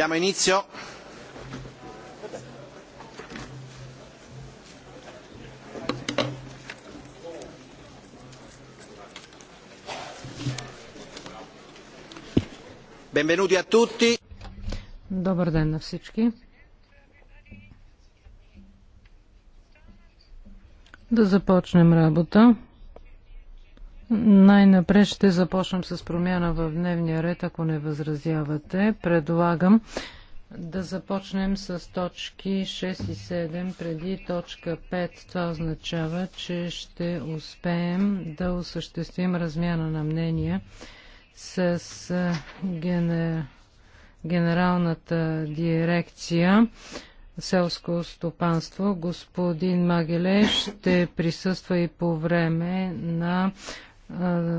Diamo inizio. Benvenuti a tutti. Добър ден на всички. Да започнем работа. Най-напред ще започнем с промяна в дневния ред, ако не възразявате. Предлагам да започнем с точки 6 и 7 преди точка 5. Това означава, че ще успеем да осъществим размяна на мнения с генералната дирекция селско стопанство. Господин Магеле ще присъства и по време на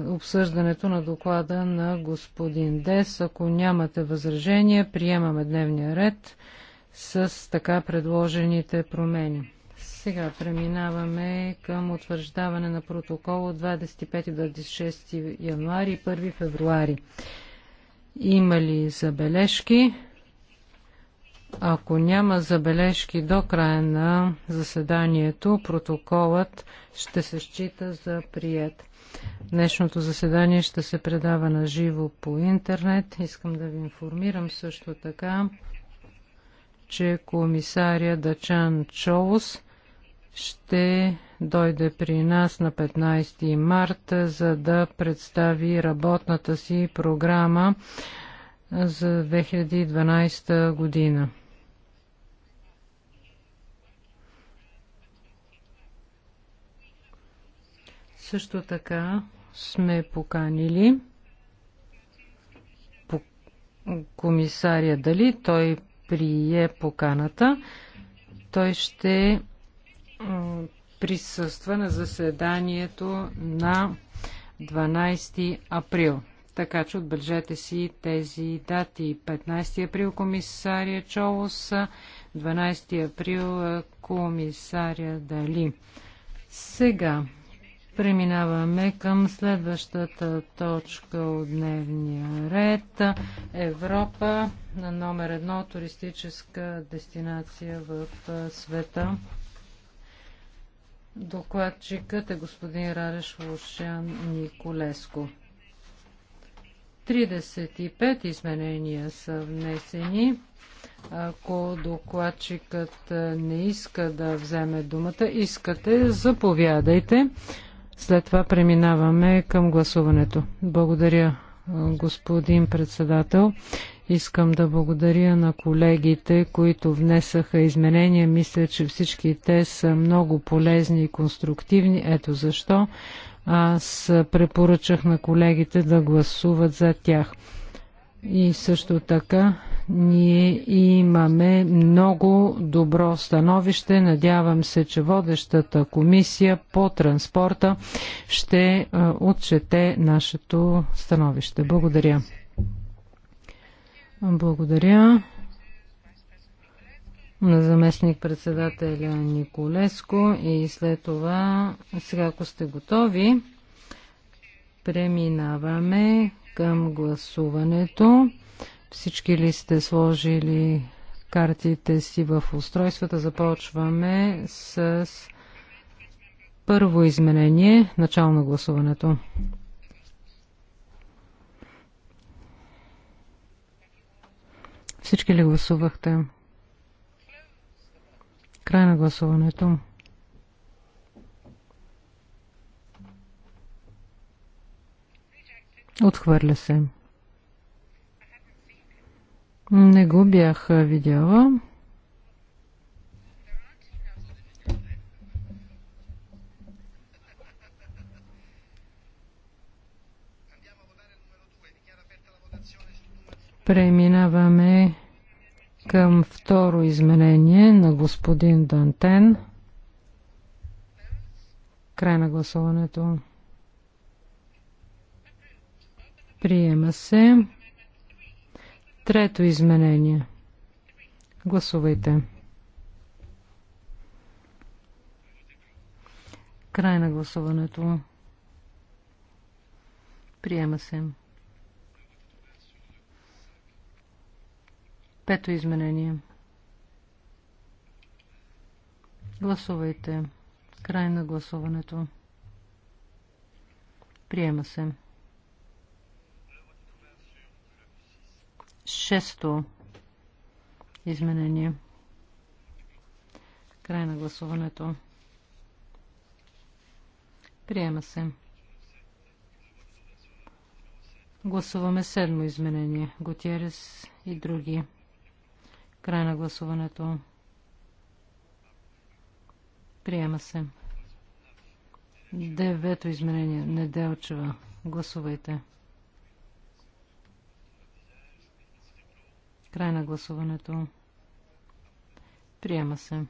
обсъждането на доклада на господин Дес. Ако нямате възражения, приемаме дневния ред с така предложените промени. Сега преминаваме към утвърждаване на протокол от 25-26 януари и 1 февруари. Има ли забележки? Ако няма забележки до края на заседанието, протоколът ще се счита за прият. Днешното заседание ще се предава на живо по интернет. Искам да ви информирам също така, че комисаря Дачан Чоус ще дойде при нас на 15 марта, за да представи работната си програма за 2012 година. Също така сме поканили комисария Дали. Той прие поканата. Той ще присъства на заседанието на 12 април. Така че отбележете си тези дати. 15 април комисария Чолос, 12 април комисария Дали. Сега Преминаваме към следващата точка от дневния ред. Европа на номер едно туристическа дестинация в света. Докладчикът е господин Радеш Лошан Николеско. 35 изменения са внесени. Ако докладчикът не иска да вземе думата, искате, заповядайте. След това преминаваме към гласуването. Благодаря, господин председател. Искам да благодаря на колегите, които внесаха изменения. Мисля, че всички те са много полезни и конструктивни. Ето защо аз препоръчах на колегите да гласуват за тях. И също така ние имаме много добро становище. Надявам се, че водещата комисия по транспорта ще е, отчете нашето становище. Благодаря. Благодаря на заместник председателя Николеско и след това, сега ако сте готови, преминаваме към гласуването. Всички ли сте сложили картите си в устройствата? Започваме с първо изменение, начало на гласуването. Всички ли гласувахте? Край на гласуването. Отхвърля се. Не го бях видяла. Преминаваме към второ изменение на господин Дантен. Край на гласуването. Приема се. Трето изменение. Гласувайте. Край на гласуването. Приема се. Пето изменение. Гласувайте. Край на гласуването. Приема се. Шесто изменение. Край на гласуването. Приема се. Гласуваме седмо изменение. Готиерес и други. Край на гласуването. Приема се. Девето изменение. Неделчева. Гласувайте. Край на гласуването. Приема се.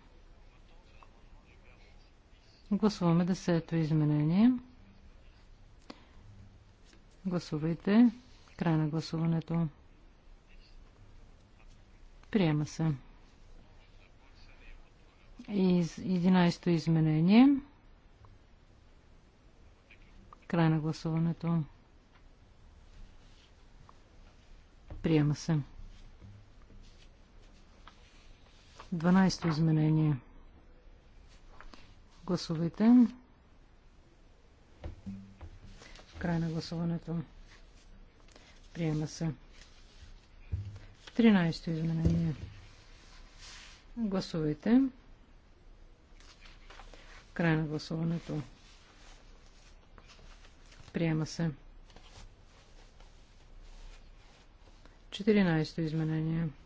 Гласуваме десето изменение. Гласувайте. Край на гласуването. Приема се. И 11-то изменение. Край на гласуването. Приема се. 12-то изменение. Гласувайте. Край на гласуването. Приема се. 13-то изменение. Гласувайте. Край на гласуването. Приема се. 14-то изменение. Гласувайте.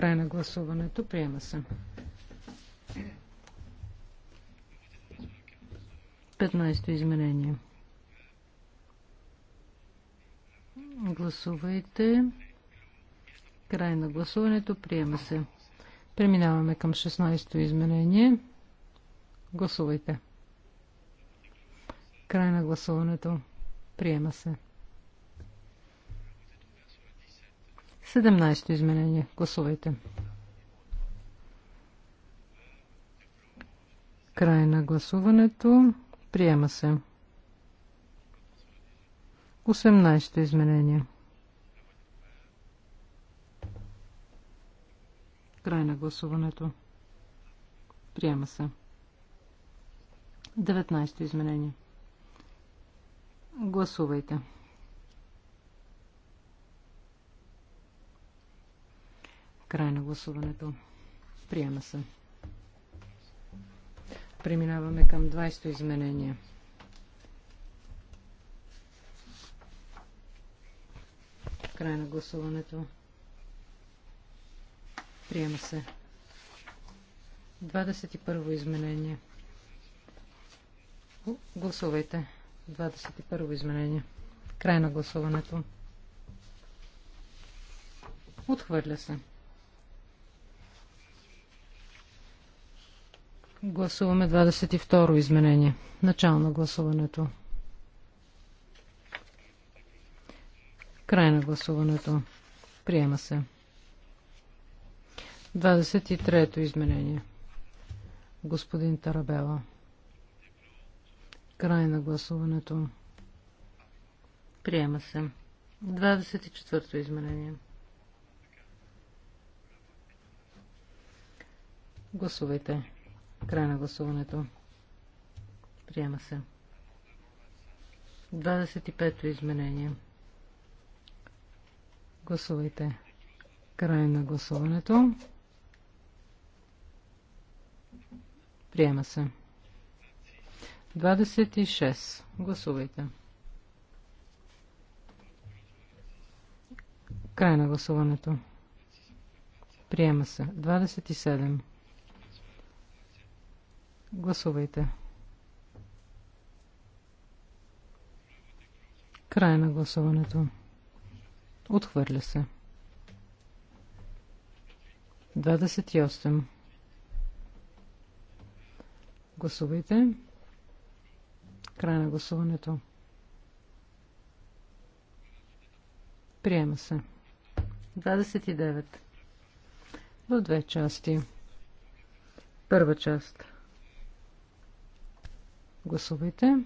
Край на гласуването. Приема се. 15-то изменение. Гласувайте. Край на гласуването. Приема се. Преминаваме към 16-то изменение. Гласувайте. Край на гласуването. Приема се. 17 изменение. Гласувайте. Край на гласуването. Приема се. 18 изменение. Край на гласуването. Приема се. 19 изменение. Гласувайте. Край на гласуването. Приема се. Преминаваме към 20-то изменение. Край на гласуването. Приема се. 21-во изменение. Гласувайте. 21-во изменение. Край на гласуването. Отхвърля се. Гласуваме 22-ро изменение. Начало на гласуването. Край на гласуването. Приема се. 23-то изменение. Господин Тарабела. Край на гласуването. Приема се. 24-то изменение. Гласувайте. Край на гласуването. Приема се. 25-то изменение. Гласувайте. Край на гласуването. Приема се. 26. Гласувайте. Край на гласуването. Приема се. 27. Гласувайте. Край на гласуването. Отхвърля се. 28. Гласувайте. Край на гласуването. Приема се. 29. В две части. Първа част. Гласувайте.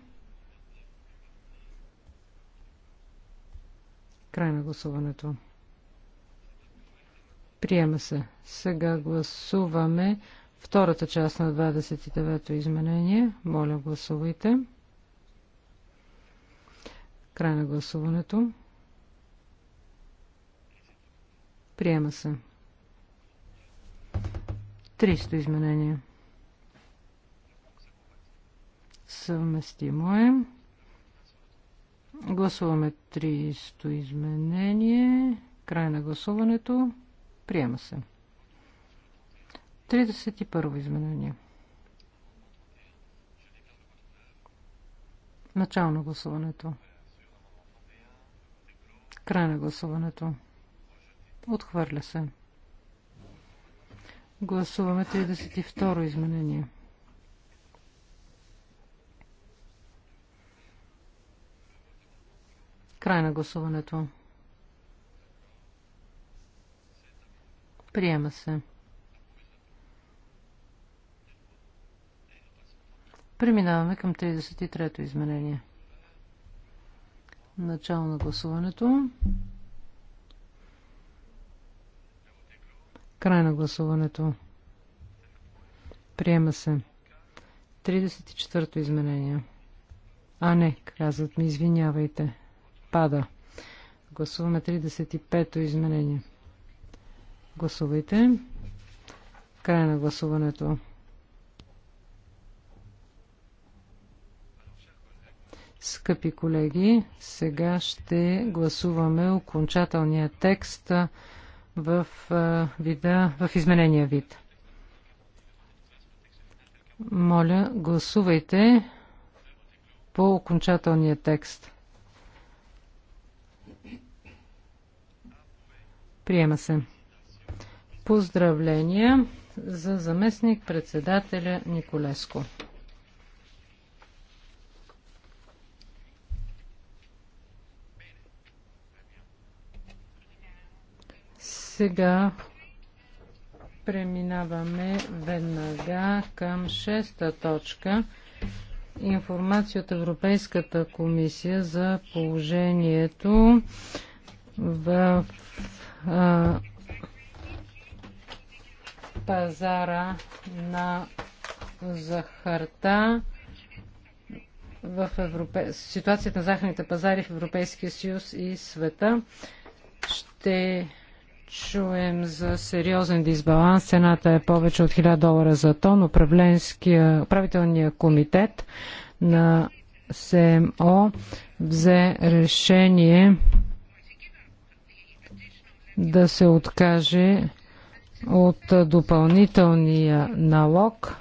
Край на гласуването. Приема се. Сега гласуваме втората част на 29-то изменение. Моля, гласувайте. Край на гласуването. Приема се. 300 изменения съвместимо е. Гласуваме 300 изменение. Край на гласуването. Приема се. 31 изменение. Начало на гласуването. Край на гласуването. Отхвърля се. Гласуваме 32 изменение. Край на гласуването. Приема се. Преминаваме към 33-то изменение. Начало на гласуването. Край на гласуването. Приема се. 34-то изменение. А не, казват ми, извинявайте отпада. Гласуваме 35-то изменение. Гласувайте. Край на гласуването. Скъпи колеги, сега ще гласуваме окончателния текст в, вида, в изменения вид. Моля, гласувайте по окончателния текст. Приема се. Поздравления за заместник председателя Николеско. Сега преминаваме веднага към шеста точка информация от Европейската комисия за положението в пазара на захарта в Европе... ситуацията на захарните пазари в Европейския съюз и света. Ще чуем за сериозен дисбаланс. Цената е повече от 1000 долара за тон. Управителният комитет на СМО взе решение да се откаже от допълнителния налог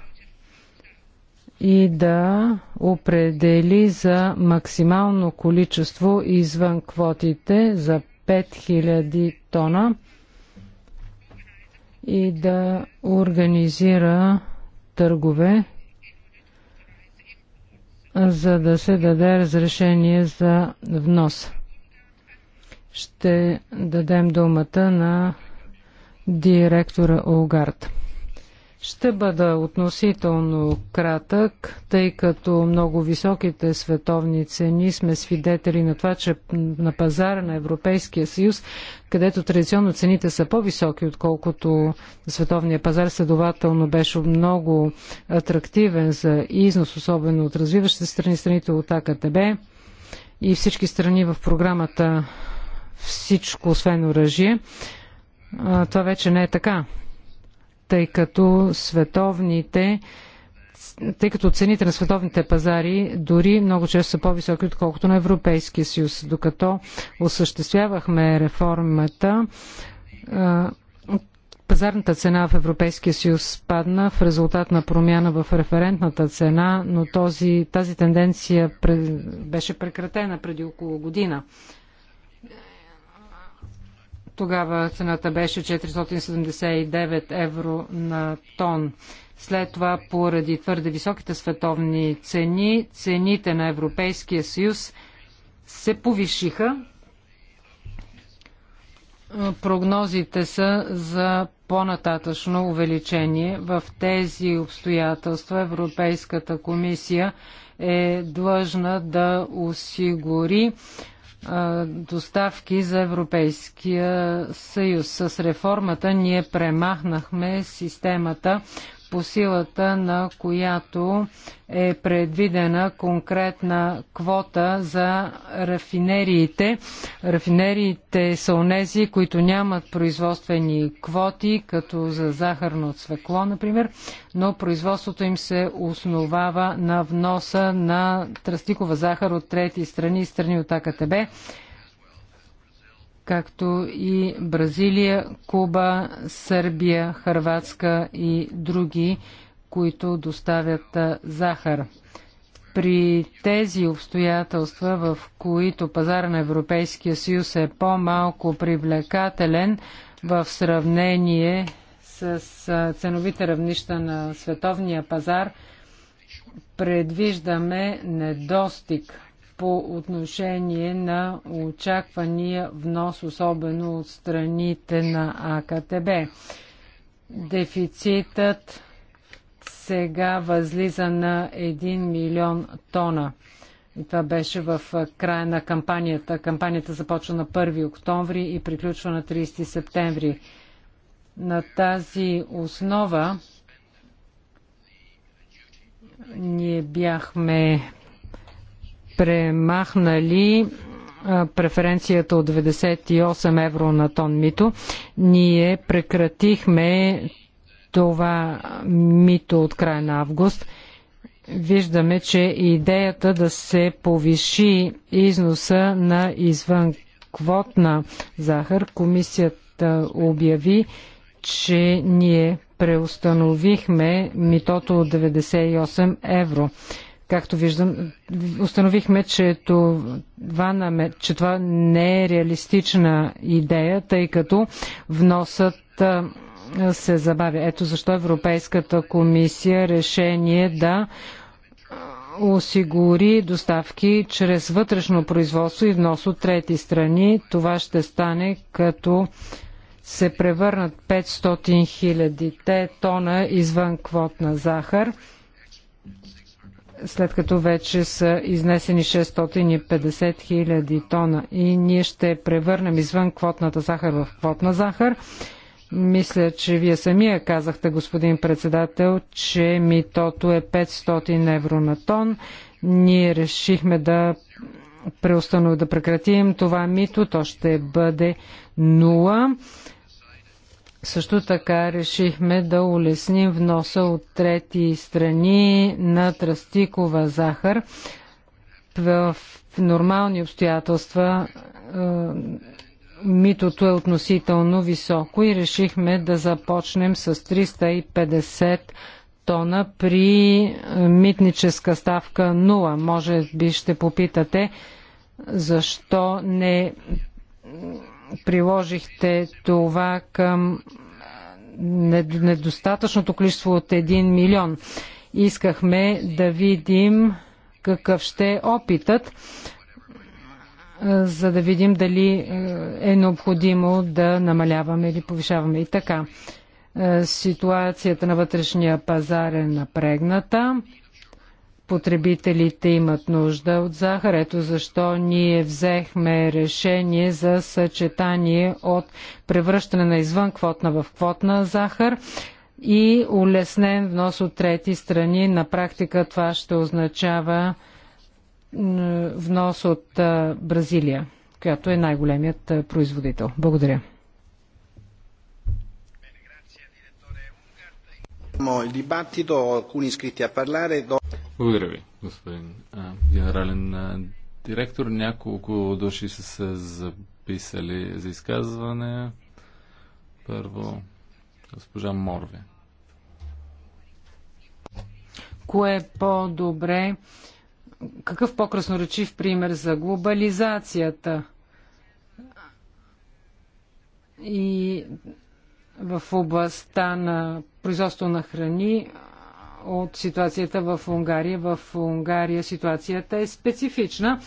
и да определи за максимално количество извън квотите за 5000 тона и да организира търгове, за да се даде разрешение за внос ще дадем думата на директора Олгард. Ще бъда относително кратък, тъй като много високите световни цени сме свидетели на това, че на пазара на Европейския съюз, където традиционно цените са по-високи, отколкото световния пазар, следователно беше много атрактивен за износ, особено от развиващите страни, страните от АКТБ и всички страни в програмата всичко, освен оръжие. Това вече не е така, тъй като световните тъй като цените на световните пазари дори много често са по-високи, отколкото на Европейския съюз. Докато осъществявахме реформата, пазарната цена в Европейския съюз спадна в резултат на промяна в референтната цена, но този, тази тенденция беше прекратена преди около година. Тогава цената беше 479 евро на тон. След това, поради твърде високите световни цени, цените на Европейския съюз се повишиха. Прогнозите са за по-нататъчно увеличение. В тези обстоятелства Европейската комисия е длъжна да осигури доставки за Европейския съюз. С реформата ние премахнахме системата по силата на която е предвидена конкретна квота за рафинериите. Рафинериите са онези, които нямат производствени квоти, като за захарно цвекло, например, но производството им се основава на вноса на тръстикова захар от трети страни и страни от АКТБ както и Бразилия, Куба, Сърбия, Харватска и други, които доставят захар. При тези обстоятелства, в които пазар на Европейския съюз е по-малко привлекателен в сравнение с ценовите равнища на световния пазар, предвиждаме недостиг по отношение на очаквания внос, особено от страните на АКТБ. Дефицитът сега възлиза на 1 милион тона. И това беше в края на кампанията. Кампанията започва на 1 октомври и приключва на 30 септември. На тази основа ние бяхме премахнали преференцията от 98 евро на тон мито, ние прекратихме това мито от края на август. Виждаме, че идеята да се повиши износа на извън квотна захар, комисията обяви, че ние преустановихме митото от 98 евро. Както виждам, установихме, че това, че това не е реалистична идея, тъй като вносът се забавя. Ето защо Европейската комисия решение да осигури доставки чрез вътрешно производство и внос от трети страни. Това ще стане като се превърнат 500 000 тона извън квотна захар след като вече са изнесени 650 хиляди тона. И ние ще превърнем извън квотната захар в квотна захар. Мисля, че вие самия казахте, господин председател, че митото е 500 евро на тон. Ние решихме да преустановим, да прекратим това мито. То ще бъде 0 също така решихме да улесним вноса от трети страни на тръстикова захар. В нормални обстоятелства е, митото е относително високо и решихме да започнем с 350 тона при е, митническа ставка 0. Може би ще попитате защо не приложихте това към недостатъчното количество от 1 милион. Искахме да видим какъв ще е опитът, за да видим дали е необходимо да намаляваме или повишаваме. И така, ситуацията на вътрешния пазар е напрегната потребителите имат нужда от захар. Ето защо ние взехме решение за съчетание от превръщане на извън квотна в квотна захар и улеснен внос от трети страни. На практика това ще означава внос от Бразилия, която е най-големият производител. Благодаря. Благодаря ви, господин генерален директор. Няколко души са се записали за изказване. Първо, госпожа Морви. Кое е по-добре? Какъв по-красноречив пример за глобализацията? И в областта на производство на храни от ситуацията в Унгария. В Унгария ситуацията е специфична.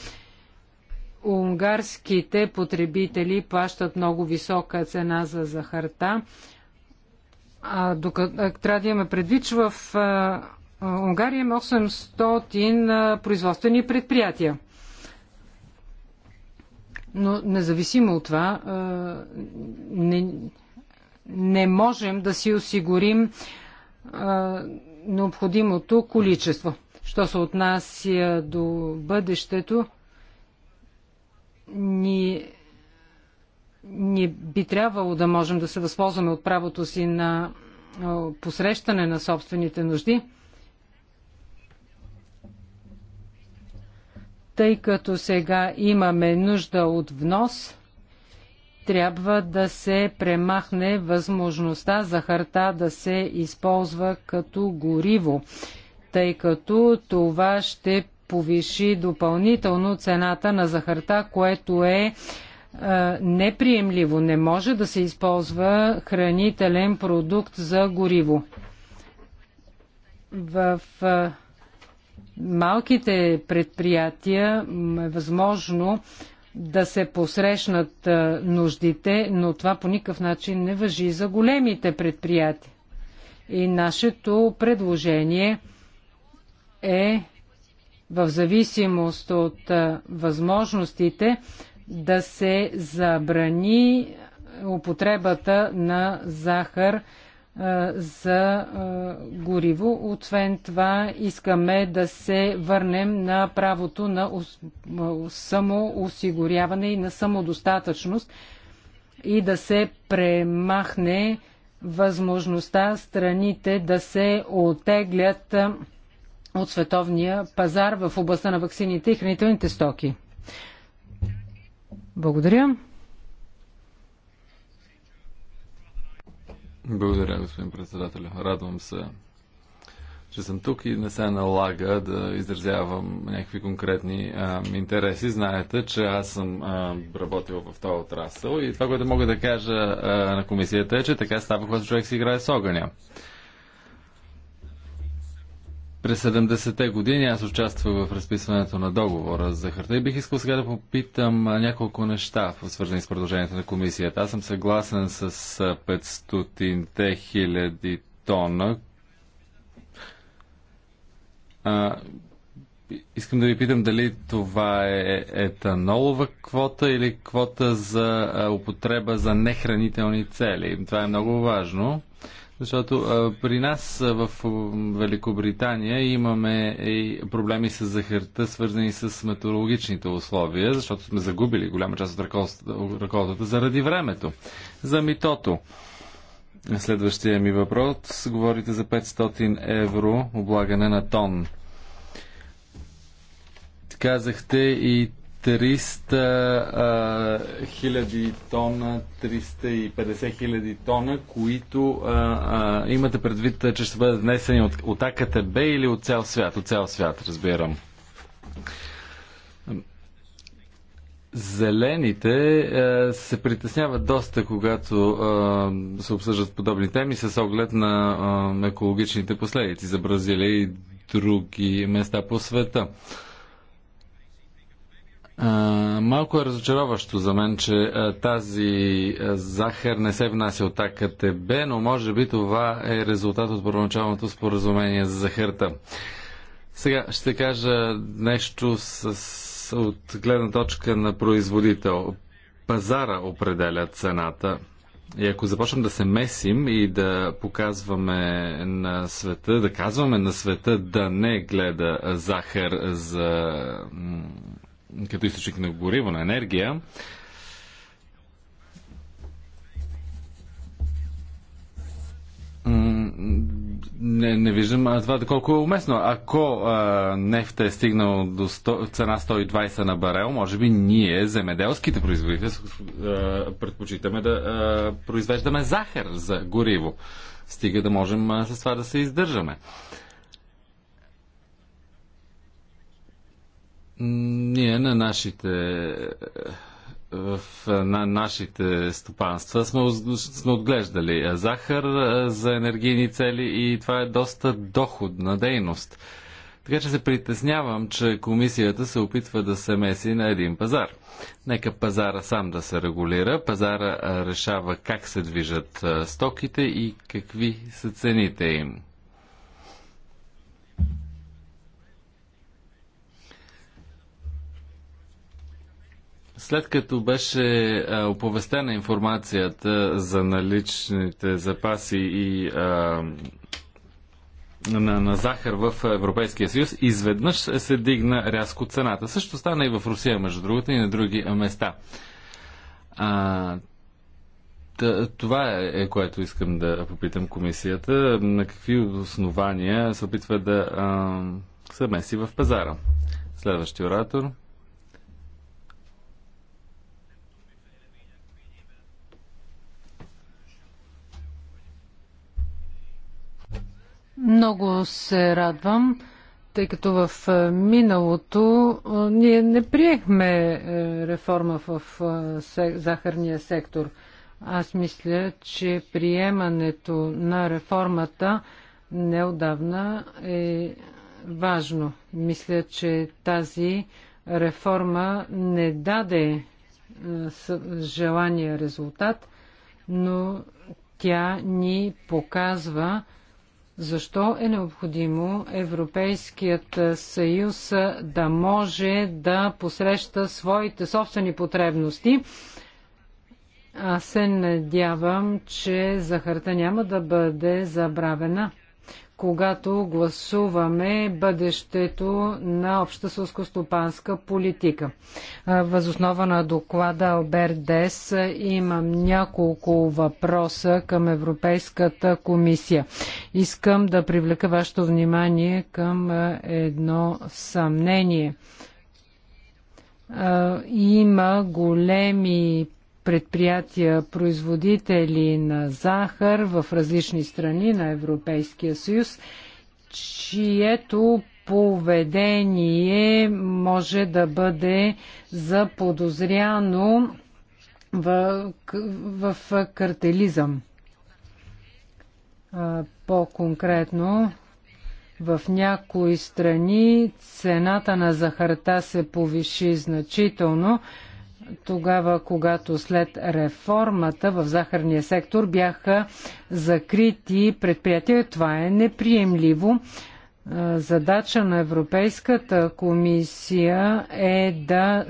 Унгарските потребители плащат много висока цена за захарта. А, докато, трябва да имаме предвид, че в а, Унгария има 800 а, производствени предприятия. Но независимо от това, а, не, не можем да си осигурим а, необходимото количество. Що се отнася до бъдещето, ни, ни би трябвало да можем да се възползваме от правото си на а, посрещане на собствените нужди. Тъй като сега имаме нужда от внос, трябва да се премахне възможността захарта да се използва като гориво, тъй като това ще повиши допълнително цената на захарта, което е, е неприемливо. Не може да се използва хранителен продукт за гориво. В е, малките предприятия е възможно да се посрещнат нуждите, но това по никакъв начин не въжи за големите предприятия. И нашето предложение е в зависимост от възможностите да се забрани употребата на захар за гориво. Освен това, искаме да се върнем на правото на самоосигуряване и на самодостатъчност и да се премахне възможността страните да се отеглят от световния пазар в областта на ваксините и хранителните стоки. Благодаря. Благодаря, господин председател. Радвам се, че съм тук и не се налага да изразявам някакви конкретни а, интереси. Знаете, че аз съм а, работил в този отрасъл и това, което мога да кажа а, на комисията е, че така става, когато човек си играе с огъня. През 70-те години аз участвах в разписването на договора за харта и бих искал сега да попитам няколко неща, свързани с продължението на комисията. Аз съм съгласен с 500-те хиляди тона. А, искам да ви питам дали това е, е, е етанолова квота или квота за употреба за нехранителни цели. Това е много важно защото а, при нас а, в Великобритания имаме и проблеми с захарта, свързани с метеорологичните условия, защото сме загубили голяма част от ръководата заради времето. За митото. Следващия ми въпрос. Говорите за 500 евро облагане на тон. Казахте и 300 хиляди тона, 350 хиляди тона, които а, а, имате предвид, че ще бъдат внесени от, от АКТБ или от цял свят? От цял свят, разбирам. Зелените а, се притесняват доста, когато а, се обсъждат подобни теми с оглед на а, екологичните последици за Бразилия и други места по света. А, малко е разочароващо за мен, че а, тази а, захар не се внася от АКТБ, но може би това е резултат от първоначалното споразумение за захарта. Сега ще кажа нещо с, от гледна точка на производител. Пазара определя цената. И ако започнем да се месим и да показваме на света, да казваме на света да не гледа захар за като източник на гориво, на енергия. Не, не виждам а това колко е уместно. Ако а, нефта е стигнал до 100, цена 120 на барел, може би ние, земеделските производители, а, предпочитаме да а, произвеждаме захар за гориво. Стига да можем а, с това да се издържаме. А, Ние на нашите е, в на нашите стопанства сме, сме отглеждали захар е, за енергийни цели и това е доста доходна дейност. Така че се притеснявам, че комисията се опитва да се меси на един пазар. Нека пазара сам да се регулира. Пазара е, решава как се движат стоките и какви са цените им. След като беше а, оповестена информацията за наличните запаси и а, на, на захар в Европейския съюз, изведнъж се дигна рязко цената. Също стана и в Русия, между другото, и на други места. А, това е, е което искам да попитам комисията. На какви основания се опитва да а, се меси в пазара? Следващия оратор. Много се радвам, тъй като в е, миналото е, ние не приехме е, реформа в захарния сектор. Аз мисля, че приемането на реформата неодавна е важно. Мисля, че тази реформа не даде желания резултат, но тя ни показва, защо е необходимо Европейският съюз да може да посреща своите собствени потребности? Аз се надявам, че захарта няма да бъде забравена когато гласуваме бъдещето на обща сълскостопанска политика. Възоснова на доклада Алберт Дес имам няколко въпроса към Европейската комисия. Искам да привлека вашето внимание към едно съмнение. Има големи предприятия, производители на захар в различни страни на Европейския съюз, чието поведение може да бъде заподозряно в, в картелизъм. По-конкретно, в някои страни цената на захарта се повиши значително, тогава, когато след реформата в захарния сектор бяха закрити предприятия. Това е неприемливо задача на Европейската комисия е да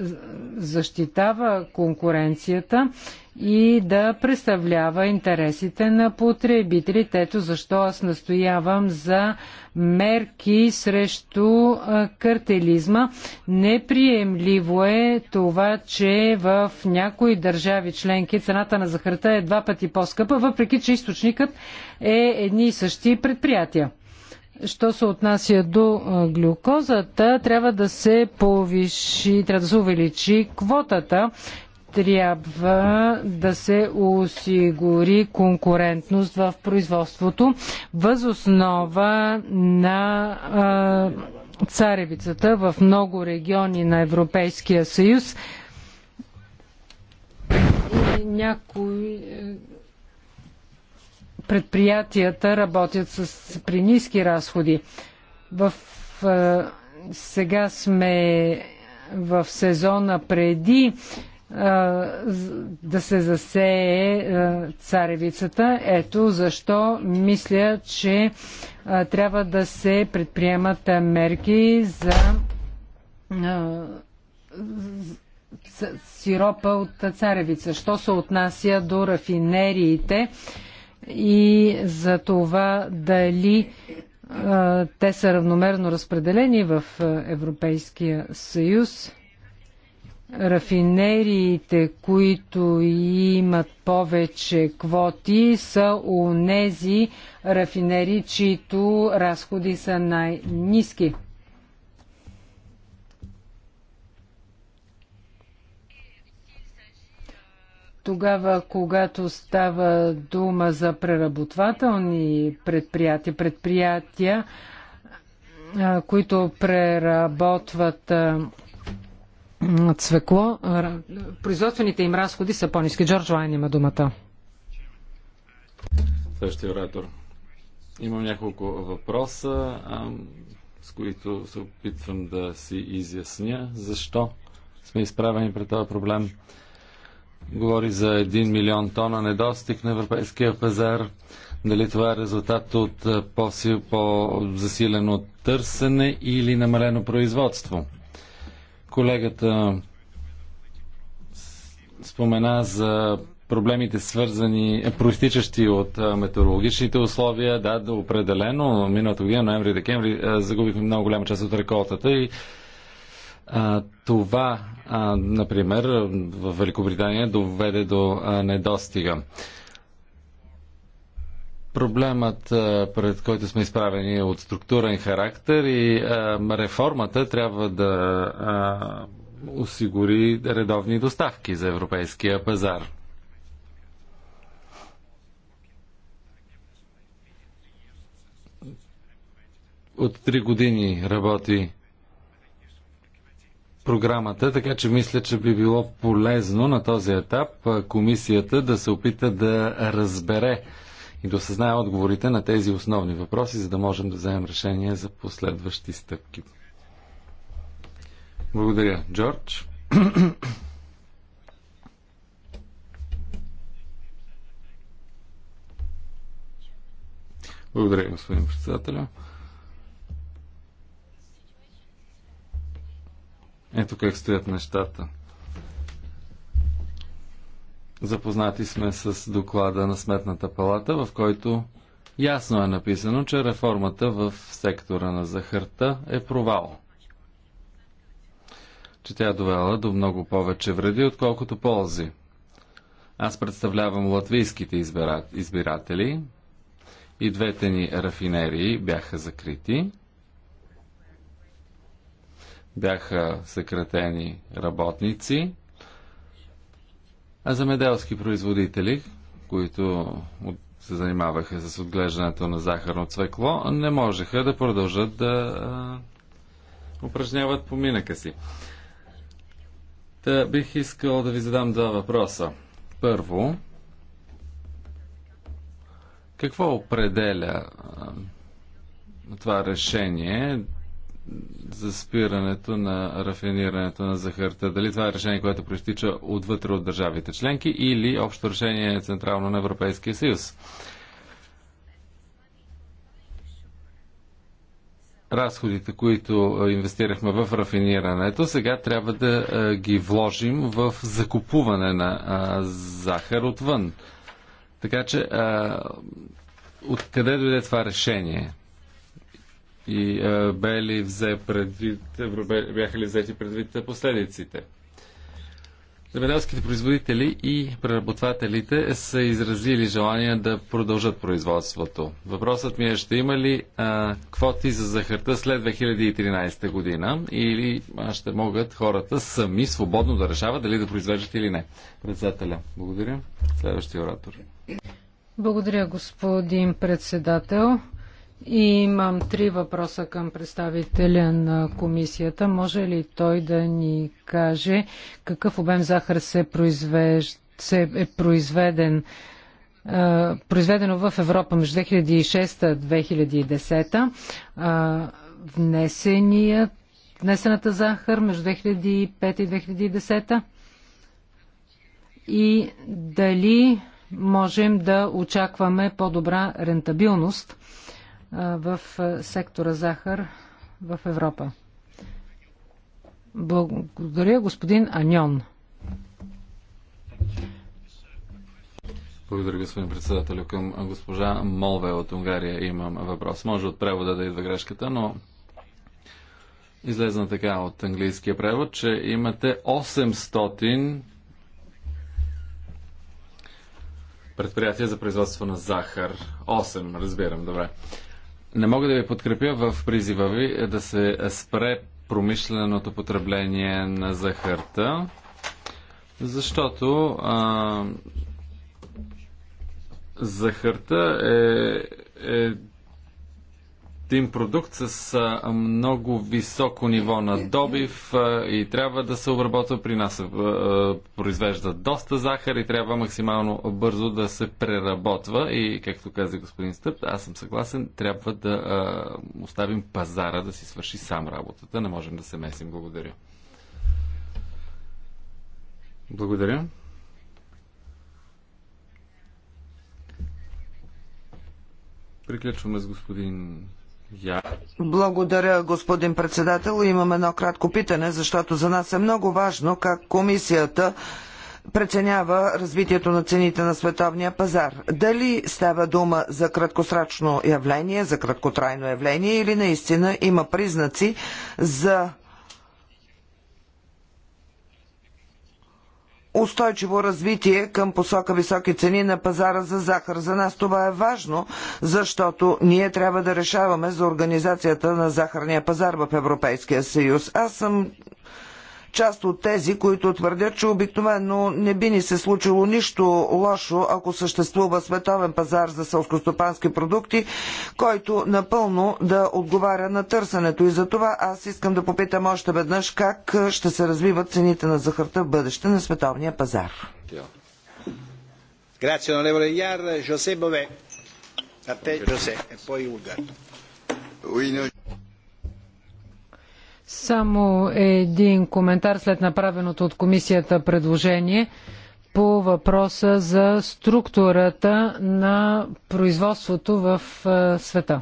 защитава конкуренцията и да представлява интересите на потребителите. Ето защо аз настоявам за мерки срещу картелизма. Неприемливо е това, че в някои държави членки цената на захарта е два пъти по-скъпа, въпреки че източникът е едни и същи предприятия. Що се отнася до глюкозата, трябва да се повиши, трябва да се увеличи квотата. Трябва да се осигури конкурентност в производството възоснова на а, царевицата в много региони на Европейския съюз. И някои предприятията работят с, при ниски разходи. В, а, е, сега сме в сезона преди е, да се засее е, царевицата. Ето защо мисля, че трябва да се предприемат мерки за сиропа от царевица. Що се отнася до рафинериите, и за това дали а, те са равномерно разпределени в Европейския съюз. Рафинериите, които имат повече квоти, са у нези рафинери, чието разходи са най-низки. тогава, когато става дума за преработвателни предприятия, предприятия, които преработват цвекло, производствените им разходи са по-низки. Джордж Лайн има думата. Следващия оратор. Имам няколко въпроса, с които се опитвам да си изясня защо сме изправени пред този проблем говори за 1 милион тона недостиг на европейския пазар. Дали това е резултат от е, по-засилено търсене или намалено производство? Колегата спомена за проблемите свързани, е, проистичащи от е, метеорологичните условия. Да, да определено. миналото година, ноември-декември, загубихме много голяма част от реколтата и а, това, а, например, в Великобритания доведе до а, недостига. Проблемът, пред който сме изправени, е от структурен характер и а, реформата трябва да а, осигури редовни доставки за европейския пазар. От три години работи програмата, така че мисля, че би било полезно на този етап комисията да се опита да разбере и да осъзнае отговорите на тези основни въпроси, за да можем да вземем решение за последващи стъпки. Благодаря, Джордж. Благодаря, господин председателя. Ето как стоят нещата. Запознати сме с доклада на Сметната палата, в който ясно е написано, че реформата в сектора на захарта е провал. Че тя е довела до много повече вреди, отколкото ползи. Аз представлявам латвийските избиратели и двете ни рафинерии бяха закрити бяха съкратени работници, а замеделски производители, които се занимаваха с отглеждането на захарно цвекло, не можеха да продължат да упражняват поминъка си. Та бих искал да ви задам два въпроса. Първо, какво определя това решение за спирането на рафинирането на захарта. Дали това е решение, което проистича отвътре от държавите членки или общо решение е централно на Европейския съюз? разходите, които инвестирахме в рафинирането, сега трябва да ги вложим в закупуване на захар отвън. Така че, откъде дойде това решение? и а, е, бе ли взе предвид, бяха ли взети предвид последиците. Земеделските производители и преработвателите са изразили желание да продължат производството. Въпросът ми е, ще има ли а, е, квоти за захарта след 2013 година или а, ще могат хората сами свободно да решават дали да произвеждат или не? Председателя, благодаря. Следващия оратор. Благодаря, господин председател имам три въпроса към представителя на комисията. Може ли той да ни каже какъв обем захар се, произвеж... се е произведен произведено в Европа между 2006-2010 внесената захар между 2005 и 2010 и дали можем да очакваме по-добра рентабилност в сектора захар в Европа. Благодаря, господин Аньон. Благодаря, господин председател. Към госпожа Молве от Унгария имам въпрос. Може от превода да идва грешката, но излезна така от английския превод, че имате 800 предприятия за производство на захар. 8, разбирам, добре. Не мога да ви подкрепя в призива ви да се спре промишленото потребление на захарта, защото а, захарта е, е един продукт с много високо ниво на добив и трябва да се обработва при нас. Произвежда доста захар и трябва максимално бързо да се преработва и, както каза господин Стъп, аз съм съгласен, трябва да оставим пазара да си свърши сам работата. Не можем да се месим. Благодаря. Благодаря. Приключваме с господин благодаря, господин председател. Имам едно кратко питане, защото за нас е много важно как комисията преценява развитието на цените на световния пазар. Дали става дума за краткосрачно явление, за краткотрайно явление или наистина има признаци за устойчиво развитие към посока високи цени на пазара за захар. За нас това е важно, защото ние трябва да решаваме за организацията на захарния пазар в Европейския съюз. Аз съм част от тези, които твърдят, че обикновено не би ни се случило нищо лошо, ако съществува световен пазар за селскостопански продукти, който напълно да отговаря на търсенето. И за това аз искам да попитам още веднъж как ще се развиват цените на захарта в бъдеще на световния пазар. Само един коментар след направеното от комисията предложение по въпроса за структурата на производството в света.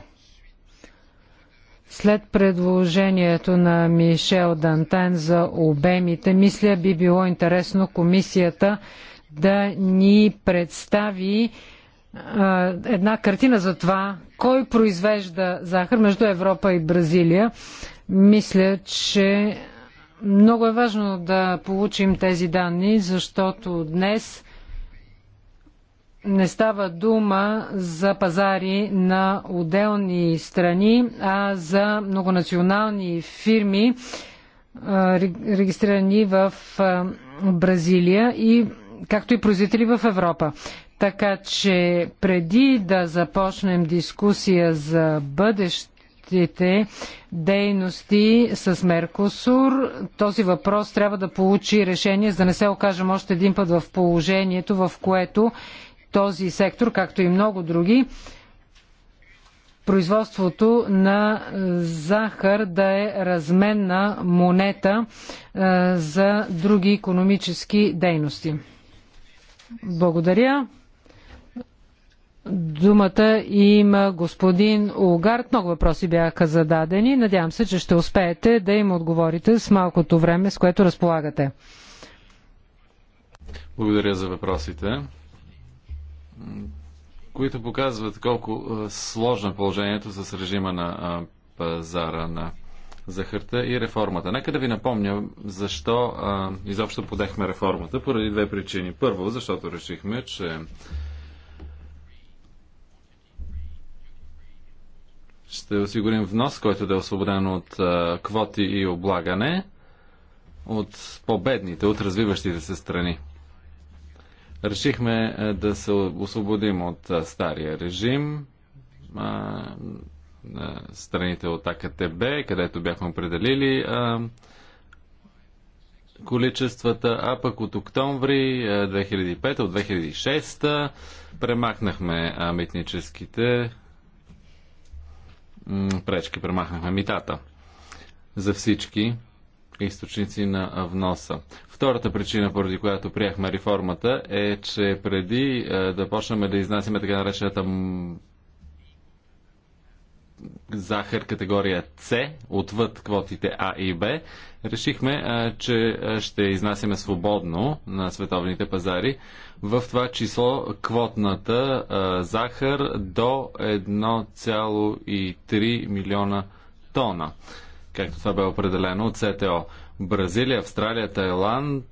След предложението на Мишел Дантен за обемите, мисля би било интересно комисията да ни представи една картина за това, кой произвежда захар между Европа и Бразилия. Мисля, че много е важно да получим тези данни, защото днес не става дума за пазари на отделни страни, а за многонационални фирми, регистрирани в Бразилия и както и производители в Европа. Така че преди да започнем дискусия за бъдещите дейности с Меркосур, този въпрос трябва да получи решение, за да не се окажем още един път в положението, в което този сектор, както и много други, производството на е, захар да е разменна монета е, за други економически дейности. Благодаря. Думата има господин Угард. Много въпроси бяха зададени. Надявам се, че ще успеете да им отговорите с малкото време, с което разполагате. Благодаря за въпросите, които показват колко е, сложно е положението с режима на е, пазара на захарта и реформата. Нека да ви напомня защо е, изобщо подехме реформата поради две причини. Първо, защото решихме, че Ще осигурим внос, който да е освободен от а, квоти и облагане от победните, от развиващите се страни. Решихме а, да се освободим от а, стария режим на страните от АКТБ, където бяхме определили а, количествата, а пък от октомври 2005 от 2006 премахнахме а, митническите пречки. Премахнахме митата за всички източници на вноса. Втората причина, поради която приехме реформата, е, че преди е, да почнем да изнасяме така наречената захар категория С, отвъд квотите А и Б, решихме, че ще изнасяме свободно на световните пазари, в това число квотната захар до 1,3 милиона тона, както това бе определено от СТО. Бразилия, Австралия, Тайланд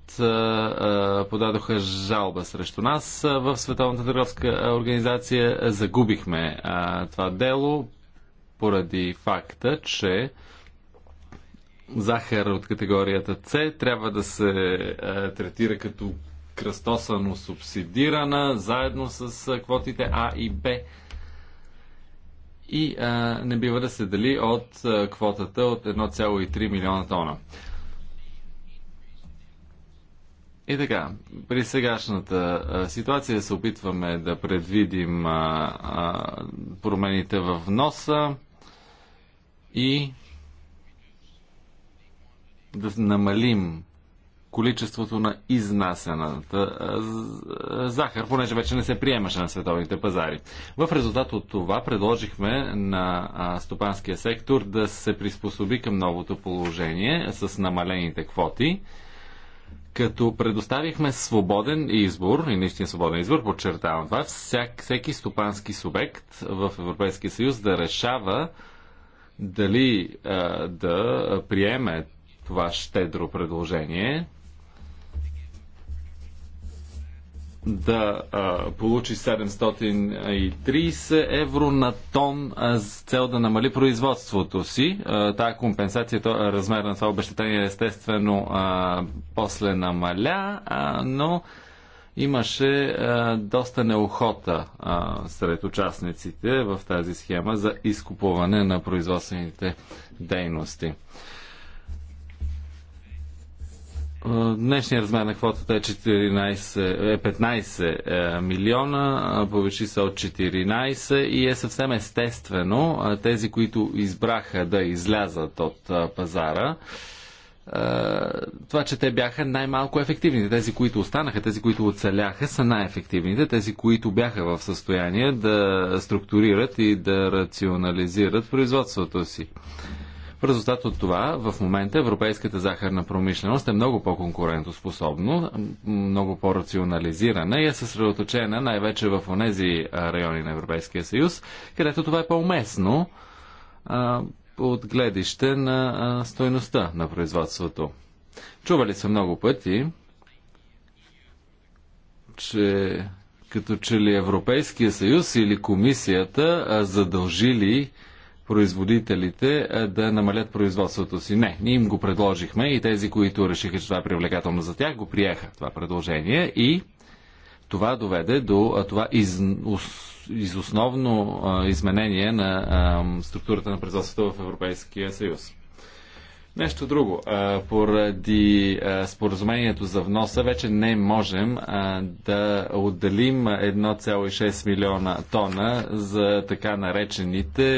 подадоха жалба срещу нас в Световната търговска организация. Загубихме това дело поради факта, че захар от категорията С трябва да се е, третира като кръстосано субсидирана, заедно с е, квотите А и Б. И а, е, не бива да се дали от а, квотата от 1,3 милиона тона. И така, при сегашната а, ситуация се опитваме да предвидим а, а, промените в носа и да намалим количеството на изнасената захар, понеже вече не се приемаше на световните пазари. В резултат от това предложихме на стопанския сектор да се приспособи към новото положение с намалените квоти, като предоставихме свободен избор, и наистина свободен избор, подчертавам това, всяк, всеки стопански субект в Европейския съюз да решава дали а, да приеме това щедро предложение, да а, получи 730 евро на тон а, с цел да намали производството си. А, тая компенсация, то, размер на това обещетение естествено а, после намаля, а, но имаше а, доста неохота а, сред участниците в тази схема за изкупуване на производствените дейности. Днешният размер на квотата е, 14, е 15 е, милиона, повиши се от 14 и е съвсем естествено тези, които избраха да излязат от пазара, това, че те бяха най-малко ефективните. Тези, които останаха, тези, които оцеляха, са най-ефективните. Тези, които бяха в състояние да структурират и да рационализират производството си. В резултат от това, в момента европейската захарна промишленост е много по-конкурентоспособна, много по-рационализирана и е съсредоточена най-вече в онези райони на Европейския съюз, където това е по-уместно от гледище на стойността на производството. Чували са много пъти, че като че ли Европейския съюз или комисията задължили производителите да намалят производството си. Не, ние им го предложихме и тези, които решиха, че това е привлекателно за тях, го приеха това предложение и това доведе до това из из основно изменение на структурата на производството в Европейския съюз. Нещо друго. Поради споразумението за вноса вече не можем да отделим 1,6 милиона тона за така наречените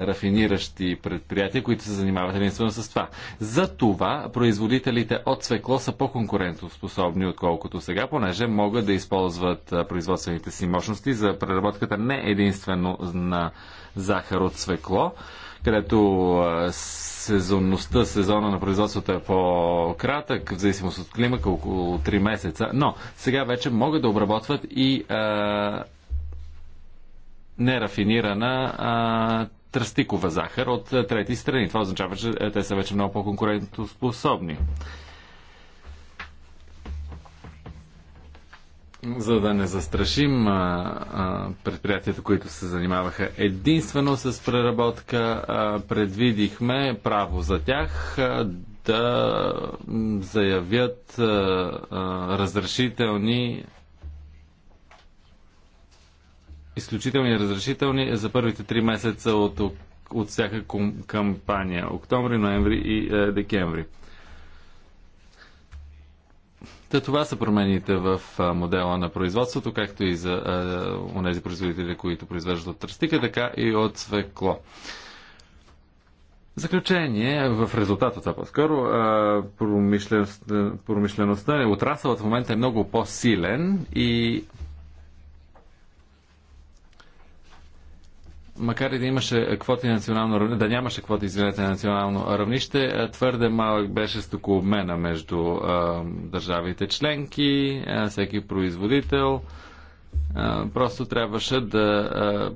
рафиниращи предприятия, които се занимават единствено с това. За това производителите от свекло са по-конкурентоспособни, отколкото сега, понеже могат да използват производствените си мощности за преработката не единствено на захар от свекло, където сезонността, сезона на производството е по-кратък, в зависимост от климата, около 3 месеца. Но сега вече могат да обработват и а, нерафинирана а, тръстикова захар от е, трети страни. Това означава, че е, те са вече много по-конкурентоспособни. за да не застрашим а, а, предприятията, които се занимаваха единствено с преработка, а, предвидихме право за тях а, да заявят а, а, разрешителни изключителни разрешителни за първите три месеца от, от всяка кампания октомври, ноември и е, декември. Та това са промените в модела на производството, както и за е, тези производители, които произвеждат от тръстика, така и от свекло. Заключение, в резултата това по-скоро, промишлен, промишлеността, отрасълът в момента е много по-силен и макар и да имаше квоти национално равнище, да нямаше квоти, извинете, национално равнище, е, твърде малък беше стокообмена между а, държавите членки, а, всеки производител. А, просто трябваше да а,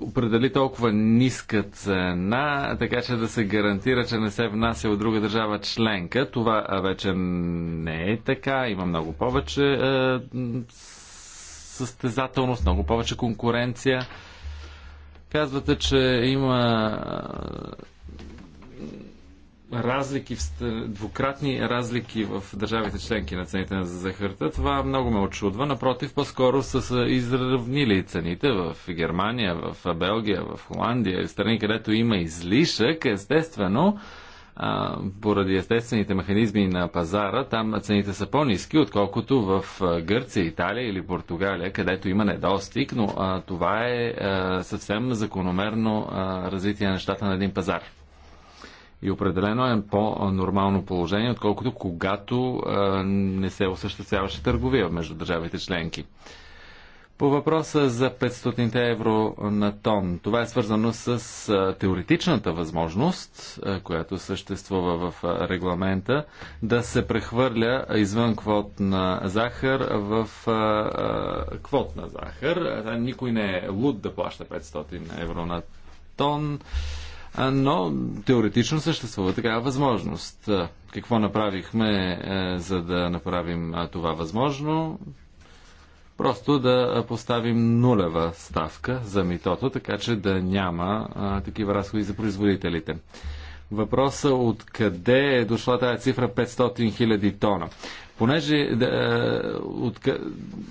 определи толкова ниска цена, така че да се гарантира, че не се внася от друга държава членка. Това вече не е така. Има много повече а, състезателност, много повече конкуренция. Казвате, че има разлики, в, двукратни разлики в държавите членки на цените на захарта. Това много ме очудва. Напротив, по-скоро са се изравнили цените в Германия, в Белгия, в Холандия, в страни, където има излишък, естествено поради естествените механизми на пазара, там цените са по-низки, отколкото в Гърция, Италия или Португалия, където има недостиг, но а, това е а, съвсем закономерно а, развитие на нещата на един пазар. И определено е по-нормално положение, отколкото когато а, не се осъществяваше търговия между държавите членки. По въпроса за 500 евро на тон, това е свързано с теоретичната възможност, която съществува в регламента, да се прехвърля извън квот на захар в квот на захар. Никой не е луд да плаща 500 евро на тон, но теоретично съществува такава възможност. Какво направихме, за да направим това възможно? просто да поставим нулева ставка за митото, така че да няма а, такива разходи за производителите. Въпросът откъде е дошла тази цифра 500 000 тона? Понеже да, е, от,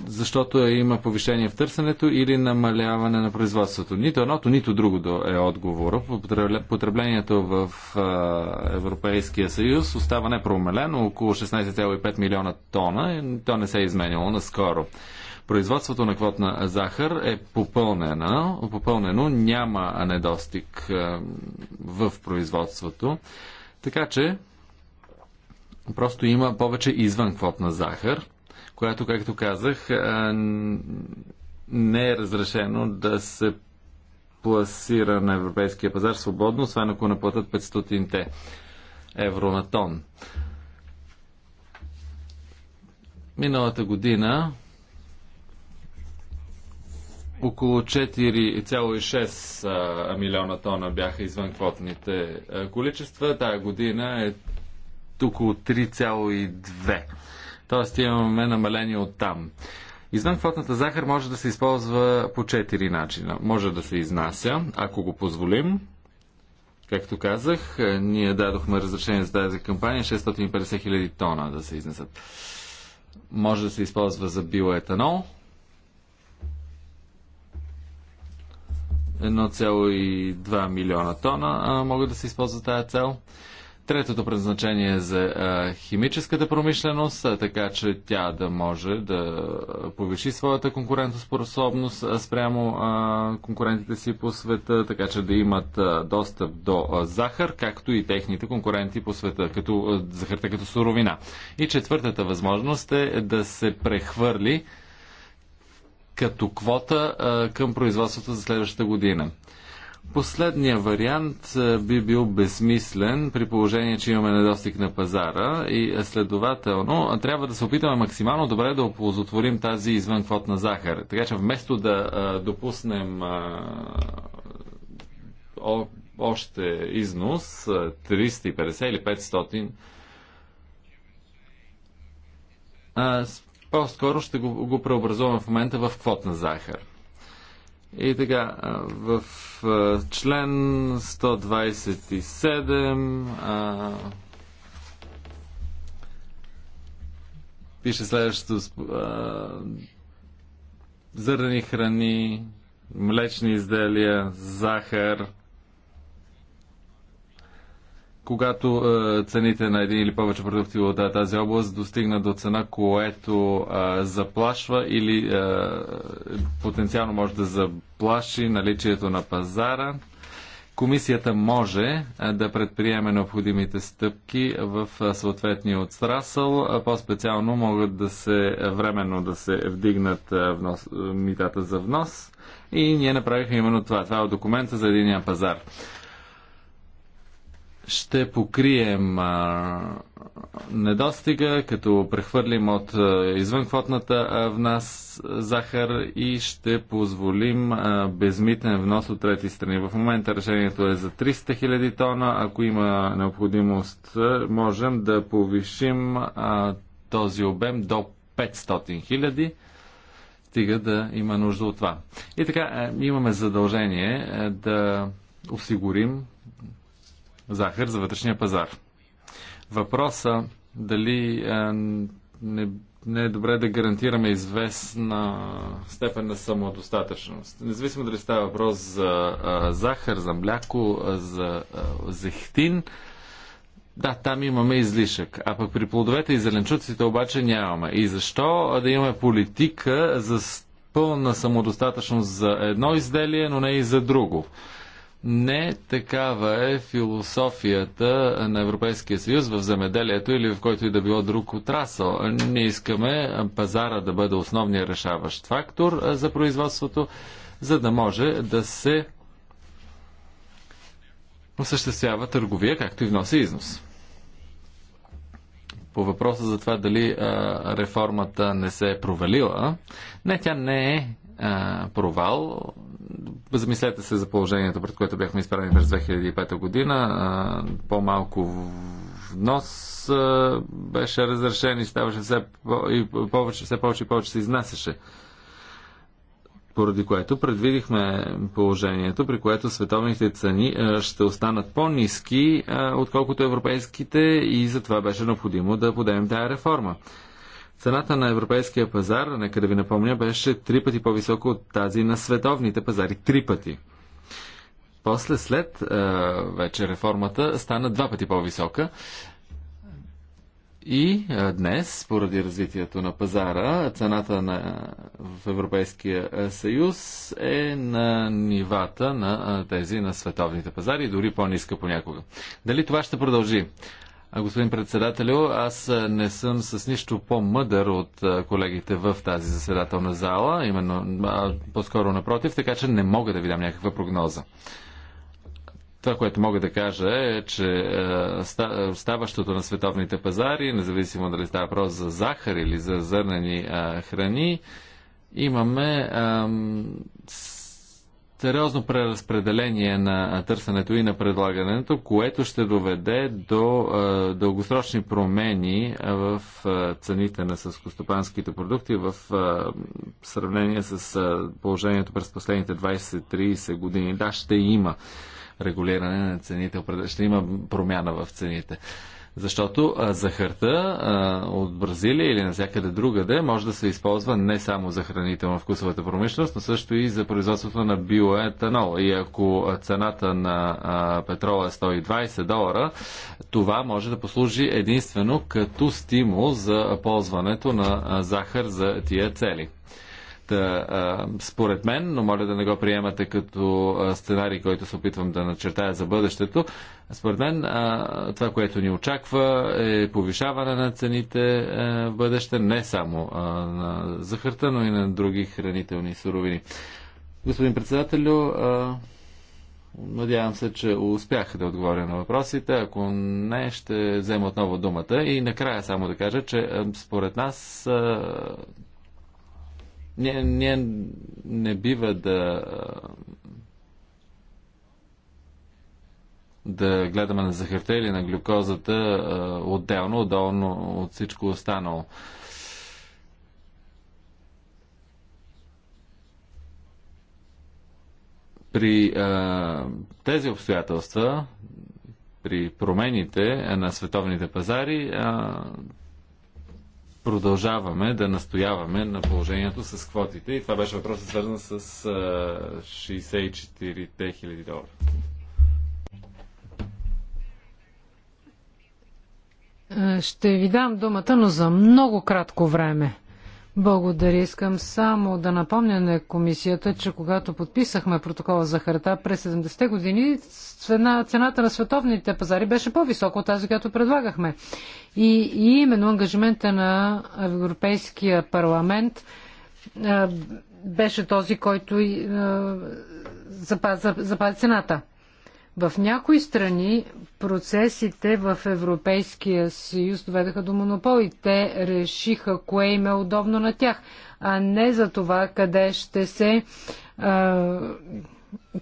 защото има повишение в търсенето или намаляване на производството. Нито едното, нито другото е отговора. Потреблението в а, Европейския съюз остава непроменено около 16,5 милиона тона. И то не се е изменило наскоро. Производството на квотна захар е попълнено, попълнено няма недостиг е, в производството, така че просто има повече извън квотна захар, която, както казах, е, не е разрешено да се пласира на европейския пазар свободно, освен ако не платят 500-те евро на тон. Миналата година около 4,6 милиона тона бяха извън квотните количества. Тая година е около 3,2. Тоест имаме намаление от там. Извън квотната захар може да се използва по 4 начина. Може да се изнася, ако го позволим. Както казах, ние дадохме разрешение за тази кампания 650 хиляди тона да се изнесат. Може да се използва за биоетанол – 1,2 милиона тона а, могат да се използват тази цел. Третото предназначение е за а, химическата промишленост, а, така че тя да може да повиши своята конкурентоспособност а, спрямо а, конкурентите си по света, така че да имат а, достъп до а, захар, както и техните конкуренти по света, като а, захарта като суровина. И четвъртата възможност е да се прехвърли като квота а, към производството за следващата година. Последният вариант би бил безсмислен при положение, че имаме недостиг на пазара и следователно трябва да се опитаме максимално добре да оползотворим тази извънквотна захар. Така че вместо да а, допуснем о, още износ 350 или 500 а, по-скоро ще го, го преобразуваме в момента в квотна захар. И така, в член 127 а, пише следващото а, зърни храни, млечни изделия, захар, когато е, цените на един или повече продукти от е, тази област достигнат до цена, което е, заплашва или потенциално може да заплаши наличието на пазара, комисията може да предприеме необходимите стъпки в съответния отрасъл. По-специално могат да се временно да се вдигнат внос, митата за внос. И ние направихме именно това. Това е документа за единия пазар ще покрием а, недостига, като прехвърлим от а, извънквотната нас захар и ще позволим а, безмитен внос от трети страни. В момента решението е за 300 000 тона. Ако има необходимост, можем да повишим а, този обем до 500 000 стига да има нужда от това. И така, е, имаме задължение е, да осигурим захар за вътрешния пазар. Въпроса дали е, не, не е добре да гарантираме известна степен на самодостатъчност. Независимо дали става въпрос за е, захар, за мляко, е, за е, зехтин, да, там имаме излишък. А пък при плодовете и зеленчуците обаче нямаме. И защо да имаме политика за пълна самодостатъчност за едно изделие, но не и за друго? Не такава е философията на Европейския съюз в земеделието или в който и да било друг отрасъл. Не искаме пазара да бъде основния решаващ фактор за производството, за да може да се осъществява търговия, както и внос и износ. По въпроса за това дали реформата не се е провалила, не, тя не е провал. Замислете се за положението, пред което бяхме изправени през 2005 година. По-малко внос беше разрешен и ставаше все, по- и повече, все повече и повече се изнасяше. Поради което предвидихме положението, при което световните цени ще останат по-низки, отколкото европейските и затова беше необходимо да подемем тази реформа. Цената на европейския пазар, нека да ви напомня, беше три пъти по-висока от тази на световните пазари. Три пъти. После, след вече реформата, стана два пъти по-висока. И днес, поради развитието на пазара, цената на, в Европейския съюз е на нивата на тези на световните пазари, дори по-ниска понякога. Дали това ще продължи? Господин председателю, аз не съм с нищо по-мъдър от колегите в тази заседателна зала, именно по-скоро напротив, така че не мога да ви дам някаква прогноза. Това, което мога да кажа е, че ставащото на световните пазари, независимо дали става въпрос за захар или за зърнени храни, имаме сериозно преразпределение на търсенето и на предлагането, което ще доведе до а, дългосрочни промени в а, цените на съскостопанските продукти в а, сравнение с положението през последните 20-30 години. Да, ще има регулиране на цените, ще има промяна в цените. Защото захарта от Бразилия или навсякъде другаде може да се използва не само за хранително вкусовата промишленост, но също и за производството на биоетанол. И ако цената на петрола е 120 долара, това може да послужи единствено като стимул за ползването на захар за тия цели. Та, според мен, но моля да не го приемате като сценарий, който се опитвам да начертая за бъдещето. Според мен, това, което ни очаква е повишаване на цените в бъдеще, не само на захарта, но и на други хранителни суровини. Господин председателю, надявам се, че успях да отговоря на въпросите. Ако не, ще взема отново думата. И накрая само да кажа, че според нас ние, ние не бива да да гледаме на захарта или на глюкозата отделно, отдолно от всичко останало. При а, тези обстоятелства, при промените на световните пазари, а, продължаваме да настояваме на положението с квотите. И това беше въпросът свързан с 64 хиляди долара. Е, ще ви дам думата, но за много кратко време. Благодаря. Искам само да напомня на комисията, че когато подписахме протокола за харта през 70-те години, цената на световните пазари беше по-висока от тази, която предлагахме. И, и именно ангажимента на Европейския парламент беше този, който запази, запази цената. В някои страни процесите в Европейския съюз доведаха до монопол и те решиха кое им е удобно на тях, а не за това къде ще се а,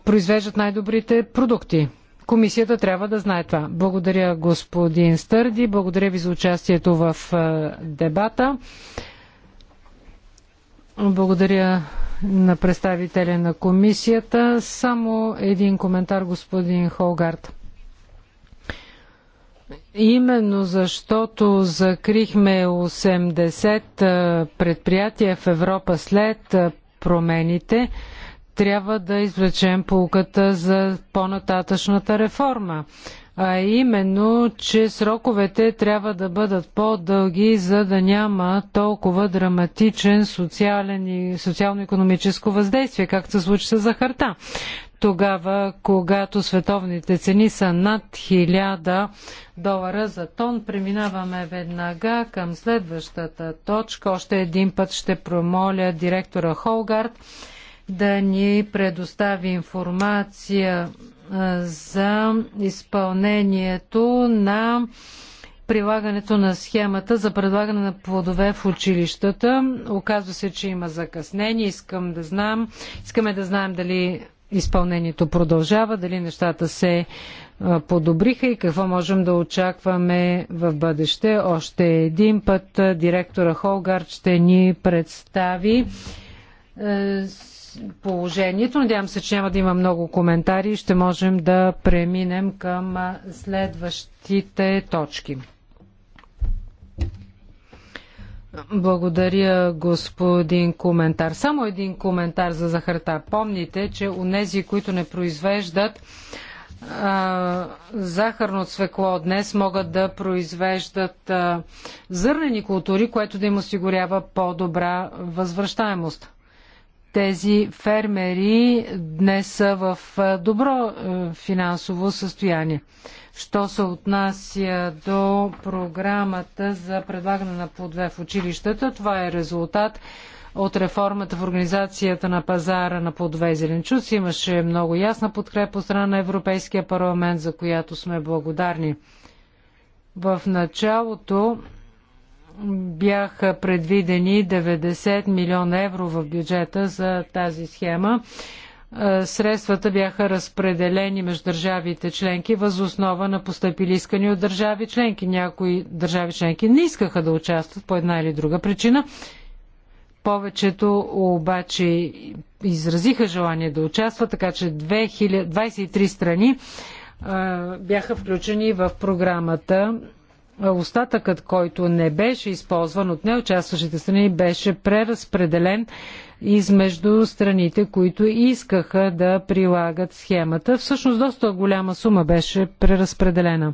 произвеждат най-добрите продукти. Комисията трябва да знае това. Благодаря господин Стърди, благодаря ви за участието в а, дебата. Благодаря на представителя на комисията. Само един коментар, господин Холгард. Именно защото закрихме 80 предприятия в Европа след промените, трябва да извлечем полката за по-нататъчната реформа. А именно, че сроковете трябва да бъдат по-дълги, за да няма толкова драматичен и социално-економическо въздействие, както се случи с захарта. Тогава, когато световните цени са над 1000 долара за тон, преминаваме веднага към следващата точка. Още един път ще промоля директора Холгард да ни предостави информация за изпълнението на прилагането на схемата за предлагане на плодове в училищата. Оказва се, че има закъснение. Искам да знам, искаме да знаем дали изпълнението продължава, дали нещата се подобриха и какво можем да очакваме в бъдеще. Още един път директора Холгард ще ни представи положението. Надявам се, че няма да има много коментари и ще можем да преминем към следващите точки. Благодаря, господин коментар. Само един коментар за захарта. Помните, че нези, които не произвеждат а, захарно свекло днес, могат да произвеждат а, зърнени култури, което да им осигурява по-добра възвръщаемост. Тези фермери днес са в е, добро е, финансово състояние. Що се отнася до програмата за предлагане на плодове в училищата, това е резултат от реформата в организацията на пазара на плодове и зеленчуци. Имаше много ясна подкрепа от страна на Европейския парламент, за която сме благодарни. В началото бяха предвидени 90 милиона евро в бюджета за тази схема. Е, средствата бяха разпределени между държавите членки въз основа на постъпили искани от държави членки. Някои държави членки не искаха да участват по една или друга причина. Повечето обаче изразиха желание да участват, така че 2000, 23 страни е, бяха включени в програмата е, остатъкът, който не беше използван от неучастващите страни, беше преразпределен измежду страните, които искаха да прилагат схемата. Всъщност доста голяма сума беше преразпределена.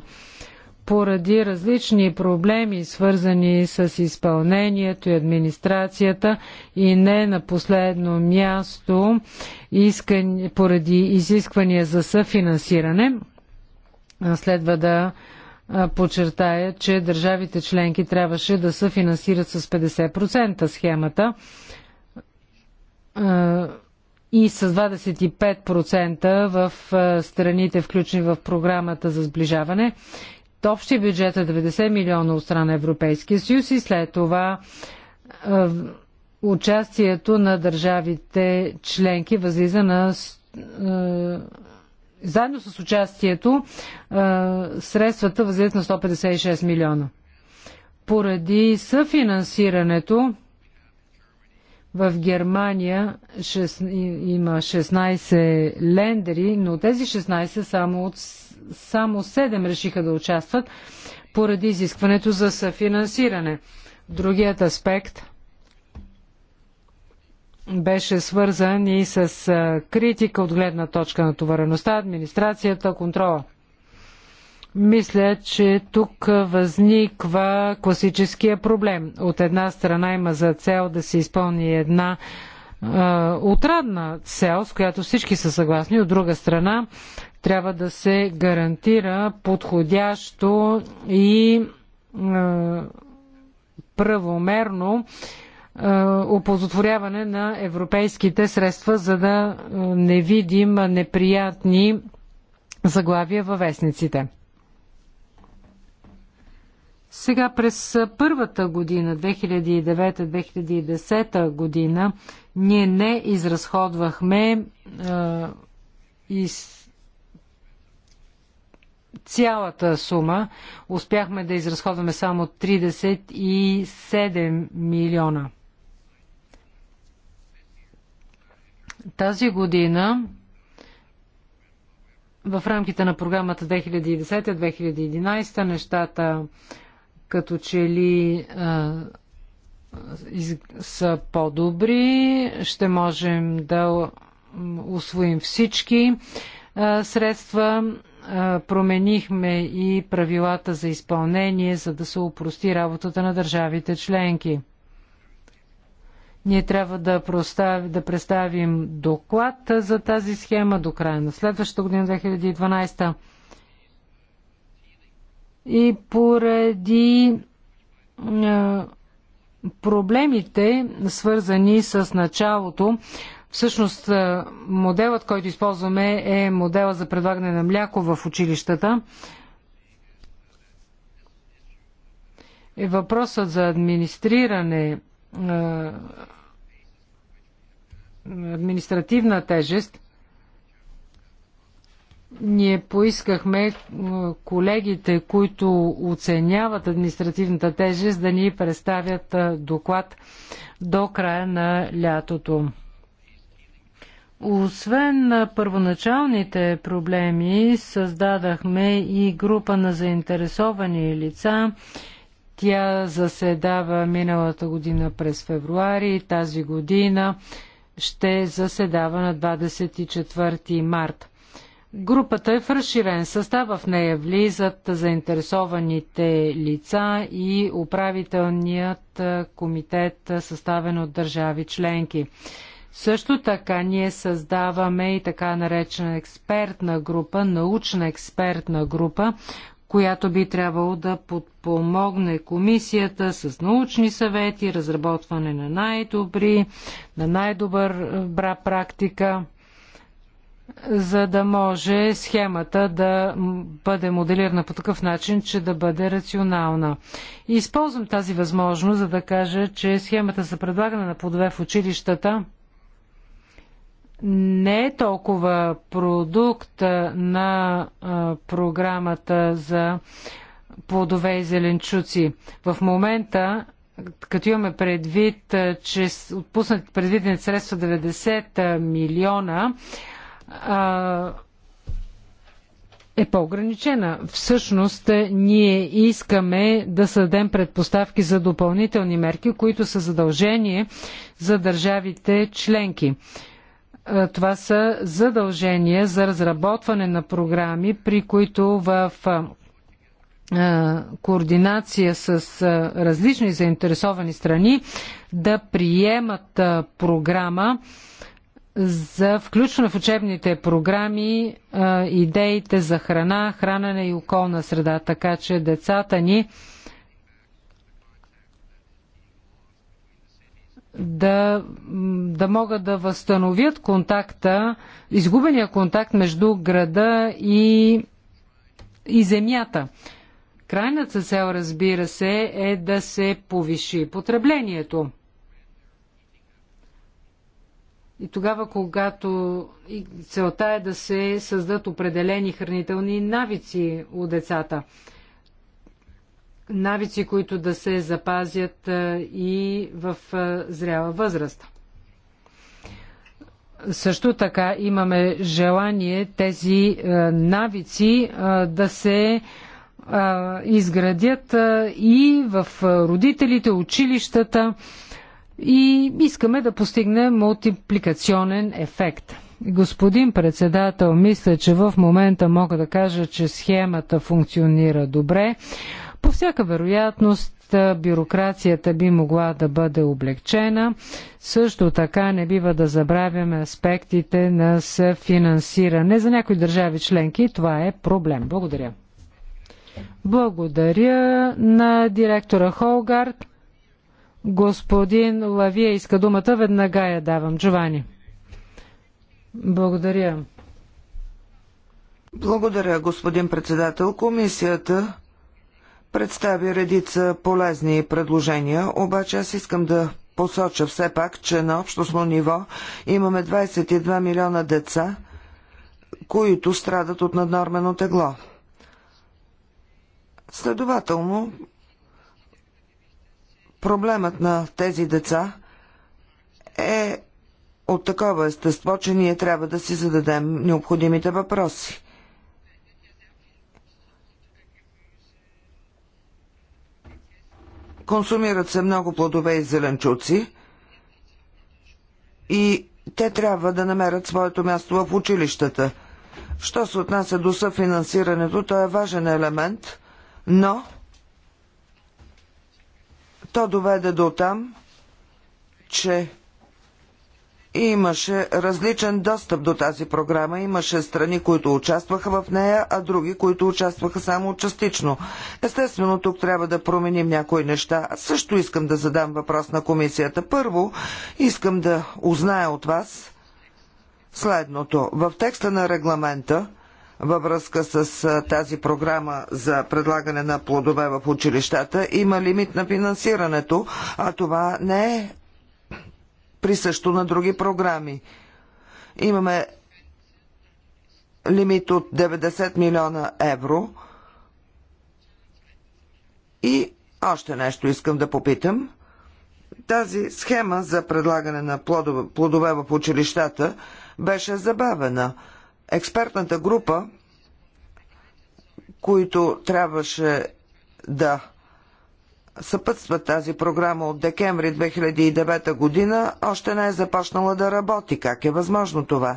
Поради различни проблеми, свързани с изпълнението и администрацията и не на последно място, поради изисквания за съфинансиране, следва да подчертая, че държавите членки трябваше да се финансират с 50% схемата и с 25% в страните, включени в програмата за сближаване. Общия бюджет е 90 милиона от страна Европейския съюз и след това участието на държавите членки възлиза на заедно с участието средствата възлизат на 156 милиона. Поради съфинансирането в Германия има 16 лендери, но тези 16 само, от, само 7 решиха да участват поради изискването за съфинансиране. Другият аспект беше свързан и с критика от гледна точка на товареността, администрацията, контрола. Мисля, че тук възниква класическия проблем. От една страна има за цел да се изпълни една е, отрадна цел, с която всички са съгласни. От друга страна трябва да се гарантира подходящо и е, правомерно е, е, оползотворяване на европейските средства, за да е, не видим неприятни заглавия във вестниците. Сега през първата година, 2009-2010 година, ние не изразходвахме а, е, из цялата сума. Успяхме да изразходваме само 37 милиона. Тази година в рамките на програмата 2010-2011 нещата като че ли са по-добри, ще можем да освоим всички средства. променихме и правилата за изпълнение, за да се упрости работата на държавите членки. Ние трябва да, простави, да представим доклад за тази схема до края на следващата година, 2012. И поради проблемите, свързани с началото, всъщност моделът, който използваме е модела за предлагане на мляко в училищата. Е, въпросът за администриране е, административна тежест, ние поискахме е, колегите, които оценяват административната тежест, да ни представят е, доклад до края на лятото. Освен на първоначалните проблеми, създадахме и група на заинтересовани лица тя заседава миналата година през февруари и тази година ще заседава на 24 март. Групата е в разширен състав, в нея влизат заинтересованите лица и управителният комитет, съставен от държави членки. Също така ние създаваме и така наречена експертна група, научна експертна група, която би трябвало да подпомогне комисията с научни съвети, разработване на най-добри, на най-добра е, практика, за да може схемата да бъде моделирана по такъв начин, че да бъде рационална. И използвам тази възможност, за да кажа, че схемата за предлагане на плодове в училищата – не е толкова продукт на програмата за плодове и зеленчуци. В момента, като имаме предвид, че отпуснат предвидени средства 90 милиона, е по-ограничена. Всъщност, ние искаме да създадем предпоставки за допълнителни мерки, които са задължение за държавите членки. Е, това са задължения за разработване на програми, при които в е, е, координация с различни заинтересовани страни да приемат програма за включване в учебните програми идеите за храна, хранене и околна среда, така че децата ни да, да могат да възстановят контакта, изгубения контакт между града и, и земята. Крайната цел, разбира се, е да се повиши потреблението. И тогава, когато и целта е да се създадат определени хранителни навици у децата – навици, които да се запазят и в зряла възраст. Също така имаме желание тези навици да се изградят и в родителите, училищата и искаме да постигнем мултипликационен ефект. Господин председател, мисля, че в момента мога да кажа, че схемата функционира добре. По всяка вероятност бюрокрацията би могла да бъде облегчена. Също така не бива да забравяме аспектите на съфинансиране. За някои държави членки това е проблем. Благодаря. Благодаря на директора Холгард. Господин Лавия иска думата. Веднага я давам. Джовани. Благодаря. Благодаря, господин председател. Комисията представи редица полезни предложения, обаче аз искам да посоча все пак, че на общностно ниво имаме 22 милиона деца, които страдат от наднормено тегло. Следователно, проблемът на тези деца е от такова естество, че ние трябва да си зададем необходимите въпроси. консумират се много плодове и зеленчуци и те трябва да намерят своето място в училищата. Що се отнася до съфинансирането, то е важен елемент, но то доведе до там, че имаше различен достъп до тази програма. Имаше страни, които участваха в нея, а други, които участваха само частично. Естествено, тук трябва да променим някои неща. също искам да задам въпрос на комисията. Първо, искам да узная от вас следното. В текста на регламента във връзка с тази програма за предлагане на плодове в училищата има лимит на финансирането, а това не е присъщо на други програми. Имаме лимит от 90 милиона евро. И още нещо искам да попитам. Тази схема за предлагане на плодове, плодове в училищата беше забавена. Експертната група, които трябваше да съпътства тази програма от декември 2009 година, още не е започнала да работи. Как е възможно това?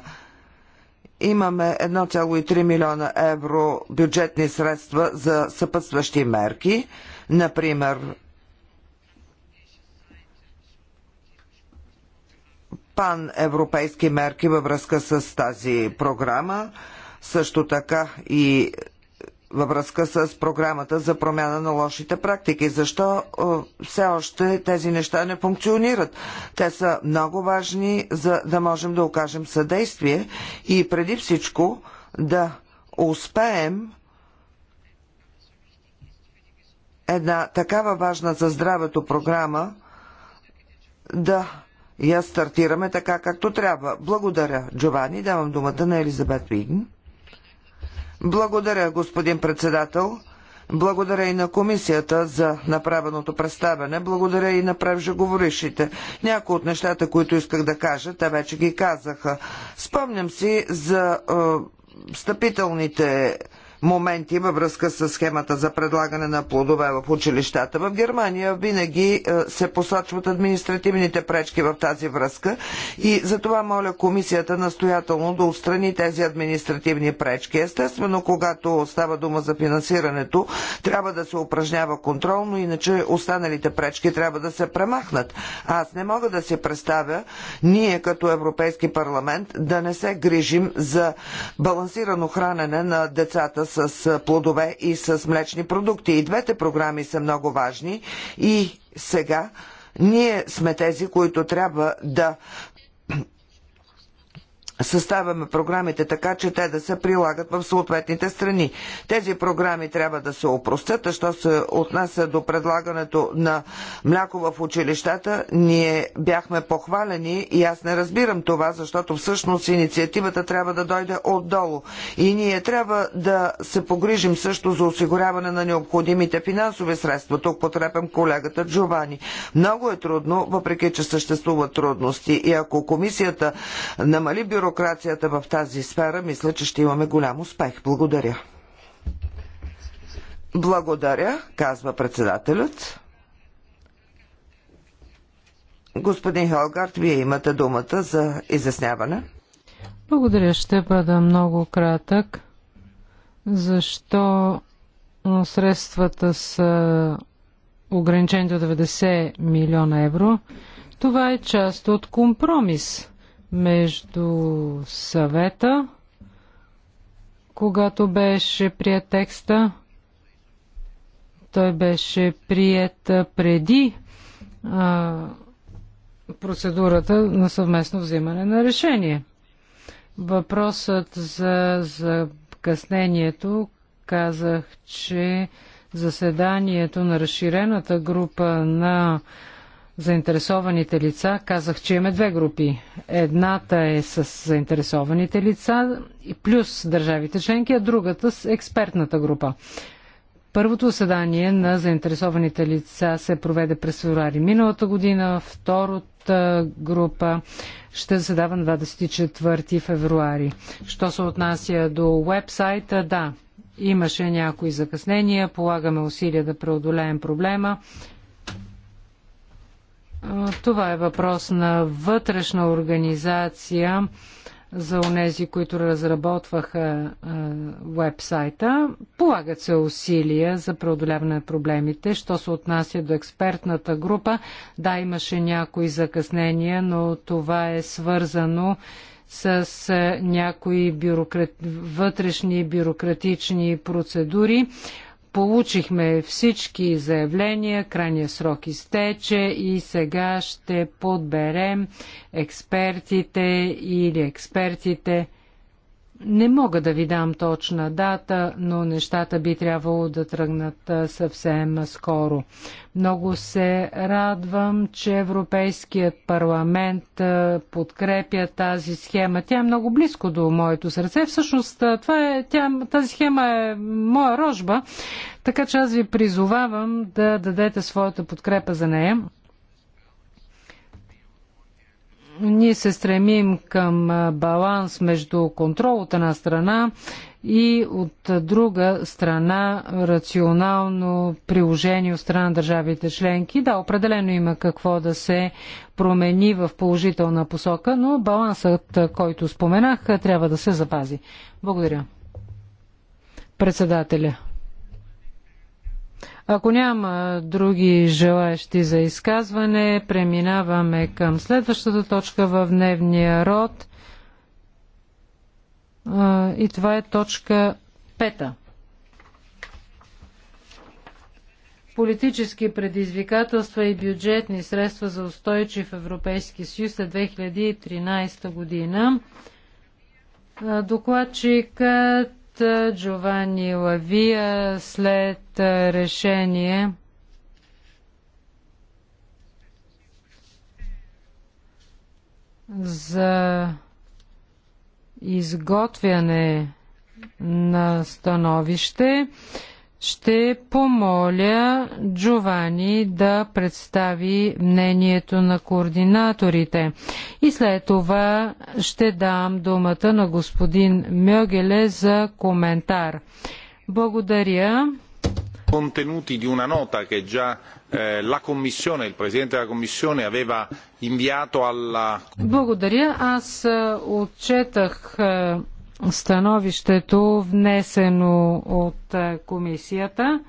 Имаме 1,3 милиона евро бюджетни средства за съпътстващи мерки, например пан-европейски мерки във връзка с тази програма, също така и във връзка с програмата за промяна на лошите практики. Защо е, все още тези неща не функционират? Те са много важни, за да можем да окажем съдействие и преди всичко да успеем една такава важна за здравето програма да я стартираме така както трябва. Благодаря, Джовани. Давам думата на Елизабет Вигн. Благодаря, господин председател. Благодаря и на комисията за направеното представяне. Благодаря и на преждеговорившите. Някои от нещата, които исках да кажа, те вече ги казаха. Спомням си за е, стъпителните е, моменти във връзка с схемата за предлагане на плодове в училищата. В Германия винаги е, се посочват административните пречки в тази връзка и затова моля комисията настоятелно да отстрани тези административни пречки. Естествено, когато става дума за финансирането, трябва да се упражнява контрол, но иначе останалите пречки трябва да се премахнат. Аз не мога да се представя ние като Европейски парламент да не се грижим за балансирано хранене на децата с с плодове и с млечни продукти. И двете програми са много важни и сега ние сме тези, които трябва да съставяме програмите така, че те да се прилагат в съответните страни. Тези програми трябва да се опростят, а що се отнася до предлагането на мляко в училищата, ние бяхме похвалени и аз не разбирам това, защото всъщност инициативата трябва да дойде отдолу. И ние трябва да се погрижим също за осигуряване на необходимите финансови средства. Тук потрепям колегата Джовани. Много е трудно, въпреки че съществуват трудности. И ако комисията намали бюро бюрокрацията в тази сфера, мисля, че ще имаме голям успех. Благодаря. Благодаря, казва председателят. Господин Хелгард, вие имате думата за изясняване. Благодаря, ще бъда много кратък. Защо средствата са ограничени до 90 милиона евро? Това е част от компромис между съвета, когато беше прият текста. Той беше прият преди а, процедурата на съвместно взимане на решение. Въпросът за закъснението казах, че заседанието на разширената група на заинтересованите лица, казах, че имаме две групи. Едната е с заинтересованите лица плюс държавите членки, а другата с експертната група. Първото заседание на заинтересованите лица се проведе през февруари миналата година. Втората група ще заседава на 24 февруари. Що се отнася до вебсайта, да, имаше някои закъснения, полагаме усилия да преодолеем проблема. Това е въпрос на вътрешна организация за онези, които разработваха вебсайта. Полагат се усилия за преодоляване на проблемите. Що се отнася до експертната група, да, имаше някои закъснения, но това е свързано с някои бюрократ... вътрешни бюрократични процедури, Получихме всички заявления, крайния срок изтече и сега ще подберем експертите или експертите не мога да ви дам точна дата, но нещата би трябвало да тръгнат съвсем скоро. Много се радвам, че Европейският парламент подкрепя тази схема. Тя е много близко до моето сърце. Всъщност това е, тя, тази схема е моя рожба, така че аз ви призовавам да дадете своята подкрепа за нея ние се стремим към баланс между контрол от една страна и от друга страна рационално приложение от страна на държавите членки. Да, определено има какво да се промени в положителна посока, но балансът, който споменах, трябва да се запази. Благодаря. Председателя. Ако няма други желаящи за изказване, преминаваме към следващата точка в дневния род. И това е точка пета. Политически предизвикателства и бюджетни средства за устойчив Европейски съюз след 2013 година. Докладчикът Джовани Лавия след решение за изготвяне на становище. Ще помоля Джовани да представи мнението на координаторите. И след това ще дам думата на господин Мьогеле за коментар. Благодаря. Контенути di una nota che già eh, la Commissione, il Presidente della Commissione aveva inviato alla. Благодаря. Аз е, отчетах е, становището, внесено от е, комисията.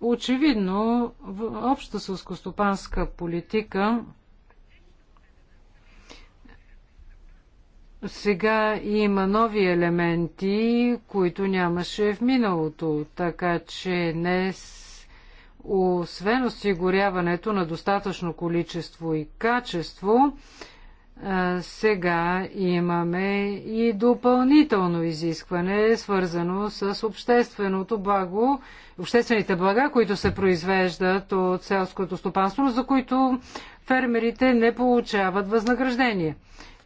Очевидно, в обща сълскостопанска политика сега има нови елементи, които нямаше в миналото, така че днес освен осигуряването на достатъчно количество и качество, сега имаме и допълнително изискване, свързано с общественото благо, обществените блага, които се произвеждат от селското стопанство, за които фермерите не получават възнаграждение.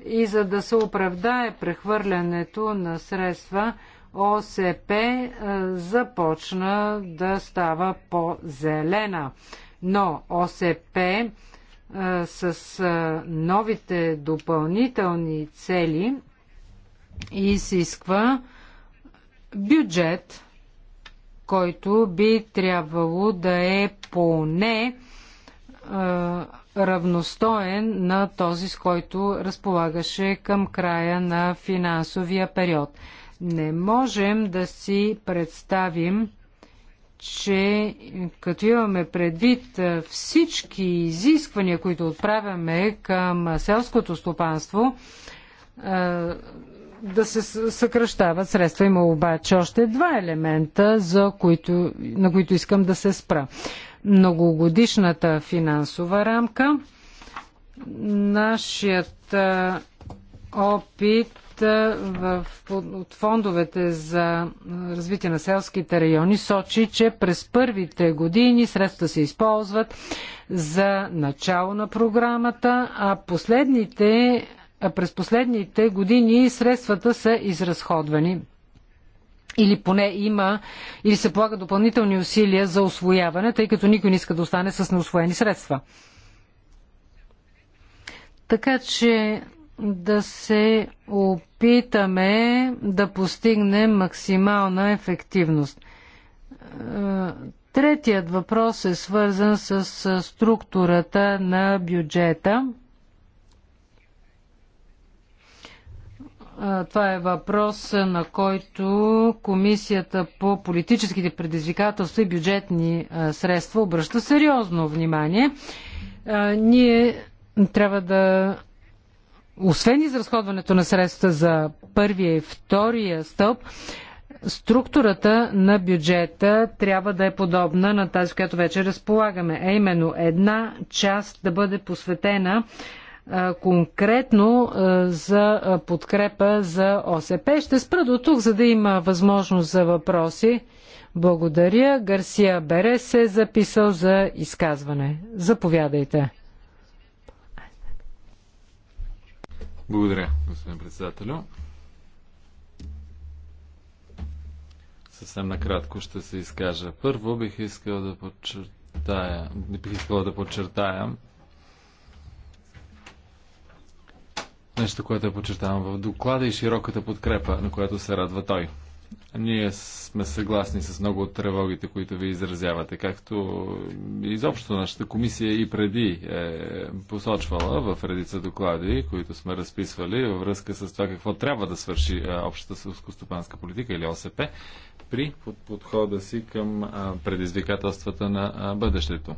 И за да се оправдае прехвърлянето на средства, ОСП започна да става по-зелена. Но ОСП с новите допълнителни цели изисква бюджет, който би трябвало да е поне равностоен на този, с който разполагаше към края на финансовия период. Не можем да си представим че като имаме предвид всички изисквания, които отправяме към селското стопанство, да се съкръщават средства. Има обаче още два елемента, за които, на които искам да се спра. Многогодишната финансова рамка, нашият опит в, от фондовете за развитие на селските райони сочи, че през първите години средства се използват за начало на програмата, а последните а през последните години средствата са изразходвани или поне има, или се полага допълнителни усилия за освояване, тъй като никой не иска да остане с неосвоени средства. Така че да се опитаме да постигнем максимална ефективност. Е, третият въпрос е свързан с структурата на бюджета. Е, това е въпрос, на който Комисията по политическите предизвикателства и бюджетни е, средства обръща сериозно внимание. Ние трябва да освен изразходването на средства за първия и втория стълб, структурата на бюджета трябва да е подобна на тази, която вече разполагаме, а е именно една част да бъде посветена конкретно за подкрепа за ОСП. Ще спра до тук, за да има възможност за въпроси. Благодаря. Гарсия Берес се е записал за изказване. Заповядайте. Благодаря, господин председателю. Съвсем накратко ще се изкажа. Първо бих искал да подчертая, бих искал да подчертая нещо, което е подчертавам в доклада и широката подкрепа, на която се радва той. Ние сме съгласни с много от тревогите, които ви изразявате, както изобщо нашата комисия и преди е посочвала в редица доклади, които сме разписвали във връзка с това какво трябва да свърши е, общата селско-стопанска политика или ОСП при подхода си към е, предизвикателствата на е, бъдещето.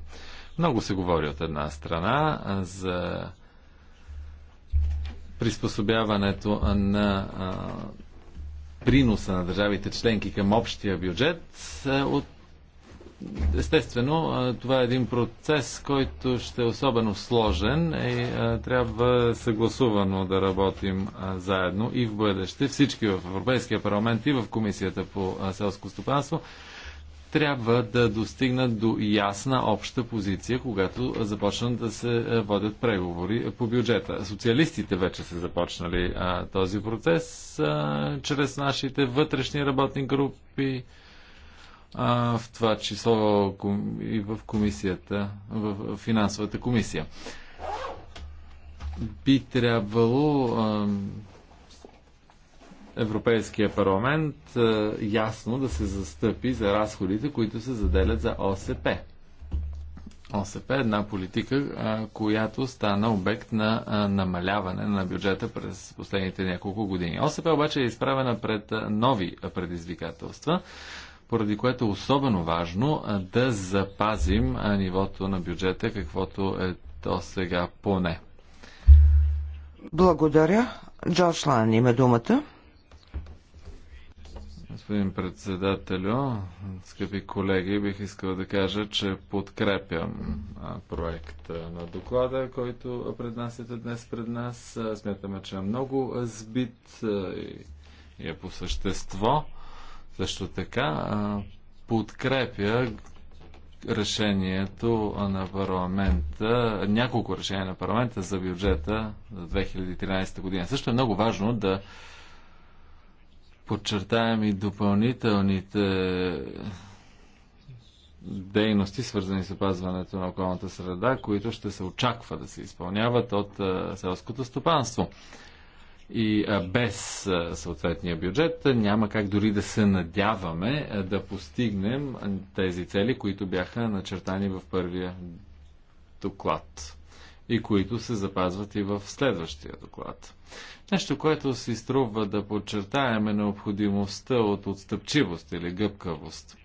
Много се говори от една страна за приспособяването на приноса на държавите членки към общия бюджет, е, от Естествено, е, това е един процес, който ще е особено сложен и е, трябва съгласувано да работим заедно и в бъдеще. Всички в Европейския парламент и в Комисията по селско стопанство трябва да достигнат до ясна обща позиция, когато започнат да се е, водят преговори е, по бюджета. Социалистите вече са започнали а, е, този процес а, чрез нашите вътрешни работни групи, а, в това число и в комисията, в финансовата комисия. Би трябвало а, Европейския парламент е, ясно да се застъпи за разходите, които се заделят за ОСП. ОСП е една политика, е, която стана обект на е, намаляване на бюджета през последните няколко години. ОСП обаче е изправена пред нови предизвикателства, поради което е особено важно да запазим нивото на бюджета, каквото е то сега поне. Благодаря. Джордж Лан има думата. Господин председателю, скъпи колеги, бих искал да кажа, че подкрепям проекта на доклада, който преднасяте днес пред нас. Смятаме, че е много сбит и е по същество. Също така подкрепя решението на парламента, няколко решения на парламента за бюджета за 2013 година. Също е много важно да подчертаем и допълнителните дейности, свързани с опазването на околната среда, които ще се очаква да се изпълняват от селското стопанство. И без съответния бюджет няма как дори да се надяваме да постигнем тези цели, които бяха начертани в първия доклад и които се запазват и в следващия доклад. Нещо, което си струва да подчертаем е необходимостта от отстъпчивост или гъбкавост.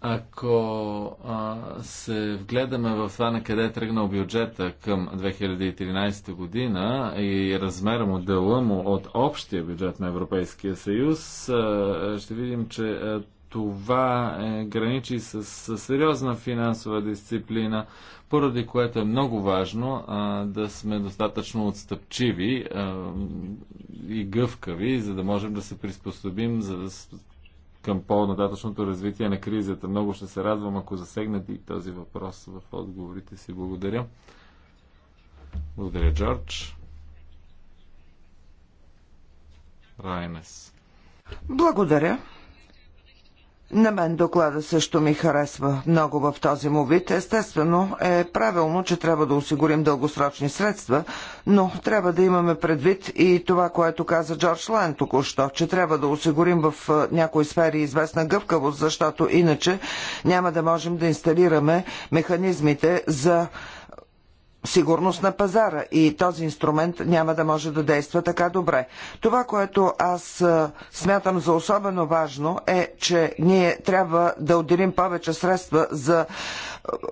Ако а, се вгледаме в това на къде е тръгнал бюджета към 2013 година и размера му, дела му от общия бюджет на Европейския съюз, а, ще видим, че а, това е, граничи с, с сериозна финансова дисциплина, поради което е много важно а, да сме достатъчно отстъпчиви а, и гъвкави, за да можем да се приспособим за, към по-нататъчното развитие на кризата. Много ще се радвам, ако засегнете и този въпрос в отговорите си. Благодаря. Благодаря, Джордж. Райнес. Благодаря. На мен доклада също ми харесва много в този му вид. Естествено е правилно, че трябва да осигурим дългосрочни средства, но трябва да имаме предвид и това, което каза Джордж Лайн току-що, че трябва да осигурим в някои сфери известна гъвкавост, защото иначе няма да можем да инсталираме механизмите за сигурност на пазара и този инструмент няма да може да действа така добре. Това, което аз смятам за особено важно е, че ние трябва да отделим повече средства за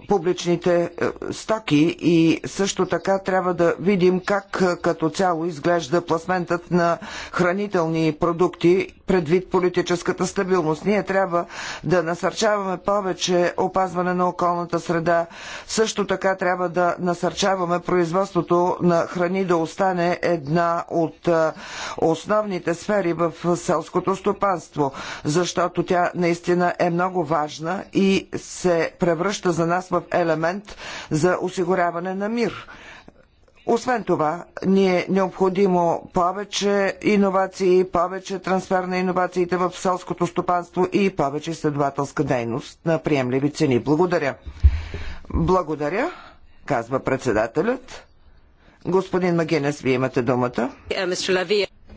публичните е, стоки и също така трябва да видим как е, като цяло изглежда пласментът на хранителни продукти предвид политическата стабилност. Ние трябва да насърчаваме повече опазване на околната среда. Също така трябва да насърчаваме производството на храни да остане една от е, основните сфери в селското стопанство, защото тя наистина е много важна и се превръща за за нас в елемент за осигуряване на мир. Освен това, ни е необходимо повече иновации, повече трансфер на иновациите в селското стопанство и повече изследователска дейност на приемливи цени. Благодаря. Благодаря, казва председателят. Господин Магинес, вие имате думата. Е,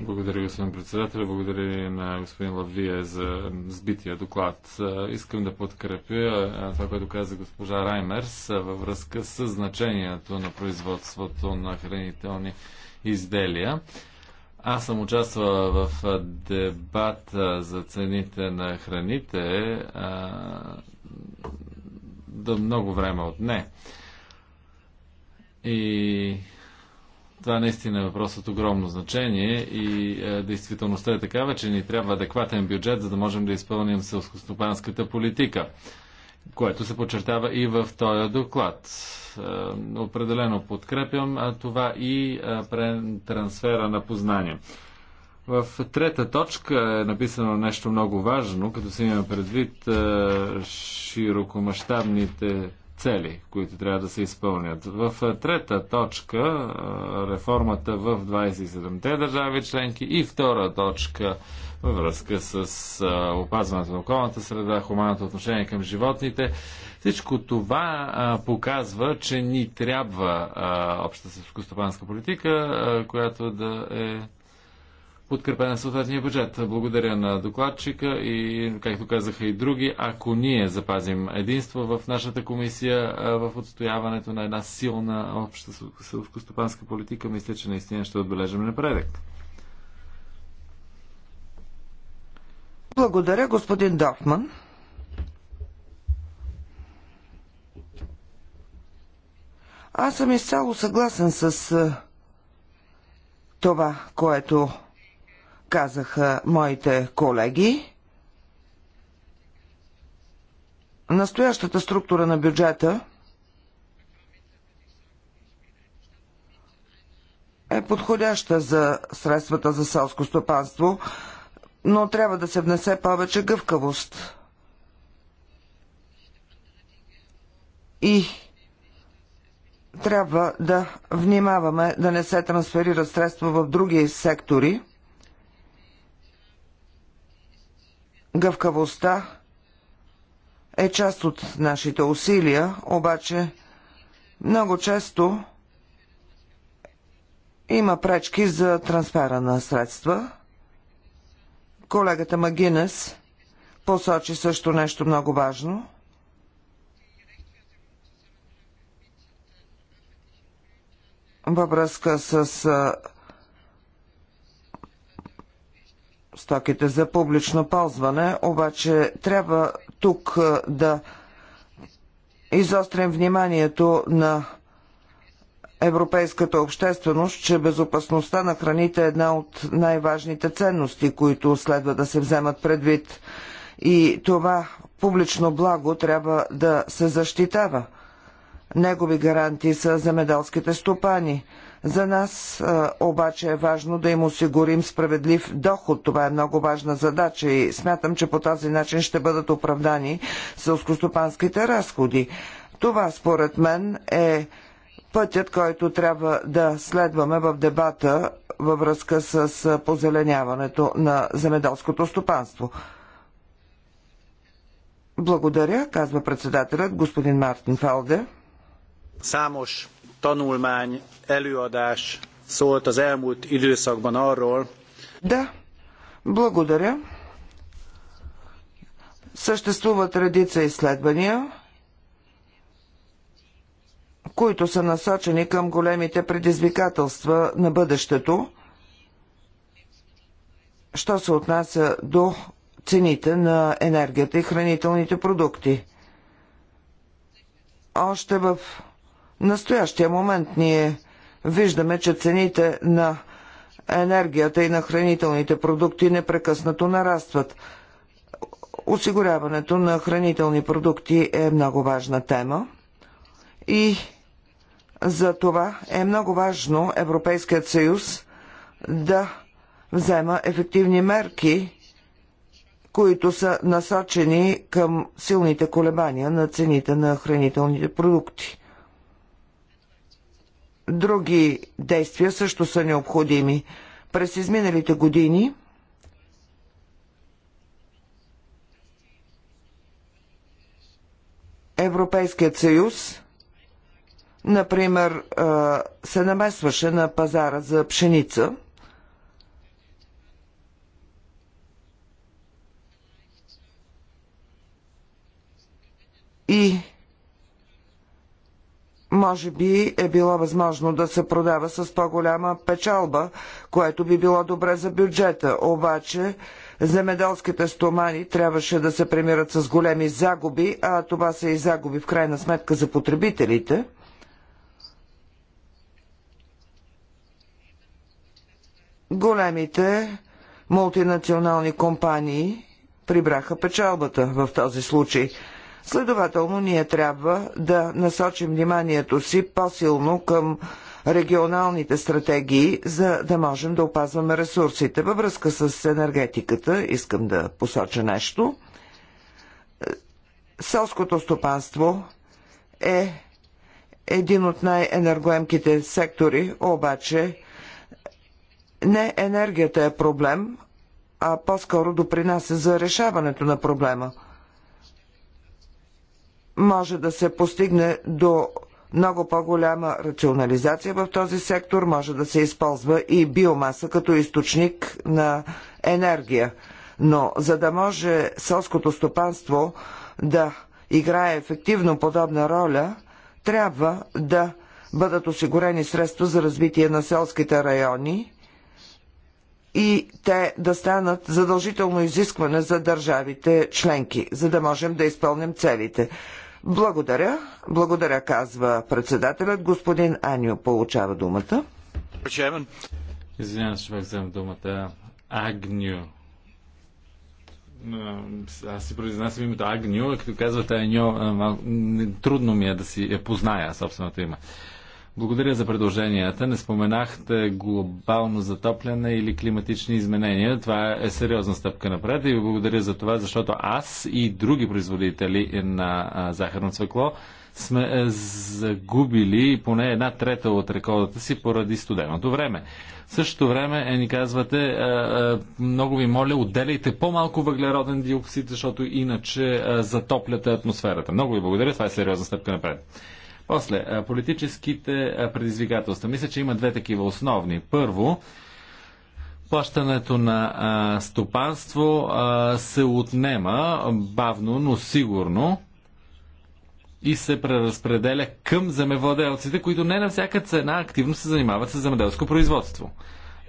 благодаря, господин председател. Благодаря на господин Лавие за сбития доклад. Искам да подкрепя това, което каза госпожа Раймерс във връзка с значението на производството на хранителни изделия. Аз съм участвал в дебат за цените на храните до да много време не. И това наистина е въпрос от огромно значение и е, действителността е такава, че ни трябва адекватен бюджет, за да можем да изпълним селскостопанската политика, което се подчертава и в този доклад. Е, определено подкрепям а това и е, трансфера на познания. В трета точка е написано нещо много важно, като се има предвид е, широкомащабните цели, които трябва да се изпълнят. В трета точка реформата в 27-те държави членки и втора точка във връзка с опазването на околната среда, хуманното отношение към животните. Всичко това показва, че ни трябва обща селскостопанска политика, която да е подкрепена съответния бюджет. Благодаря на докладчика и, както казаха и други, ако ние запазим единство в нашата комисия в отстояването на една силна обща селскостопанска политика, мисля, че наистина ще отбележим напредък. Благодаря, господин Дофман. Аз съм изцяло съгласен с това, което казаха моите колеги. Настоящата структура на бюджета е подходяща за средствата за селско стопанство, но трябва да се внесе повече гъвкавост. И трябва да внимаваме да не се трансферират средства в други сектори – Гъвкавостта е част от нашите усилия, обаче много често има пречки за трансфера на средства. Колегата Магинес посочи също нещо много важно. Във връзка с стоките за публично ползване, обаче трябва тук е, да изострим вниманието на европейската общественост, че безопасността на храните е една от най-важните ценности, които следва да се вземат предвид. И това публично благо трябва да се защитава. Негови гарантии са земеделските стопани – за нас обаче е важно да им осигурим справедлив доход. Това е много важна задача и смятам, че по този начин ще бъдат оправдани сълскостопанските разходи. Това според мен е пътят, който трябва да следваме в дебата във връзка с позеленяването на земеделското стопанство. Благодаря, казва председателят господин Мартин Фалде. Самош tanulmány, előadás szólt az elmúlt időszakban arról. Да, благодаря. Съществуват редица изследвания, които са насочени към големите предизвикателства на бъдещето, що се отнася до цените на енергията и хранителните продукти. Още в настоящия момент ние виждаме, че цените на енергията и на хранителните продукти непрекъснато нарастват. Осигуряването на хранителни продукти е много важна тема и за това е много важно Европейският съюз да взема ефективни мерки, които са насочени към силните колебания на цените на хранителните продукти. Други действия също са необходими. През изминалите години Европейският съюз, например, се намесваше на пазара за пшеница. И може би е било възможно да се продава с по-голяма печалба, което би било добре за бюджета. Обаче земеделските стомани трябваше да се премират с големи загуби, а това са и загуби в крайна сметка за потребителите. Големите мултинационални компании прибраха печалбата в този случай – Следователно, ние трябва да насочим вниманието си по-силно към регионалните стратегии, за да можем да опазваме ресурсите. Във връзка с енергетиката искам да посоча нещо. Селското стопанство е един от най-енергоемките сектори, обаче не енергията е проблем, а по-скоро допринася за решаването на проблема – може да се постигне до много по-голяма рационализация в този сектор, може да се използва и биомаса като източник на енергия. Но за да може селското стопанство да играе ефективно подобна роля, трябва да бъдат осигурени средства за развитие на селските райони и те да станат задължително изискване за държавите членки, за да можем да изпълним целите. Благодаря. Благодаря, казва председателят. Господин Анио получава думата. Извинявам, че взем думата. Агню. Аз си произнасям името Агню, като казвате Аньо, трудно ми е да си я позная собственото име. Благодаря за предложенията. Не споменахте глобално затопляне или климатични изменения. Това е сериозна стъпка напред и ви благодаря за това, защото аз и други производители на захарно цвекло сме е, загубили поне една трета от рекордата си поради студеното време. В същото време е, ни казвате, е, е, много ви моля, отделяйте по-малко въглероден диоксид, защото иначе затопляте атмосферата. Много ви благодаря, това е сериозна стъпка напред. После, политическите предизвикателства. Мисля, че има две такива основни. Първо, плащането на стопанство се отнема бавно, но сигурно и се преразпределя към земевладелците, които не на всяка цена активно се занимават с земеделско производство.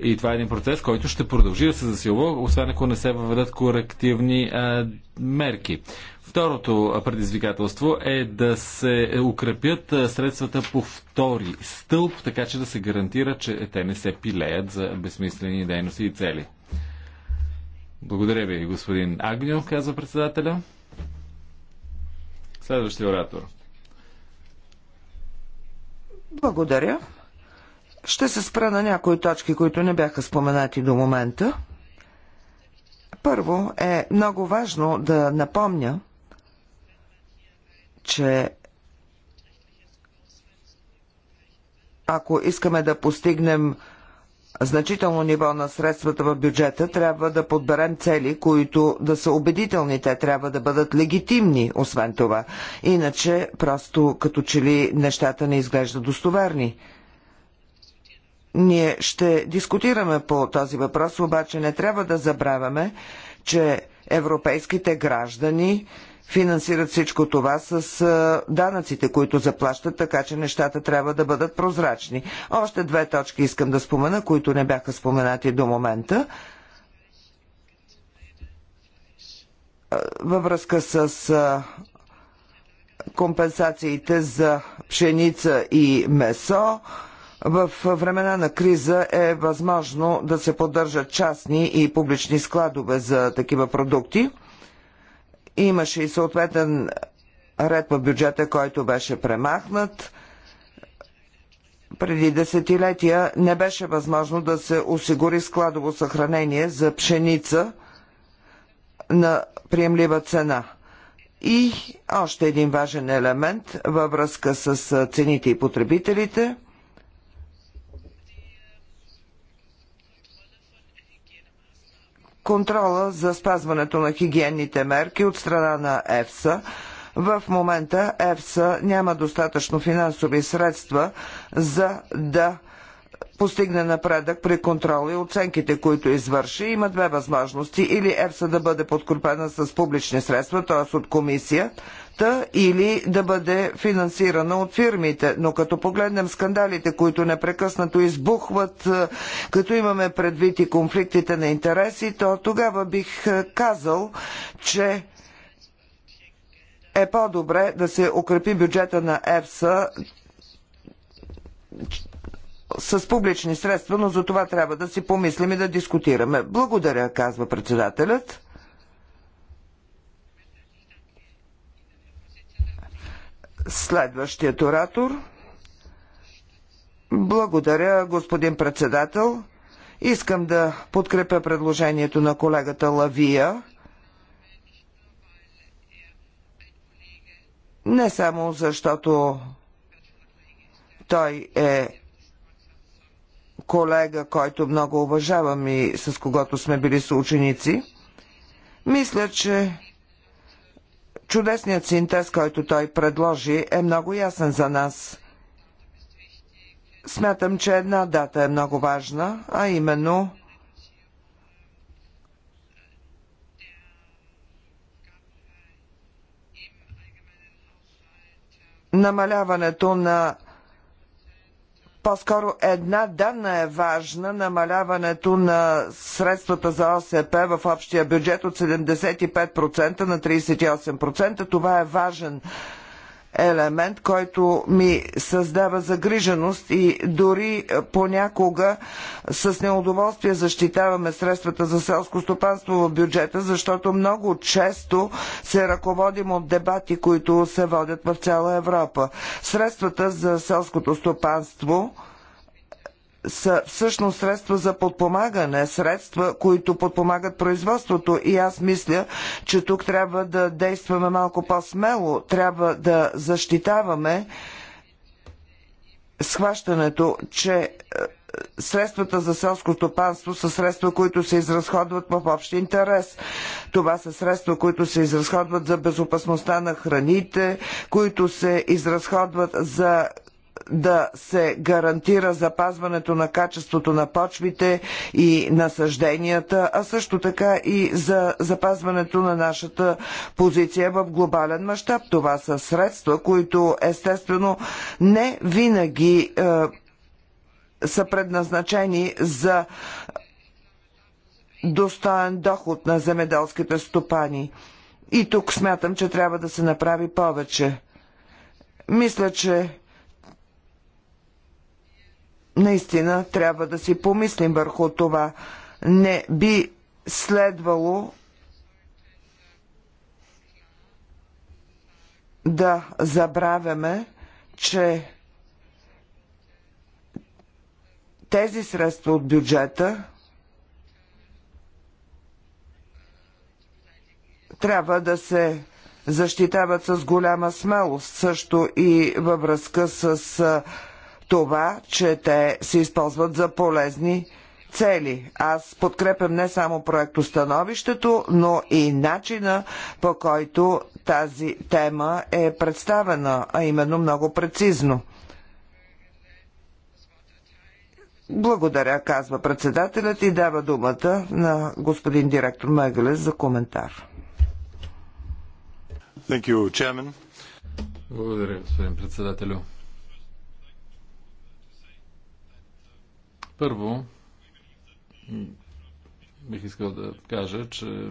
И това е един процес, който ще продължи да се засилва, освен ако не се въведат корективни а, мерки. Второто предизвикателство е да се е, укрепят средствата по втори стълб, така че да се гарантира, че те не се пилеят за безсмислени дейности и цели. Благодаря ви, господин Агньо, казва председателя. Следващия оратор. Благодаря. Ще се спра на някои точки, които не бяха споменати до момента. Първо е много важно да напомня, че ако искаме да постигнем значително ниво на средствата в бюджета, трябва да подберем цели, които да са убедителни. Те трябва да бъдат легитимни, освен това. Иначе, просто като че ли нещата не изглеждат достоверни. Ние ще дискутираме по този въпрос, обаче не трябва да забравяме, че европейските граждани финансират всичко това с данъците, които заплащат, така че нещата трябва да бъдат прозрачни. Още две точки искам да спомена, които не бяха споменати до момента. Във връзка с компенсациите за пшеница и месо, в времена на криза е възможно да се поддържат частни и публични складове за такива продукти. Имаше и съответен ред по бюджета, който беше премахнат. Преди десетилетия не беше възможно да се осигури складово съхранение за пшеница на приемлива цена. И още един важен елемент във връзка с цените и потребителите – контрола за спазването на хигиенните мерки от страна на ЕФСА. В момента ЕФСА няма достатъчно финансови средства за да постигне напредък при контрола и оценките, които извърши. Има две възможности. Или ЕФСА да бъде подкрепена с публични средства, т.е. от комисия, общността или да бъде финансирана от фирмите. Но като погледнем скандалите, които непрекъснато избухват, е, като имаме предвид и конфликтите на интереси, то тогава бих е, казал, че е по-добре да се укрепи бюджета на ЕФСА с публични средства, но за това трябва да си помислим и да дискутираме. Благодаря, казва председателят. Следващият оратор. Благодаря, господин председател. Искам да подкрепя предложението на колегата Лавия. Не само защото той е колега, който много уважавам и с когото сме били съученици. Мисля, че Чудесният синтез, който той предложи, е много ясен за нас. Смятам, че една дата е много важна, а именно намаляването на по-скоро една данна е важна намаляването на средствата за ОСП в общия бюджет от 75% на 38%. Това е важен елемент, който ми създава загриженост и дори е, понякога с неудоволствие защитаваме средствата за селско стопанство в бюджета, защото много често се ръководим от дебати, които се водят в цяла Европа. Средствата за селското стопанство са всъщност средства за подпомагане, средства, които подпомагат производството. И аз мисля, че тук трябва да действаме малко по-смело, трябва да защитаваме схващането, че е, средствата за селско стопанство са средства, които се изразходват в общ интерес. Това са средства, които се изразходват за безопасността на храните, които се изразходват за да се гарантира запазването на качеството на почвите и насъжденията, а също така и за запазването на нашата позиция в глобален мащаб. Това са средства, които естествено не винаги е, са предназначени за достоен доход на земеделските стопани. И тук смятам, че трябва да се направи повече. Мисля, че наистина трябва да си помислим върху това. Не би следвало да забравяме, че тези средства от бюджета трябва да се защитават с голяма смелост, също и във връзка с това, че те се използват за полезни цели. Аз подкрепям не само проектостановището, но и начина по който тази тема е представена, а именно много прецизно. Благодаря, казва председателят и дава думата на господин директор Мегалес за коментар. Thank you, Благодаря, господин председателю. Първо, бих искал да кажа, че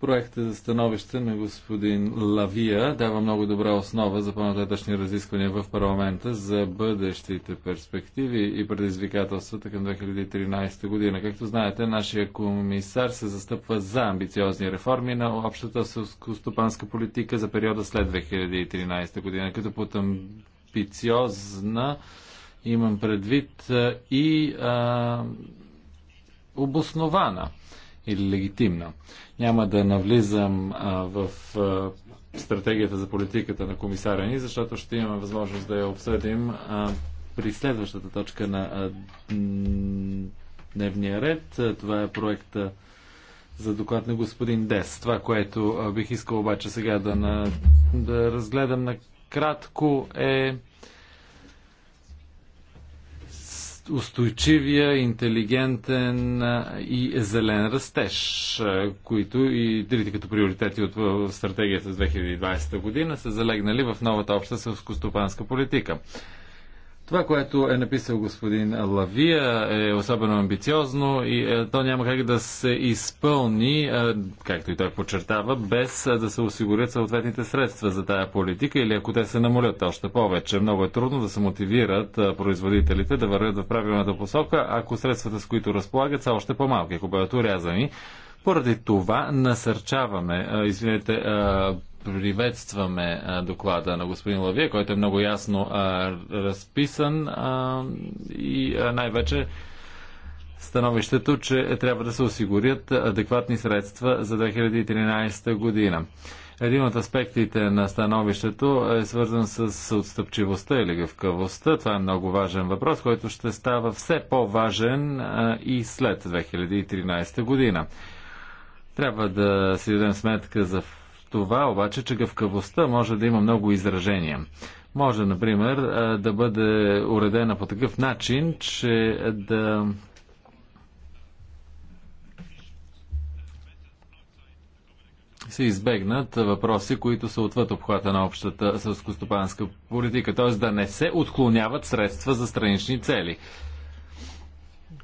проекта за становище на господин Лавия дава много добра основа за по-нататъчни разисквания в парламента за бъдещите перспективи и предизвикателствата към 2013 година. Както знаете, нашия комисар се застъпва за амбициозни реформи на общата селско-стопанска политика за периода след 2013 година, като под амбициозна Имам предвид и а, обоснована или легитимна. Няма да навлизам а, в а, стратегията за политиката на комисаря ни, защото ще имаме възможност да я обсъдим а, при следващата точка на а, дневния ред. Това е проекта за доклад на господин Дес. Това, което а, бих искал обаче сега да, на, да разгледам накратко е устойчивия, интелигентен и зелен растеж, които и трите като приоритети от стратегията за 2020 година са залегнали в новата обща селско-стопанска политика. Това, което е написал господин Лавия е особено амбициозно и е, то няма как да се изпълни, е, както и той подчертава, без е, да се осигурят съответните средства за тая политика или ако те се намолят още повече. Много е трудно да се мотивират производителите да вървят в правилната посока, ако средствата, с които разполагат, са още по-малки, ако бъдат урязани. Поради това насърчаваме, извинете, приветстваме доклада на господин Лавия, който е много ясно разписан и най-вече становището, че трябва да се осигурят адекватни средства за 2013 година. Един от аспектите на становището е свързан с отстъпчивостта или гъвкавостта. Това е много важен въпрос, който ще става все по-важен и след 2013 година. Трябва да си дадем сметка за това обаче, че гъвкавостта може да има много изражения. Може, например, да бъде уредена по такъв начин, че да се избегнат въпроси, които са отвъд обхвата на общата сълскостопанска политика, т.е. да не се отклоняват средства за странични цели,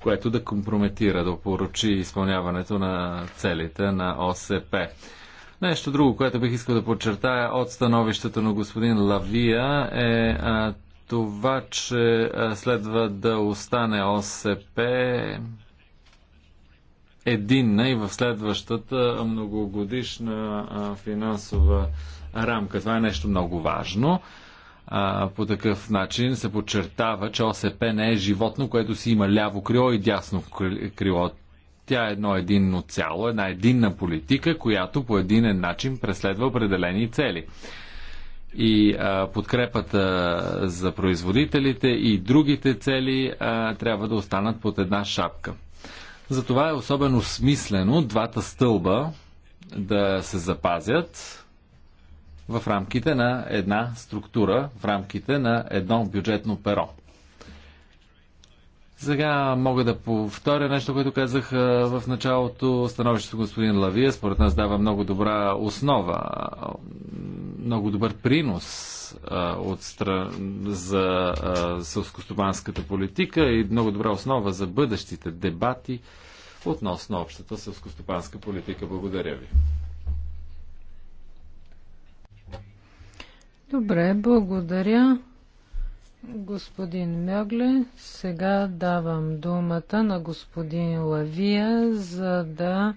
което да компрометира, да поручи изпълняването на целите на ОСП. Нещо друго, което бих искал да подчертая от становището на господин Лавия е а, това, че а, следва да остане ОСП единна и в следващата многогодишна а, финансова рамка. Това е нещо много важно. А, по такъв начин се подчертава, че ОСП не е животно, което си има ляво крило и дясно крило. Тя е едно единно цяло, една единна политика, която по единен начин преследва определени цели и а, подкрепата за производителите и другите цели а, трябва да останат под една шапка. Затова е особено смислено двата стълба да се запазят в рамките на една структура, в рамките на едно бюджетно перо. Сега мога да повторя нещо, което казах в началото. Становището господин Лавия според нас дава много добра основа, много добър принос от стра... за сълскостопанската политика и много добра основа за бъдещите дебати относно общата сълскостопанска политика. Благодаря ви. Добре, благодаря. Господин Мьогле, сега давам думата на господин Лавия, за да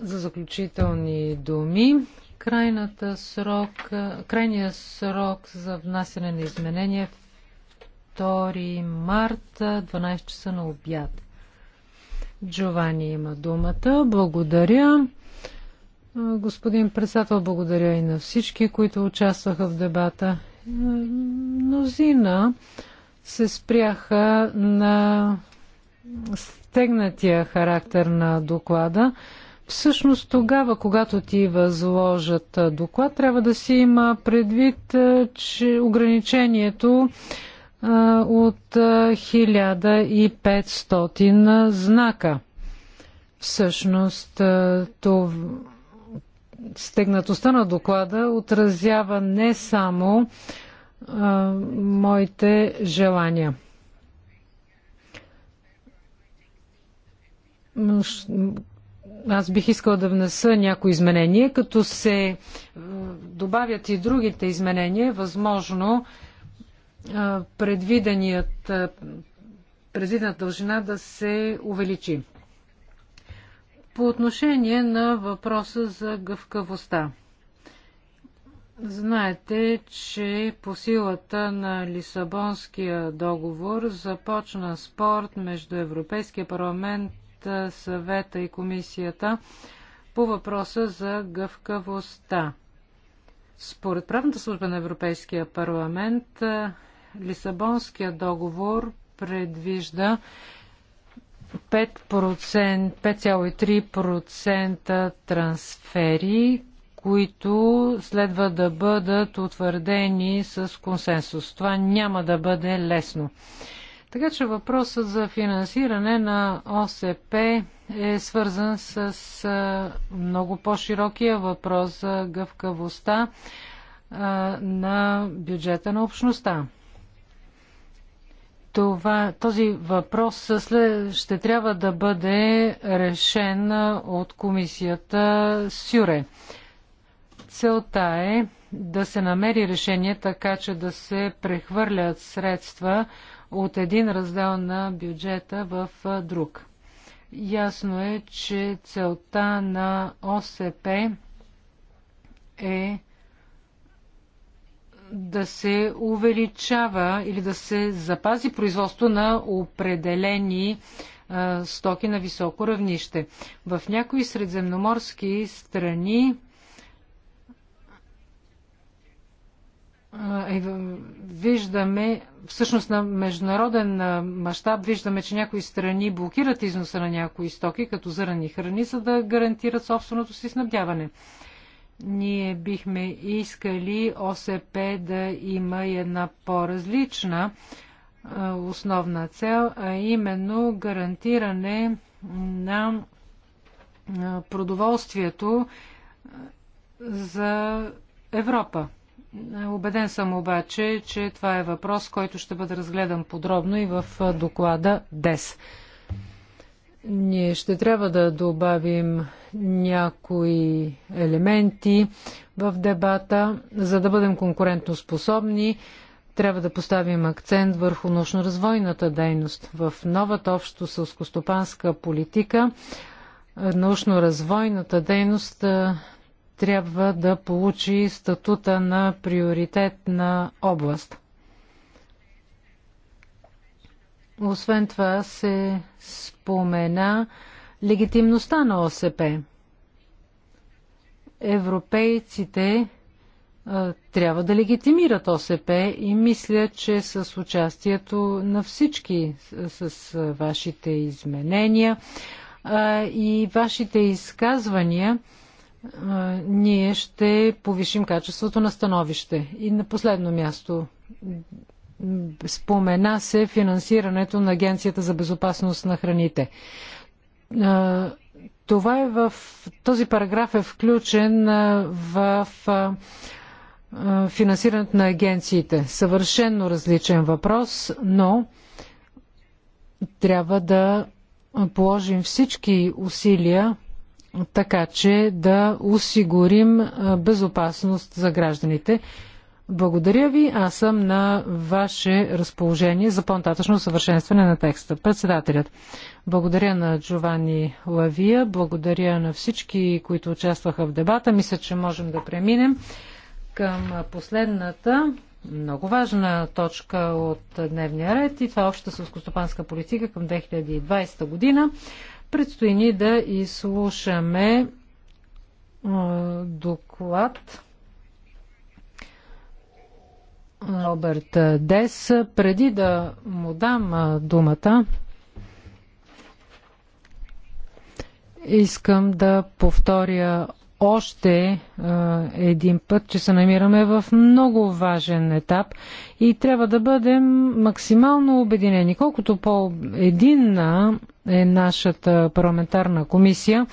за заключителни думи. Крайната срок, крайният срок за внасяне на изменения 2 марта, 12 часа на обяд. Джовани има думата. Благодаря. Господин председател, благодаря и на всички, които участваха в дебата мнозина се спряха на стегнатия характер на доклада. Всъщност тогава, когато ти възложат доклад, трябва да си има предвид, че ограничението от 1500 знака. Всъщност, това стегнатостта на доклада отразява не само а, моите желания. Аз бих искала да внеса някои изменения, като се добавят и другите изменения, възможно предвиденият, предвидената дължина да се увеличи. По отношение на въпроса за гъвкавостта. Знаете, че по силата на Лисабонския договор започна спорт между Европейския парламент, съвета и комисията по въпроса за гъвкавостта. Според правната служба на Европейския парламент, Лисабонския договор предвижда 5,3% трансфери, които следва да бъдат утвърдени с консенсус. Това няма да бъде лесно. Така че въпросът за финансиране на ОСП е свързан с много по-широкия въпрос за гъвкавостта на бюджета на общността това, този въпрос след, ще трябва да бъде решен от комисията Сюре. Целта е да се намери решение така, че да се прехвърлят средства от един раздел на бюджета в друг. Ясно е, че целта на ОСП е да се увеличава или да се запази производство на определени стоки на високо равнище. В някои средземноморски страни е, виждаме, всъщност на международен мащаб виждаме, че някои страни блокират износа на някои стоки, като зърни храни, за да гарантират собственото си снабдяване. Ние бихме искали ОСП да има една по-различна основна цел, а именно гарантиране на продоволствието за Европа. Обеден съм обаче, че това е въпрос, който ще бъде разгледан подробно и в доклада ДЕС. Ние ще трябва да добавим някои елементи в дебата, за да бъдем конкурентоспособни. Трябва да поставим акцент върху научно-развойната дейност. В новата общо сълскостопанска политика е, научно-развойната дейност е, трябва да получи статута на приоритетна област. Освен това се спомена легитимността на ОСП. Европейците а, трябва да легитимират ОСП и мисля, че с участието на всички, с, с вашите изменения а, и вашите изказвания, а, ние ще повишим качеството на становище. И на последно място, Спомена се финансирането на Агенцията за безопасност на храните. Това е в... Този параграф е включен в финансирането на агенциите. Съвършенно различен въпрос, но трябва да положим всички усилия, така че да осигурим безопасност за гражданите. Благодаря ви. Аз съм на ваше разположение за по-нататъчно съвършенстване на текста. Председателят. Благодаря на Джовани Лавия. Благодаря на всички, които участваха в дебата. Мисля, че можем да преминем към последната много важна точка от дневния ред и това е обща сълскостопанска политика към 2020 година. Предстои ни да изслушаме доклад Роберт Дес. Преди да му дам думата, искам да повторя още един път, че се намираме в много важен етап и трябва да бъдем максимално обединени. Колкото по-единна е нашата парламентарна комисия,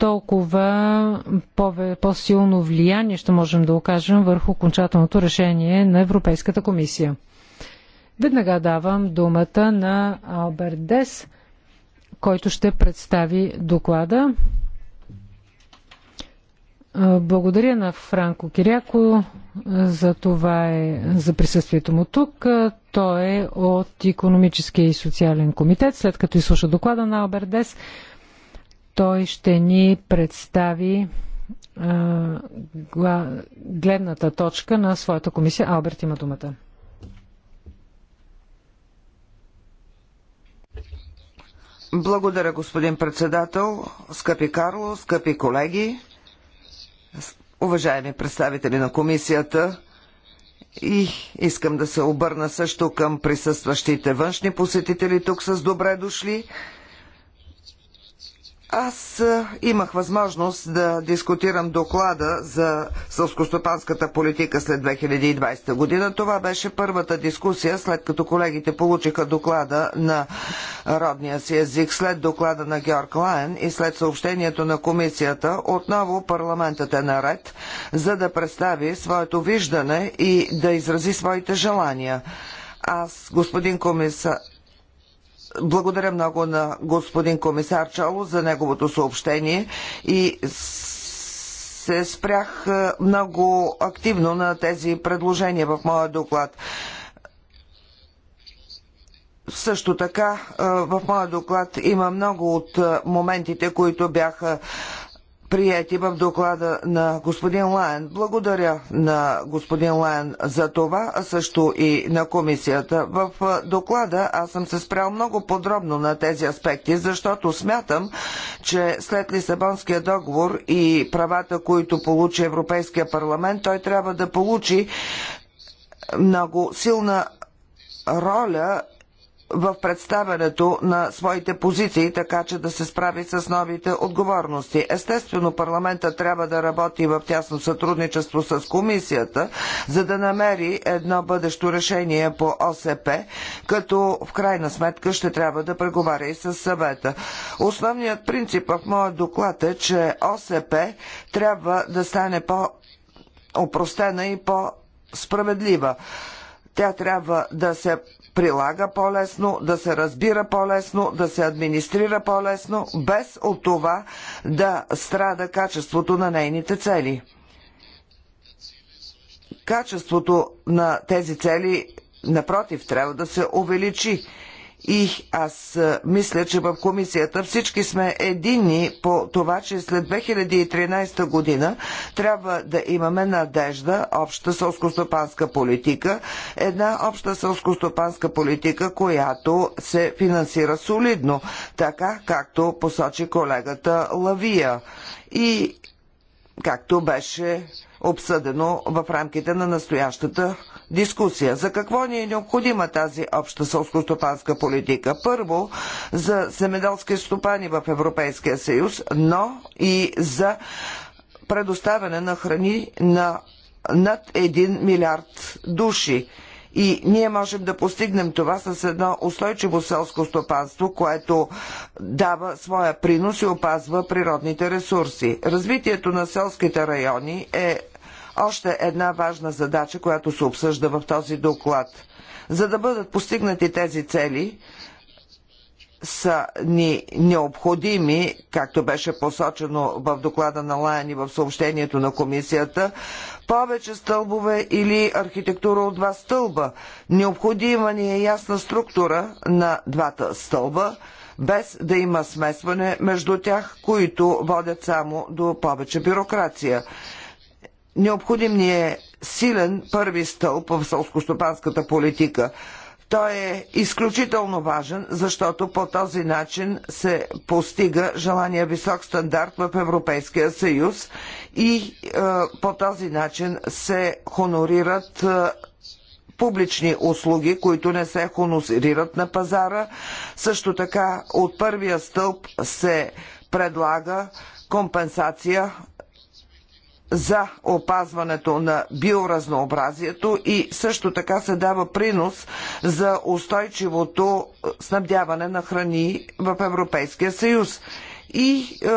толкова по-силно по влияние ще можем да окажем върху окончателното решение на Европейската комисия. Веднага давам думата на Алберт Дес, който ще представи доклада. Благодаря на Франко Киряко за това е, за присъствието му тук. Той е от економическия и социален комитет. След като изслуша доклада на Алберт Дес, той ще ни представи гледната точка на своята комисия. Алберт има думата. Благодаря, господин председател, скъпи Карло, скъпи колеги, уважаеми представители на комисията. И искам да се обърна също към присъстващите външни посетители тук с добре дошли. Аз е, имах възможност да дискутирам доклада за сълскостопанската политика след 2020 година. Това беше първата дискусия, след като колегите получиха доклада на родния си език, след доклада на Георг Лайен и след съобщението на комисията. Отново парламентът е наред, за да представи своето виждане и да изрази своите желания. Аз, господин комисар, благодаря много на господин комисар Чало за неговото съобщение и се спрях е, много активно на тези предложения в моя доклад. Също така е, в моя доклад има много от е, моментите, които бяха прияти в доклада на господин Лайен. Благодаря на господин Лайен за това, а също и на комисията. В доклада аз съм се спрял много подробно на тези аспекти, защото смятам, че след Лисабонския договор и правата, които получи Европейския парламент, той трябва да получи много силна роля в представянето на своите позиции, така че да се справи с новите отговорности. Естествено, парламента трябва да работи в тясно сътрудничество с комисията, за да намери едно бъдещо решение по ОСП, като в крайна сметка ще трябва да преговаря и с съвета. Основният принцип в моят доклад е, че ОСП трябва да стане по-опростена и по-справедлива. Тя трябва да се прилага по-лесно, да се разбира по-лесно, да се администрира по-лесно, без от това да страда качеството на нейните цели. Качеството на тези цели, напротив, трябва да се увеличи. И аз мисля, че в комисията всички сме едини по това, че след 2013 година трябва да имаме надежда, обща селскостопанска политика, една обща селскостопанска политика, която се финансира солидно, така както посочи колегата Лавия и както беше обсъдено в рамките на настоящата дискусия. За какво ни е необходима тази обща селскостопанска политика? Първо, за земеделски стопани в Европейския съюз, но и за предоставяне на храни на над 1 милиард души. И ние можем да постигнем това с едно устойчиво селско стопанство, което дава своя принос и опазва природните ресурси. Развитието на селските райони е още една важна задача, която се обсъжда в този доклад. За да бъдат постигнати тези цели, са ни необходими, както беше посочено в доклада на Лаян и в съобщението на комисията, повече стълбове или архитектура от два стълба. Необходима ни е ясна структура на двата стълба, без да има смесване между тях, които водят само до повече бюрокрация. Необходим ни е силен първи стълб в сълскостопанската политика. Той е изключително важен, защото по този начин се постига желания висок стандарт в Европейския съюз и е, по този начин се хонорират е, публични услуги, които не се хонорират на пазара. Също така от първия стълб се предлага компенсация за опазването на биоразнообразието и също така се дава принос за устойчивото е, снабдяване на храни в Европейския съюз. И е,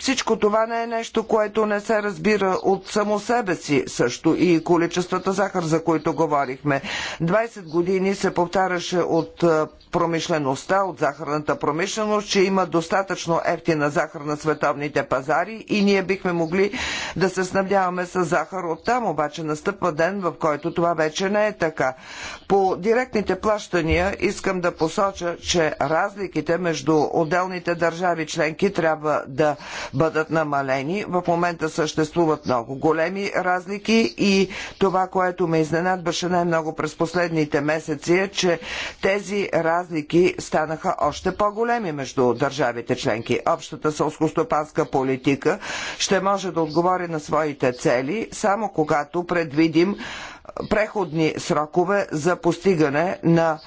всичко това не е нещо, което не се разбира от само себе си също и количествата захар, за които говорихме. 20 години се повтаряше от е, промишлеността, от захарната промишленост, че има достатъчно ефтина захар на световните пазари и ние бихме могли да се снабдяваме с захар от там, обаче настъпва ден, в който това вече не е така. По директните плащания искам да посоча, че разликите между отделните държави членки трябва да бъдат намалени. В момента съществуват много големи разлики и това, което ме изненадваше най-много през последните месеци е, че тези разлики разлики станаха още по-големи между държавите членки. Общата сълскостопанска политика ще може да отговори на своите цели само когато предвидим преходни срокове за постигане на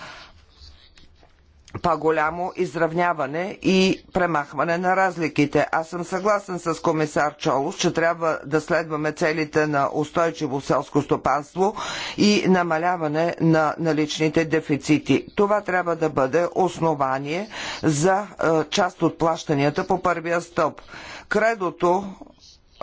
по-голямо изравняване и премахване на разликите. Аз съм съгласен с комисар Чолос, че трябва да следваме целите на устойчиво селско стопанство и намаляване на наличните дефицити. Това трябва да бъде основание за е, част от плащанията по първия стълб. Кредото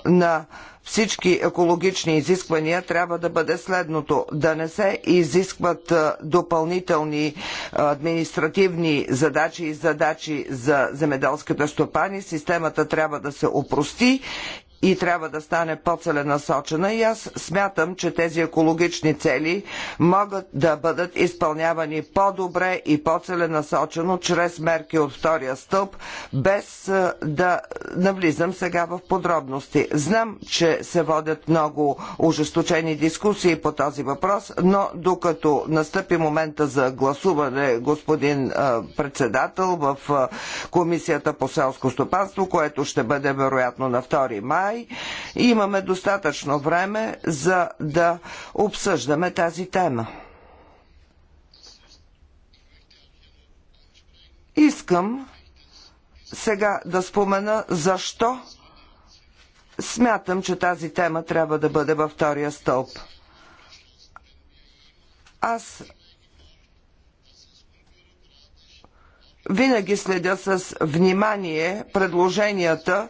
на всички екологични изисквания трябва да бъде следното. Да не се изискват допълнителни административни задачи и задачи за земеделските стопани. Системата трябва да се опрости и трябва да стане по-целенасочена и аз смятам, че тези екологични цели могат да бъдат изпълнявани по-добре и по-целенасочено чрез мерки от втория стълб, без да навлизам сега в подробности. Знам, че се водят много ужесточени дискусии по този въпрос, но докато настъпи момента за гласуване, господин председател, в Комисията по селско стопанство, което ще бъде вероятно на 2 май, и Имаме достатъчно време за да обсъждаме тази тема. Искам сега да спомена защо смятам, че тази тема трябва да бъде във втория стълб. Аз винаги следя с внимание предложенията,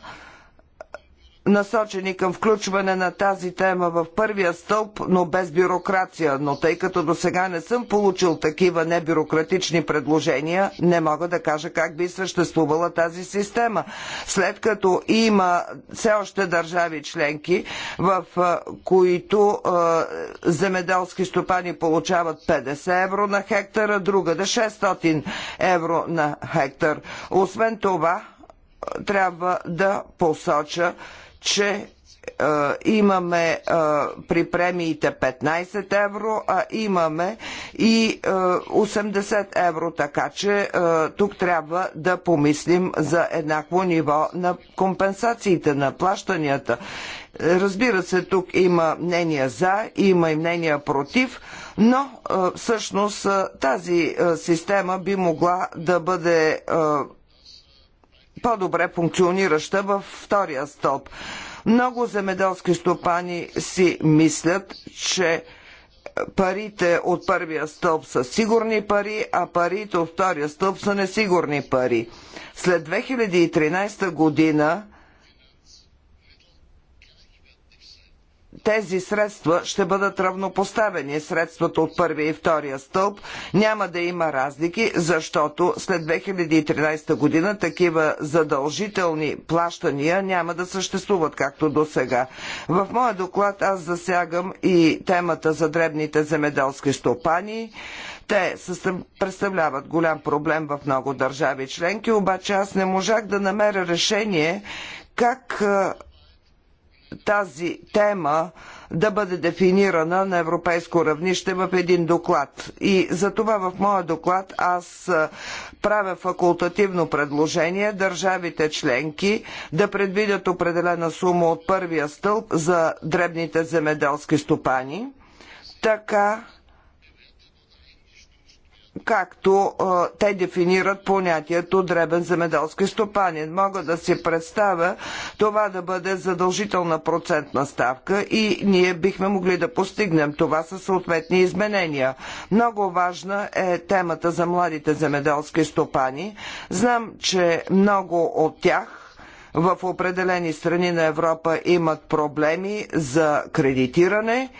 насочени към включване на тази тема в първия стълб, но без бюрокрация. Но тъй като до сега не съм получил такива небюрократични предложения, не мога да кажа как би съществувала тази система. След като има все още държави членки, в които земеделски стопани получават 50 евро на хектара, другаде 600 евро на хектар. Освен това, трябва да посоча, че е, имаме е, при премиите 15 евро, а имаме и 80 е, евро, така че тук трябва да помислим за еднакво ниво на компенсациите, на плащанията. Разбира се, тук има мнения за, има и мнения против, но всъщност тази система би могла да бъде по-добре функционираща във втория стълб. Много земеделски стопани си мислят, че парите от първия стълб са сигурни пари, а парите от втория стълб са несигурни пари. След 2013 година тези средства ще бъдат равнопоставени. Средствата от първия и втория стълб няма да има разлики, защото след 2013 година такива задължителни плащания няма да съществуват както до сега. В моя доклад аз засягам и темата за дребните земеделски стопани. Те представляват голям проблем в много държави членки, обаче аз не можах да намеря решение как тази тема да бъде дефинирана на европейско равнище в един доклад. И за това в моя доклад аз правя факултативно предложение държавите членки да предвидят определена сума от първия стълб за дребните земеделски стопани, така както а, те дефинират понятието дребен земеделски стопанин. Мога да си представя това да бъде задължителна процентна ставка и ние бихме могли да постигнем това със съответни изменения. Много важна е темата за младите земеделски стопани. Знам, че много от тях в определени страни на Европа имат проблеми за кредитиране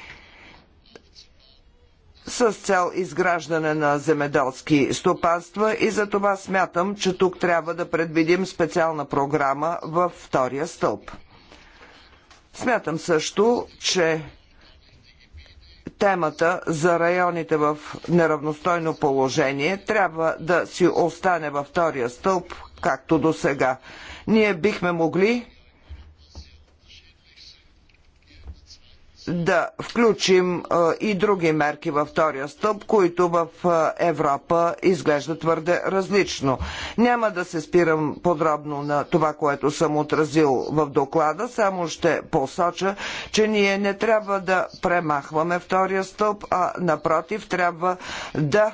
с цел изграждане на земеделски стопанства и за това смятам, че тук трябва да предвидим специална програма във втория стълб. Смятам също, че темата за районите в неравностойно положение трябва да си остане във втория стълб, както до сега. Ние бихме могли да включим и други мерки във втория стълб, които в Европа изглеждат твърде различно. Няма да се спирам подробно на това, което съм отразил в доклада, само ще посоча, че ние не трябва да премахваме втория стълб, а напротив трябва да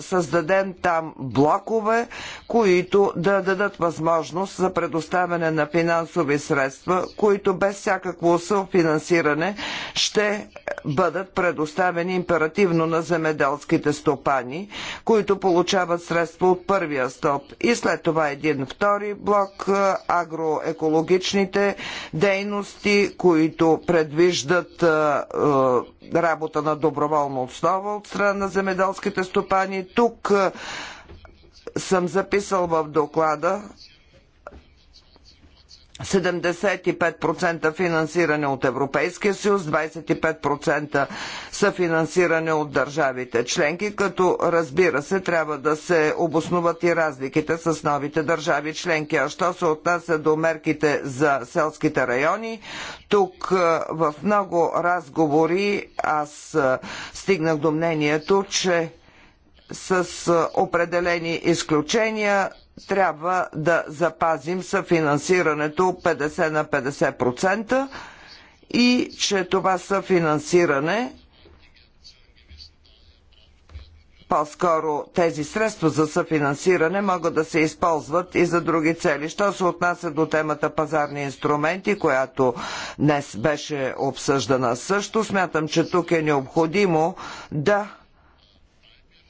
създадем там блокове, които да дадат възможност за предоставяне на финансови средства, които без всякакво съфинансиране ще бъдат предоставени императивно на земеделските стопани, които получават средства от първия стоп. И след това един втори блок е, агроекологичните дейности, които предвиждат е, е, работа на доброволна основа от страна на земеделските стопани. Тук съм записал в доклада 75% финансиране от Европейския съюз, 25% са финансиране от държавите членки, като разбира се трябва да се обосноват и разликите с новите държави членки. А що се отнася до мерките за селските райони, тук е, в много разговори аз е, стигнах до мнението, че с е, определени изключения трябва да запазим съфинансирането 50 на 50% и че това съфинансиране по-скоро тези средства за съфинансиране могат да се използват и за други цели. Що се отнася до темата пазарни инструменти, която днес беше обсъждана също, смятам, че тук е необходимо да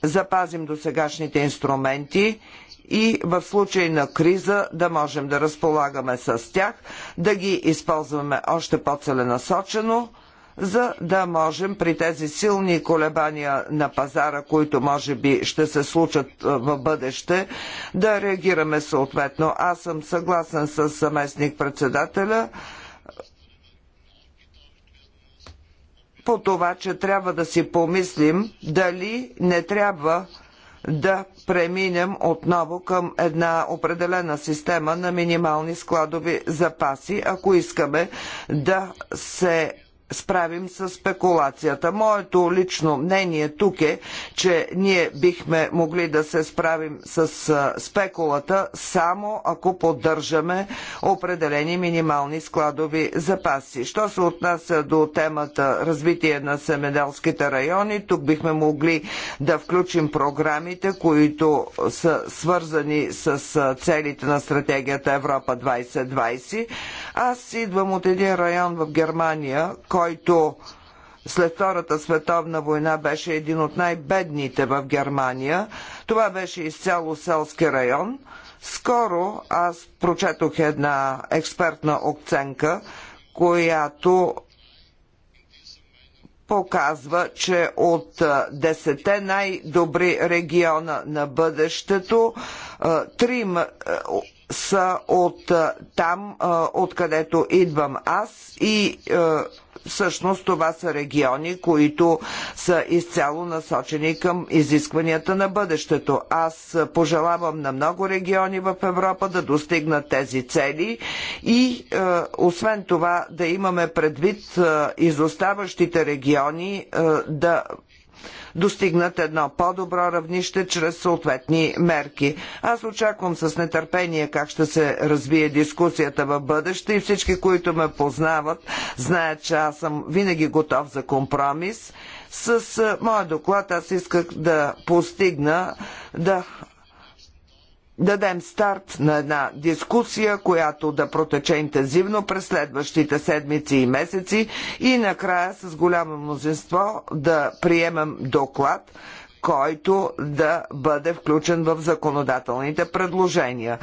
запазим досегашните инструменти и в случай на криза да можем да разполагаме с тях, да ги използваме още по-целенасочено, за да можем при тези силни колебания на пазара, които може би ще се случат в бъдеще, да реагираме съответно. Аз съм съгласен с съместник председателя. по това, че трябва да си помислим дали не трябва да преминем отново към една определена система на минимални складови запаси, ако искаме да се справим с спекулацията. Моето лично мнение тук е, че ние бихме могли да се справим с спекулата само ако поддържаме определени минимални складови запаси. Що се отнася до темата развитие на семеделските райони, тук бихме могли да включим програмите, които са свързани с целите на стратегията Европа 2020. Аз идвам от един район в Германия, който след Втората световна война беше един от най-бедните в Германия. Това беше изцяло селски район. Скоро аз прочетох една експертна оценка, която показва, че от десете най-добри региона на бъдещето, три са от там, откъдето идвам аз и всъщност това са региони, които са изцяло насочени към изискванията на бъдещето. Аз пожелавам на много региони в Европа да достигнат тези цели и е, освен това да имаме предвид е, изоставащите региони е, да достигнат едно по-добро равнище чрез съответни мерки. Аз очаквам с нетърпение как ще се развие дискусията в бъдеще и всички, които ме познават, знаят, че аз съм винаги готов за компромис. С моя доклад аз исках да постигна да дадем старт на една дискусия, която да протече интензивно през следващите седмици и месеци и накрая с голямо мнозинство да приемем доклад, който да бъде включен в законодателните предложения.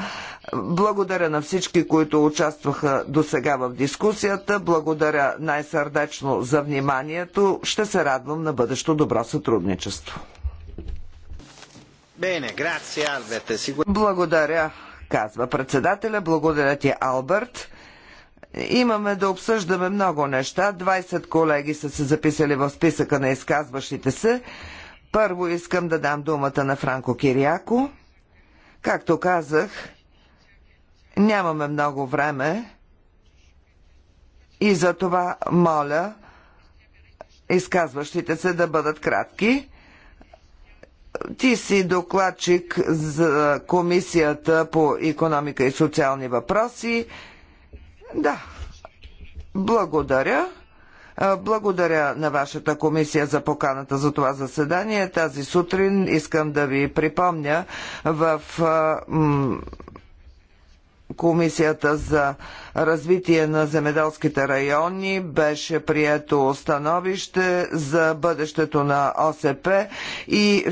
Благодаря на всички, които участваха до сега в дискусията. Благодаря най-сърдечно за вниманието. Ще се радвам на бъдещо добро сътрудничество. Благодаря, казва председателя. Благодаря ти, Алберт. Имаме да обсъждаме много неща. 20 колеги са се записали в списъка на изказващите се. Първо искам да дам думата на Франко Кириако. Както казах, нямаме много време и за това моля изказващите се да бъдат кратки. Ти си докладчик за Комисията по економика и социални въпроси. Да, благодаря. Благодаря на вашата комисия за поканата за това заседание. Тази сутрин искам да ви припомня в Комисията за развитие на земеделските райони беше прието становище за бъдещето на ОСП и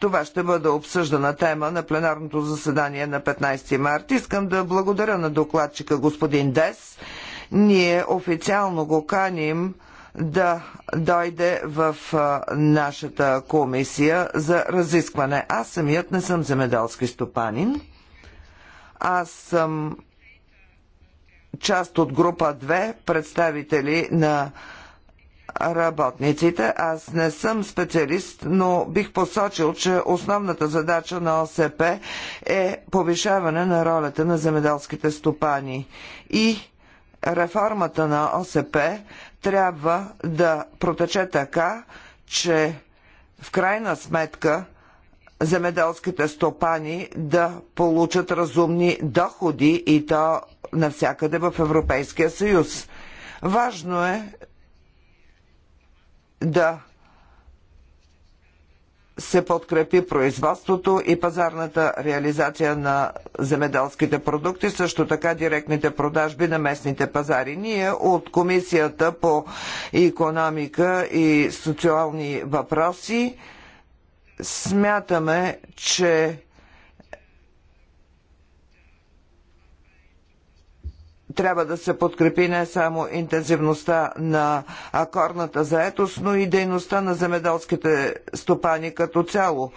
това ще бъде обсъждана тема на пленарното заседание на 15 марта. Искам да благодаря на докладчика господин Дес. Ние официално го каним да дойде в нашата комисия за разискване. Аз самият не съм земеделски стопанин. Аз съм част от група 2, представители на работниците. Аз не съм специалист, но бих посочил, че основната задача на ОСП е повишаване на ролята на земеделските стопани. И реформата на ОСП трябва да протече така, че в крайна сметка земеделските стопани да получат разумни доходи и то навсякъде в Европейския съюз. Важно е да се подкрепи производството и пазарната реализация на земеделските продукти, също така директните продажби на местните пазари. Ние от Комисията по економика и социални въпроси смятаме, че трябва да се подкрепи не само интензивността на акорната заетост, но и дейността на земеделските стопани като цяло.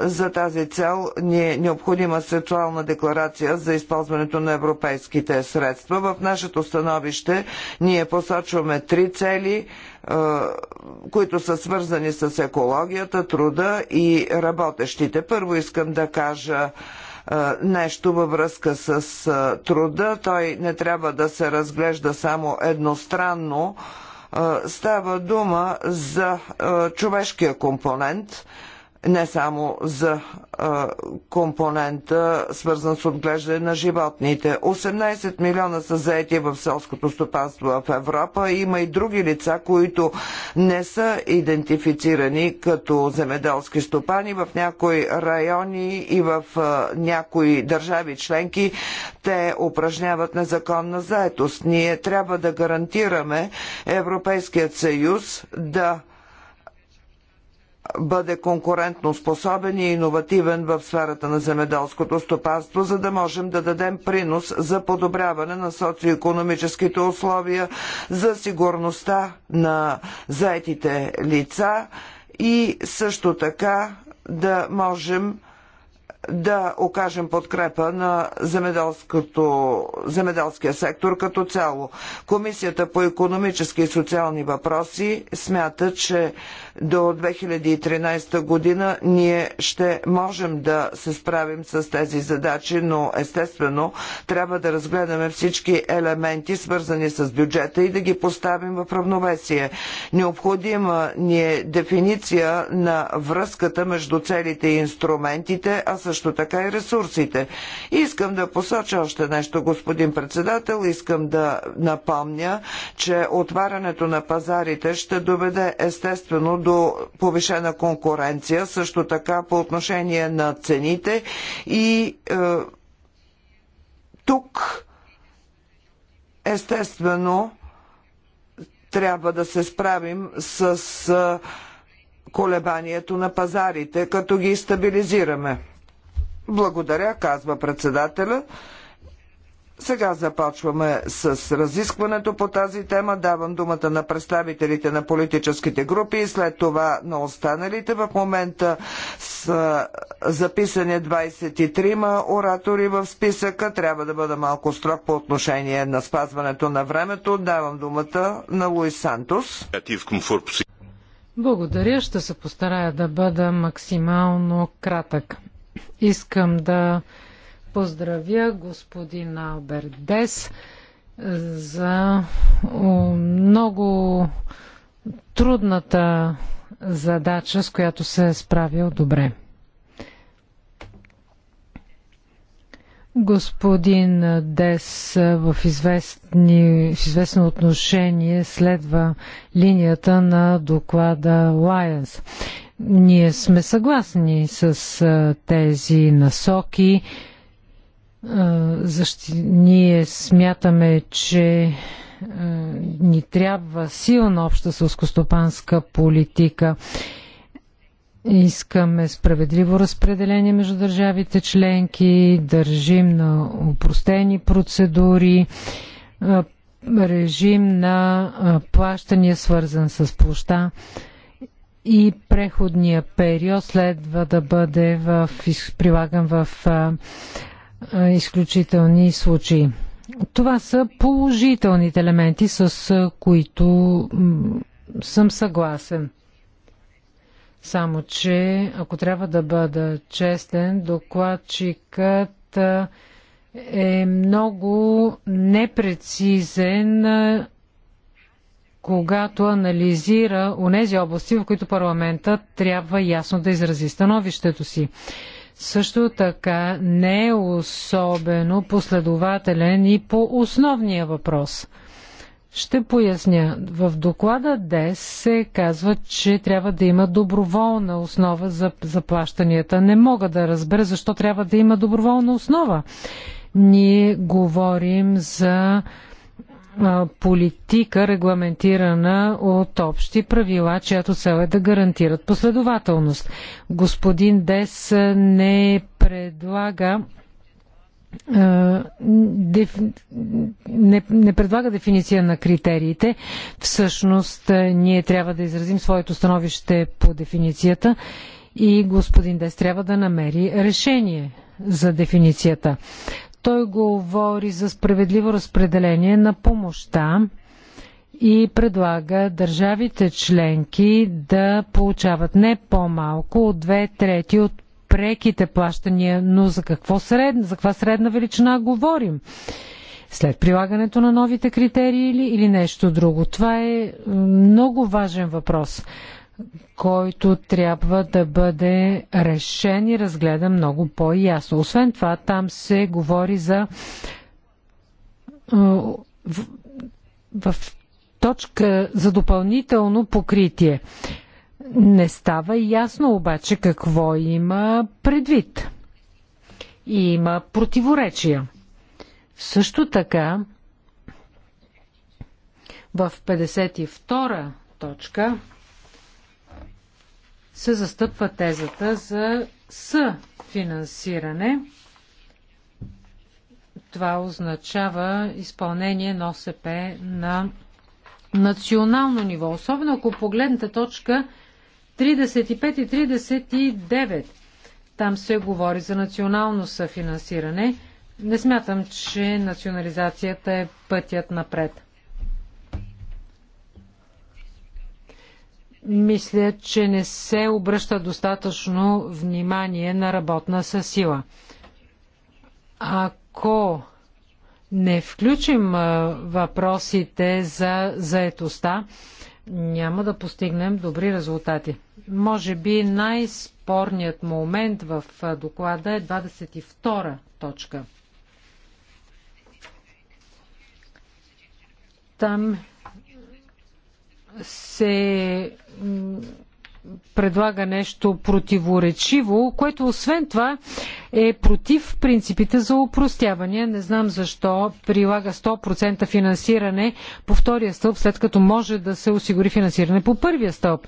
За тази цел ни е необходима сексуална декларация за използването на европейските средства. В нашето становище ние посочваме три цели, е, които са свързани с екологията, труда и работещите. Първо искам да кажа нещо във връзка с труда. Той не трябва да се разглежда само едностранно. Става дума за човешкия компонент – не само за компонента, свързан с отглеждане на животните. 18 милиона са заети в селското стопанство в Европа. Има и други лица, които не са идентифицирани като земеделски стопани. В някои райони и в някои държави членки те упражняват незаконна заетост. Ние трябва да гарантираме Европейският съюз да бъде конкурентно способен и иновативен в сферата на земеделското стопанство, за да можем да дадем принос за подобряване на социоекономическите условия, за сигурността на заетите лица и също така да можем да окажем подкрепа на земеделския сектор като цяло. Комисията по економически и социални въпроси смята, че до 2013 година ние ще можем да се справим с тези задачи, но естествено трябва да разгледаме всички елементи, свързани с бюджета и да ги поставим в равновесие. Необходима ни е дефиниция на връзката между целите и инструментите, а също също така и ресурсите. Искам да посоча още нещо, господин председател. Искам да напомня, че отварянето на пазарите ще доведе естествено до повишена конкуренция, също така по отношение на цените и е, тук естествено трябва да се справим с е, колебанието на пазарите, като ги стабилизираме. Благодаря, казва председателя. Сега започваме с разискването по тази тема. Давам думата на представителите на политическите групи и след това на останалите. В момента са записани 23 оратори в списъка. Трябва да бъда малко строг по отношение на спазването на времето. Давам думата на Луис Сантос. Благодаря. Ще се постарая да бъда максимално кратък. Искам да поздравя господин Алберт Албердес за много трудната задача, с която се е справил добре. Господин Дес в, известни, в известно отношение следва линията на доклада Лайенс. Ние сме съгласни с тези насоки. Защи... Ние смятаме, че ни трябва силна обща сълскостопанска политика. Искаме справедливо разпределение между държавите членки, държим на упростени процедури, режим на плащания, свързан с площа и преходния период следва да бъде в, прилаган в изключителни случаи. Това са положителните елементи, с които съм съгласен. Само, че ако трябва да бъда честен, докладчикът е много непрецизен когато анализира онези области, в които парламентът трябва ясно да изрази становището си. Също така не е особено последователен и по основния въпрос. Ще поясня. В доклада ДЕС се казва, че трябва да има доброволна основа за заплащанията. Не мога да разбера защо трябва да има доброволна основа. Ние говорим за политика, регламентирана от общи правила, чиято цел е да гарантират последователност. Господин Дес не предлага не, не предлага дефиниция на критериите. Всъщност, ние трябва да изразим своето становище по дефиницията и господин Дес трябва да намери решение за дефиницията. Той говори за справедливо разпределение на помощта и предлага държавите членки да получават не по-малко от две трети от преките плащания, но за, какво средна, за каква средна величина говорим? След прилагането на новите критерии или, или нещо друго? Това е много важен въпрос който трябва да бъде решен и разгледан много по-ясно. Освен това, там се говори за в, в точка за допълнително покритие. Не става ясно обаче какво има предвид. И има противоречия. Също така, в 52 точка се застъпва тезата за съфинансиране. Това означава изпълнение на ОСП на национално ниво. Особено ако погледнете точка 35 и 39. Там се говори за национално съфинансиране. Не смятам, че национализацията е пътят напред. мисля, че не се обръща достатъчно внимание на работна със сила. Ако не включим въпросите за заетостта, няма да постигнем добри резултати. Може би най-спорният момент в доклада е 22 точка. Там се предлага нещо противоречиво, което освен това е против принципите за упростяване. Не знам защо прилага 100% финансиране по втория стълб, след като може да се осигури финансиране по първия стълб.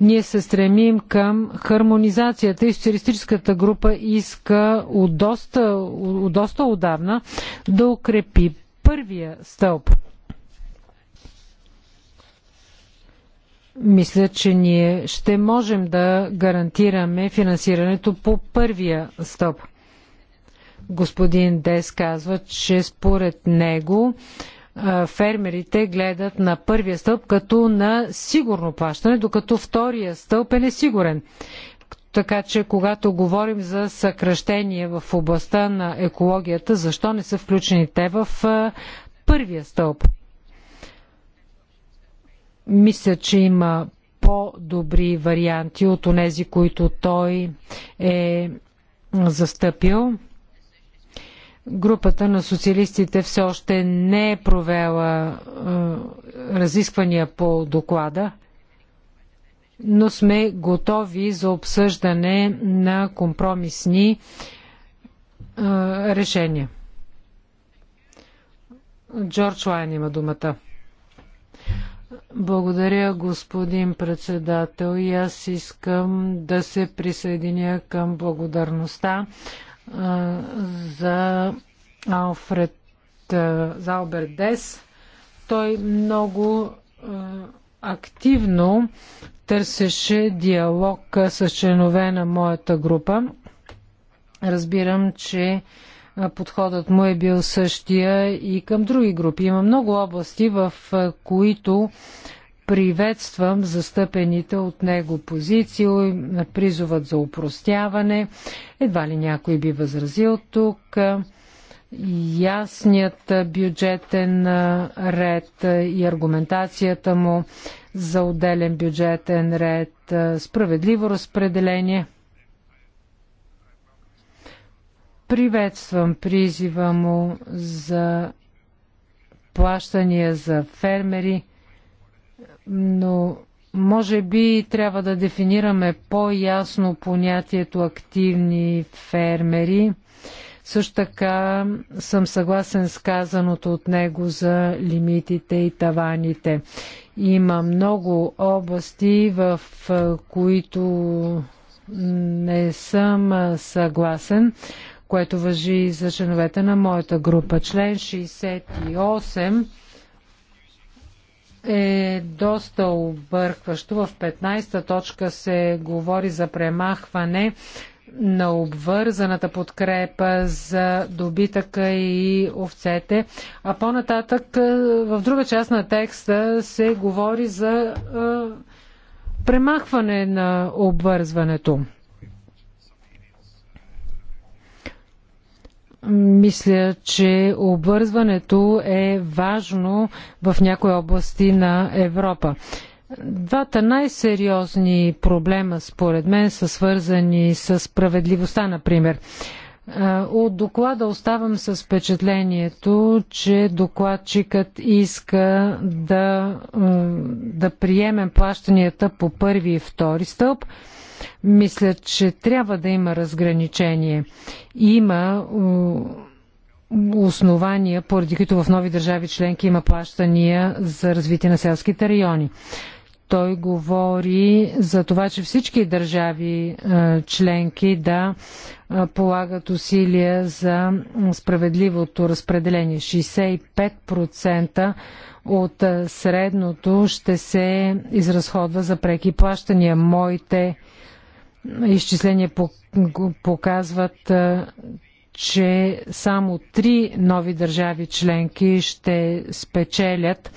Ние се стремим към хармонизацията и социалистическата група иска от доста, от доста отдавна да укрепи първия стълб мисля, че ние ще можем да гарантираме финансирането по първия стоп. Господин Дес казва, че според него фермерите гледат на първия стълб като на сигурно плащане, докато втория стълб е несигурен. Така че, когато говорим за съкръщение в областта на екологията, защо не са включени те в първия стълб? Мисля, че има по-добри варианти от онези, които той е застъпил. Групата на социалистите все още не е провела е, разисквания по доклада, но сме готови за обсъждане на компромисни е, решения. Джордж Лайн има думата. Благодаря, господин председател. И аз искам да се присъединя към благодарността а, за Алфред, а, за Алберт Дес. Той много а, активно търсеше диалог с членове на моята група. Разбирам, че а, подходът му е бил същия и към други групи. Има много области, в които приветствам застъпените от него позиции, призовът за упростяване. Едва ли някой би възразил тук. Ясният бюджетен ред и аргументацията му за отделен бюджетен ред, справедливо разпределение – Приветствам призива му за плащания за фермери, но може би трябва да дефинираме по-ясно понятието активни фермери. Също така съм съгласен с казаното от него за лимитите и таваните. Има много области, в които не съм съгласен което въжи за членовете на моята група. Член 68 е доста объркващо. В 15-та точка се говори за премахване на обвързаната подкрепа за добитъка и овцете. А по-нататък е, в друга част на текста се говори за е, премахване на обвързването. Мисля, че обвързването е важно в някои области на Европа. Двата най-сериозни проблема, според мен, са свързани с справедливостта, например. От доклада оставам с впечатлението, че докладчикът иска да, да приемем плащанията по първи и втори стълб – мисля, че трябва да има разграничение. Има основания, поради които в нови държави членки има плащания за развитие на селските райони. Той говори за това, че всички държави членки да полагат усилия за справедливото разпределение. 65% от е, средното ще се изразходва за преки плащания. Моите изчисления показват, е, че само три нови държави членки ще спечелят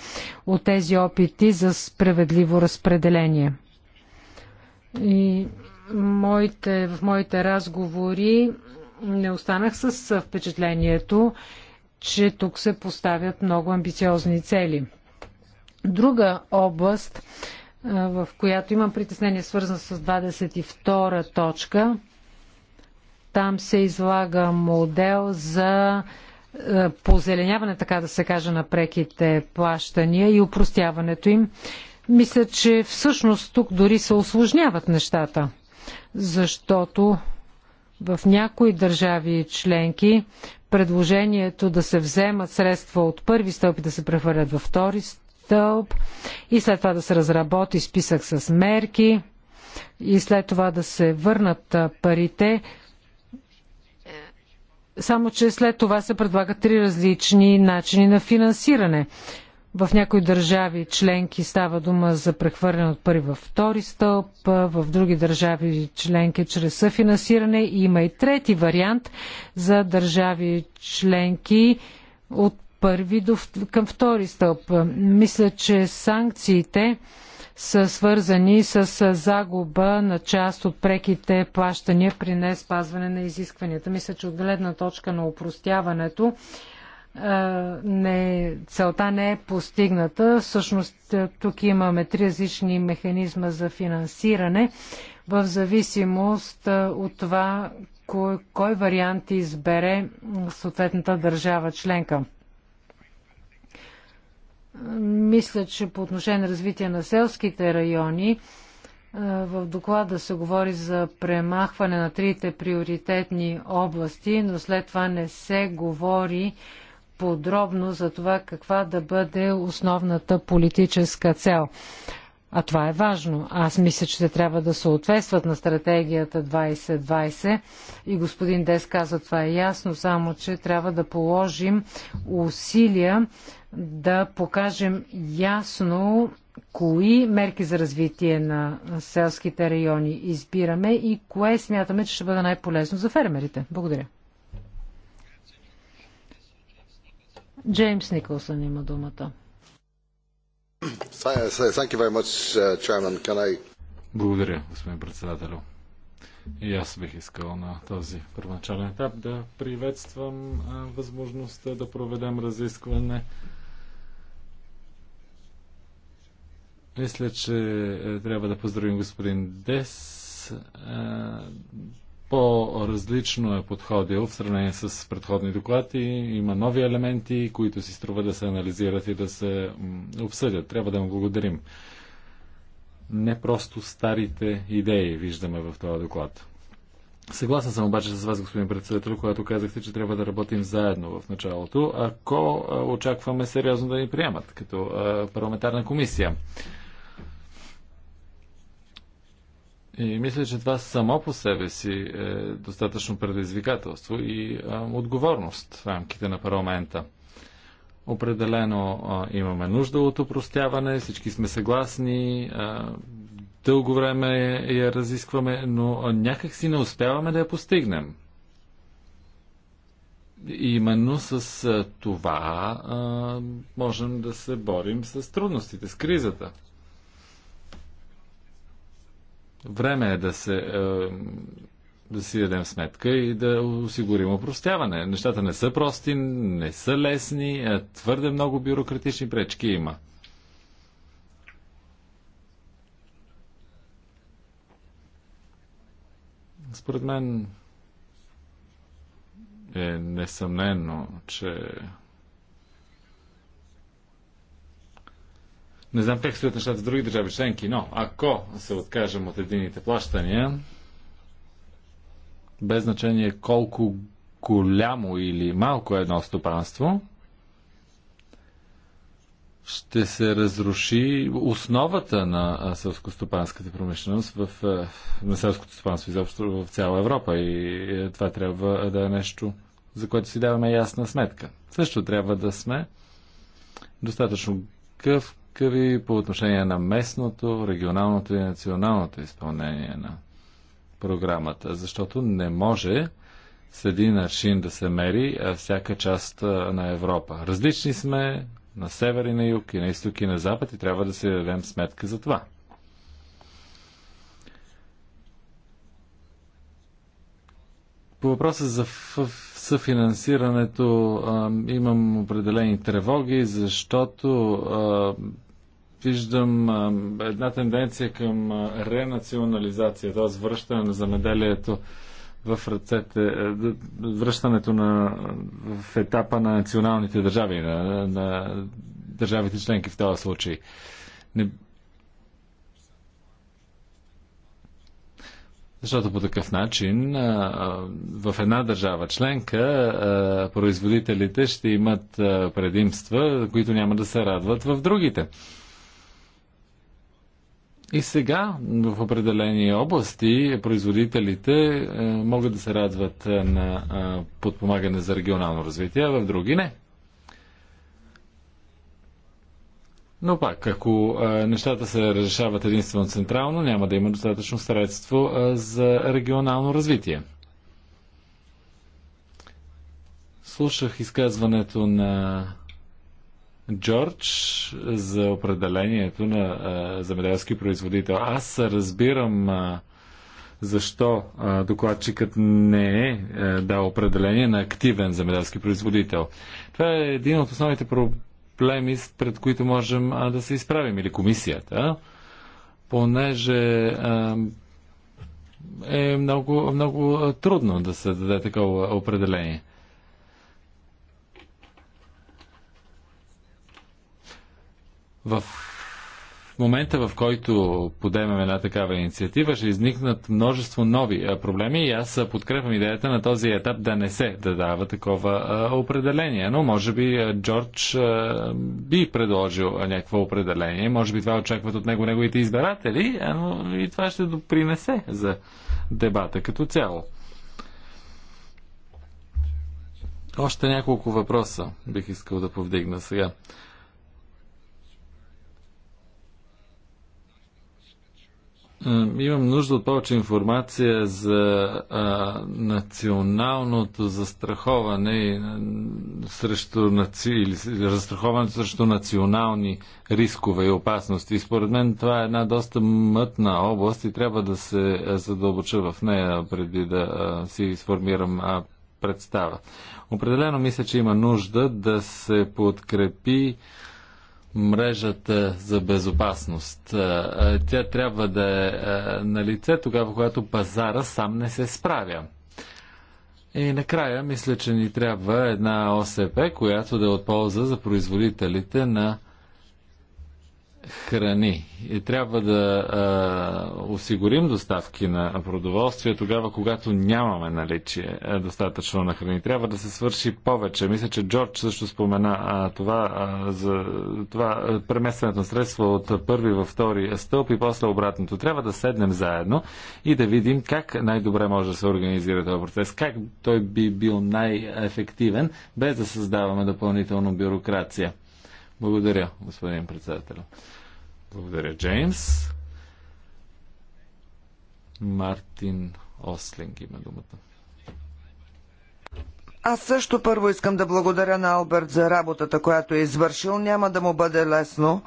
от тези опити за справедливо разпределение. И моите, в моите разговори не останах с впечатлението, че тук се поставят много амбициозни цели. Друга област, в която имам притеснение, свързана с 22 точка, там се излага модел за позеленяване, така да се каже, на преките плащания и упростяването им. Мисля, че всъщност тук дори се осложняват нещата, защото в някои държави членки предложението да се вземат средства от първи стълб и да се прехвърлят във втори стълб и след това да се разработи списък с мерки и след това да се върнат парите. Само, че след това се предлагат три различни начини на финансиране. В някои държави членки става дума за прехвърляне от първи във втори стълб, в други държави членки чрез съфинансиране. Има и трети вариант за държави членки от първи до, към втори стълб. Мисля, че санкциите са свързани с загуба на част от преките плащания при неспазване на изискванията. Мисля, че от гледна точка на упростяването е, не, целта не е постигната. Всъщност е, тук имаме три различни механизма за финансиране в зависимост е, от това кой, кой вариант избере съответната държава членка. Мисля, че по отношение на развитие на селските райони, в доклада се говори за премахване на трите приоритетни области, но след това не се говори подробно за това каква да бъде основната политическа цел. А това е важно. Аз мисля, че те трябва да съответстват на стратегията 2020. И господин Дес каза, това е ясно, само че трябва да положим усилия да покажем ясно кои мерки за развитие на селските райони избираме и кое смятаме, че ще бъде най-полезно за фермерите. Благодаря. Джеймс Николсън има думата. Uh, Благодаря, господин председател. И аз бих искал на този първоначален етап да приветствам възможността да проведем разискване. Мисля, че е, трябва да поздравим господин Дес по-различно е подходил в сравнение с предходни доклади. Има нови елементи, които си струва да се анализират и да се обсъдят. Трябва да му благодарим. Не просто старите идеи виждаме в този доклад. Съгласен съм обаче с вас, господин председател, когато казахте, че трябва да работим заедно в началото, ако очакваме сериозно да ни приемат като парламентарна комисия. И мисля, че това само по себе си е достатъчно предизвикателство и а, отговорност в рамките на парламента. Определено а, имаме нужда от упростяване, всички сме съгласни, а, дълго време я разискваме, но някак си не успяваме да я постигнем. И именно с а, това а, можем да се борим с трудностите, с кризата. Време е да се е, да си дадем сметка и да осигурим опростяване. Нещата не са прости, не са лесни, е, твърде много бюрократични пречки има. Според мен е несъмнено, че Не знам как стоят нещата в други държави членки, но ако се откажем от едините плащания, без значение колко голямо или малко е едно стопанство, ще се разруши основата на селскостопанската промишленост в, на селското стопанство изобщо в цяла Европа и е, това трябва да е нещо, за което си даваме ясна сметка. Също трябва да сме достатъчно гъв, гъвкави по отношение на местното, регионалното и националното изпълнение на програмата, защото не може с един начин да се мери всяка част на Европа. Различни сме на север и на юг, и на изток и на запад и трябва да си дадем сметка за това. По въпроса за съфинансирането имам определени тревоги, защото виждам една тенденция към ренационализация, т.е. връщане на замеделието в ръцете, е, връщането на, в етапа на националните държави, на, на държавите членки в този случай. Не... Защото по такъв начин в една държава членка производителите ще имат предимства, които няма да се радват в другите. И сега в определени области производителите е, могат да се радват е, на е, подпомагане за регионално развитие, а в други не. Но пак, ако нещата се решават единствено централно, няма да има достатъчно средство за регионално развитие. Слушах изказването на Джордж за определението на а, земеделски производител. Аз разбирам а, защо а, докладчикът не е а, дал определение на активен земеделски производител. Това е един от основните проблеми, пред които можем а, да се изправим, или комисията, понеже а, е много, много трудно да се даде такова определение. В момента, в който подемем една такава инициатива, ще изникнат множество нови проблеми и аз подкрепям идеята на този етап да не се да дава такова определение. Но може би Джордж би предложил някакво определение. Може би това очакват от него неговите избиратели, но и това ще допринесе за дебата като цяло. Още няколко въпроса бих искал да повдигна сега. Имам нужда от повече информация за а, националното застраховане и, а, срещу наци... или застраховането срещу национални рискове и опасности. И според мен това е една доста мътна област и трябва да се задълбоча в нея преди да а, си сформирам а, представа. Определено мисля, че има нужда да се подкрепи а, мрежата за безопасност. Тя трябва да е на лице тогава, когато пазара сам не се справя. И накрая, мисля, че ни трябва една ОСП, която да е от полза за производителите на храни. И трябва да а, осигурим доставки на продоволствие тогава, когато нямаме наличие достатъчно на храни. Трябва да се свърши повече. Мисля, че Джордж също спомена а, това, а, за, това а, преместването на средства от първи във втори стълб и после обратното. Трябва да седнем заедно и да видим как най-добре може да се организира този процес, как той би бил най-ефективен, без да създаваме допълнително бюрокрация. Благодаря, господин председател. Благодаря, Джеймс. Мартин Ослинг има думата. Аз също първо искам да благодаря на Алберт за работата, която е извършил. Няма да му бъде лесно.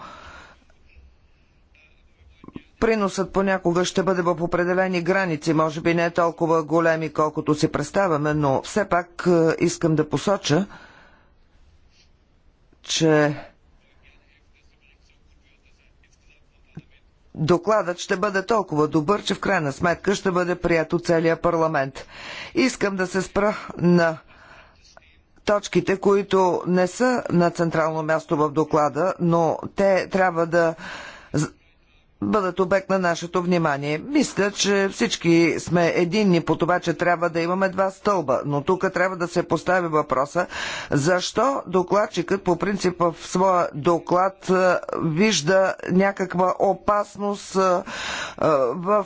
Приносът понякога ще бъде в определени граници, може би не толкова големи, колкото си представяме, но все пак е, искам да посоча, че докладът ще бъде толкова добър, че в крайна сметка ще бъде прият от целия парламент. Искам да се спра на точките, които не са на централно място в доклада, но те трябва да бъдат обект на нашето внимание. Мисля, че всички сме единни по това, че трябва да имаме два стълба, но тук трябва да се постави въпроса защо докладчикът по принцип в своя доклад вижда някаква опасност в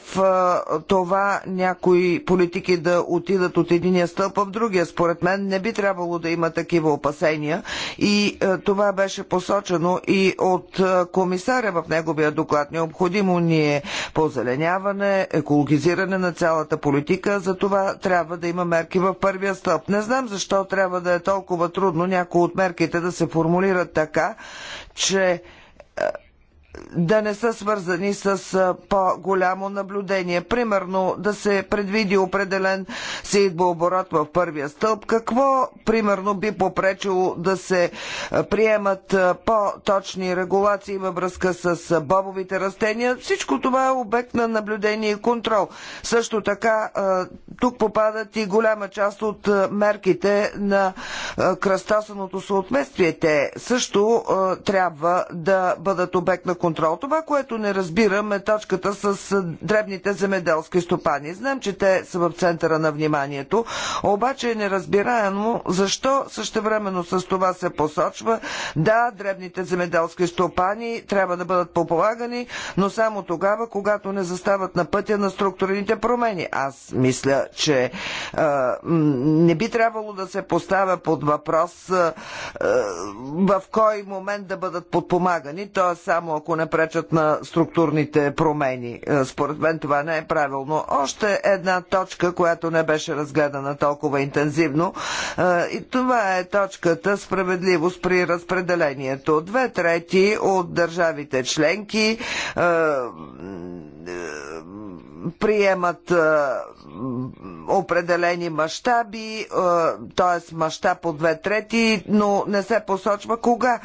това някои политики да отидат от единия стълб в другия. Според мен не би трябвало да има такива опасения и това беше посочено и от комисаря в неговия доклад. Необходимо Необходимо ни е позеленяване, екологизиране на цялата политика, за това трябва да има мерки в първия стълб. Не знам защо трябва да е толкова трудно някои от мерките да се формулират така, че да не са свързани с по-голямо наблюдение. Примерно да се предвиди определен сейдбооборот в първия стълб. Какво примерно би попречило да се приемат по-точни регулации във връзка с бобовите растения? Всичко това е обект на наблюдение и контрол. Също така тук попадат и голяма част от мерките на кръстосаното съответствие. Те също трябва да бъдат обект на контрол контрол. Това, което не разбирам е точката с дребните земеделски стопани. Знам, че те са в центъра на вниманието, обаче е неразбираемо защо същевременно с това се посочва да, дребните земеделски стопани трябва да бъдат пополагани, но само тогава, когато не застават на пътя на структурните промени. Аз мисля, че а, не би трябвало да се поставя под въпрос а, а, в кой момент да бъдат подпомагани, т.е. само ако не пречат на структурните промени. Е, според мен това не е правилно. Още една точка, която не беше разгледана толкова интензивно, е, и това е точката справедливост при разпределението. Две трети от държавите членки е, приемат определени мащаби, т.е. мащаб от две трети, но не се посочва кога. Е,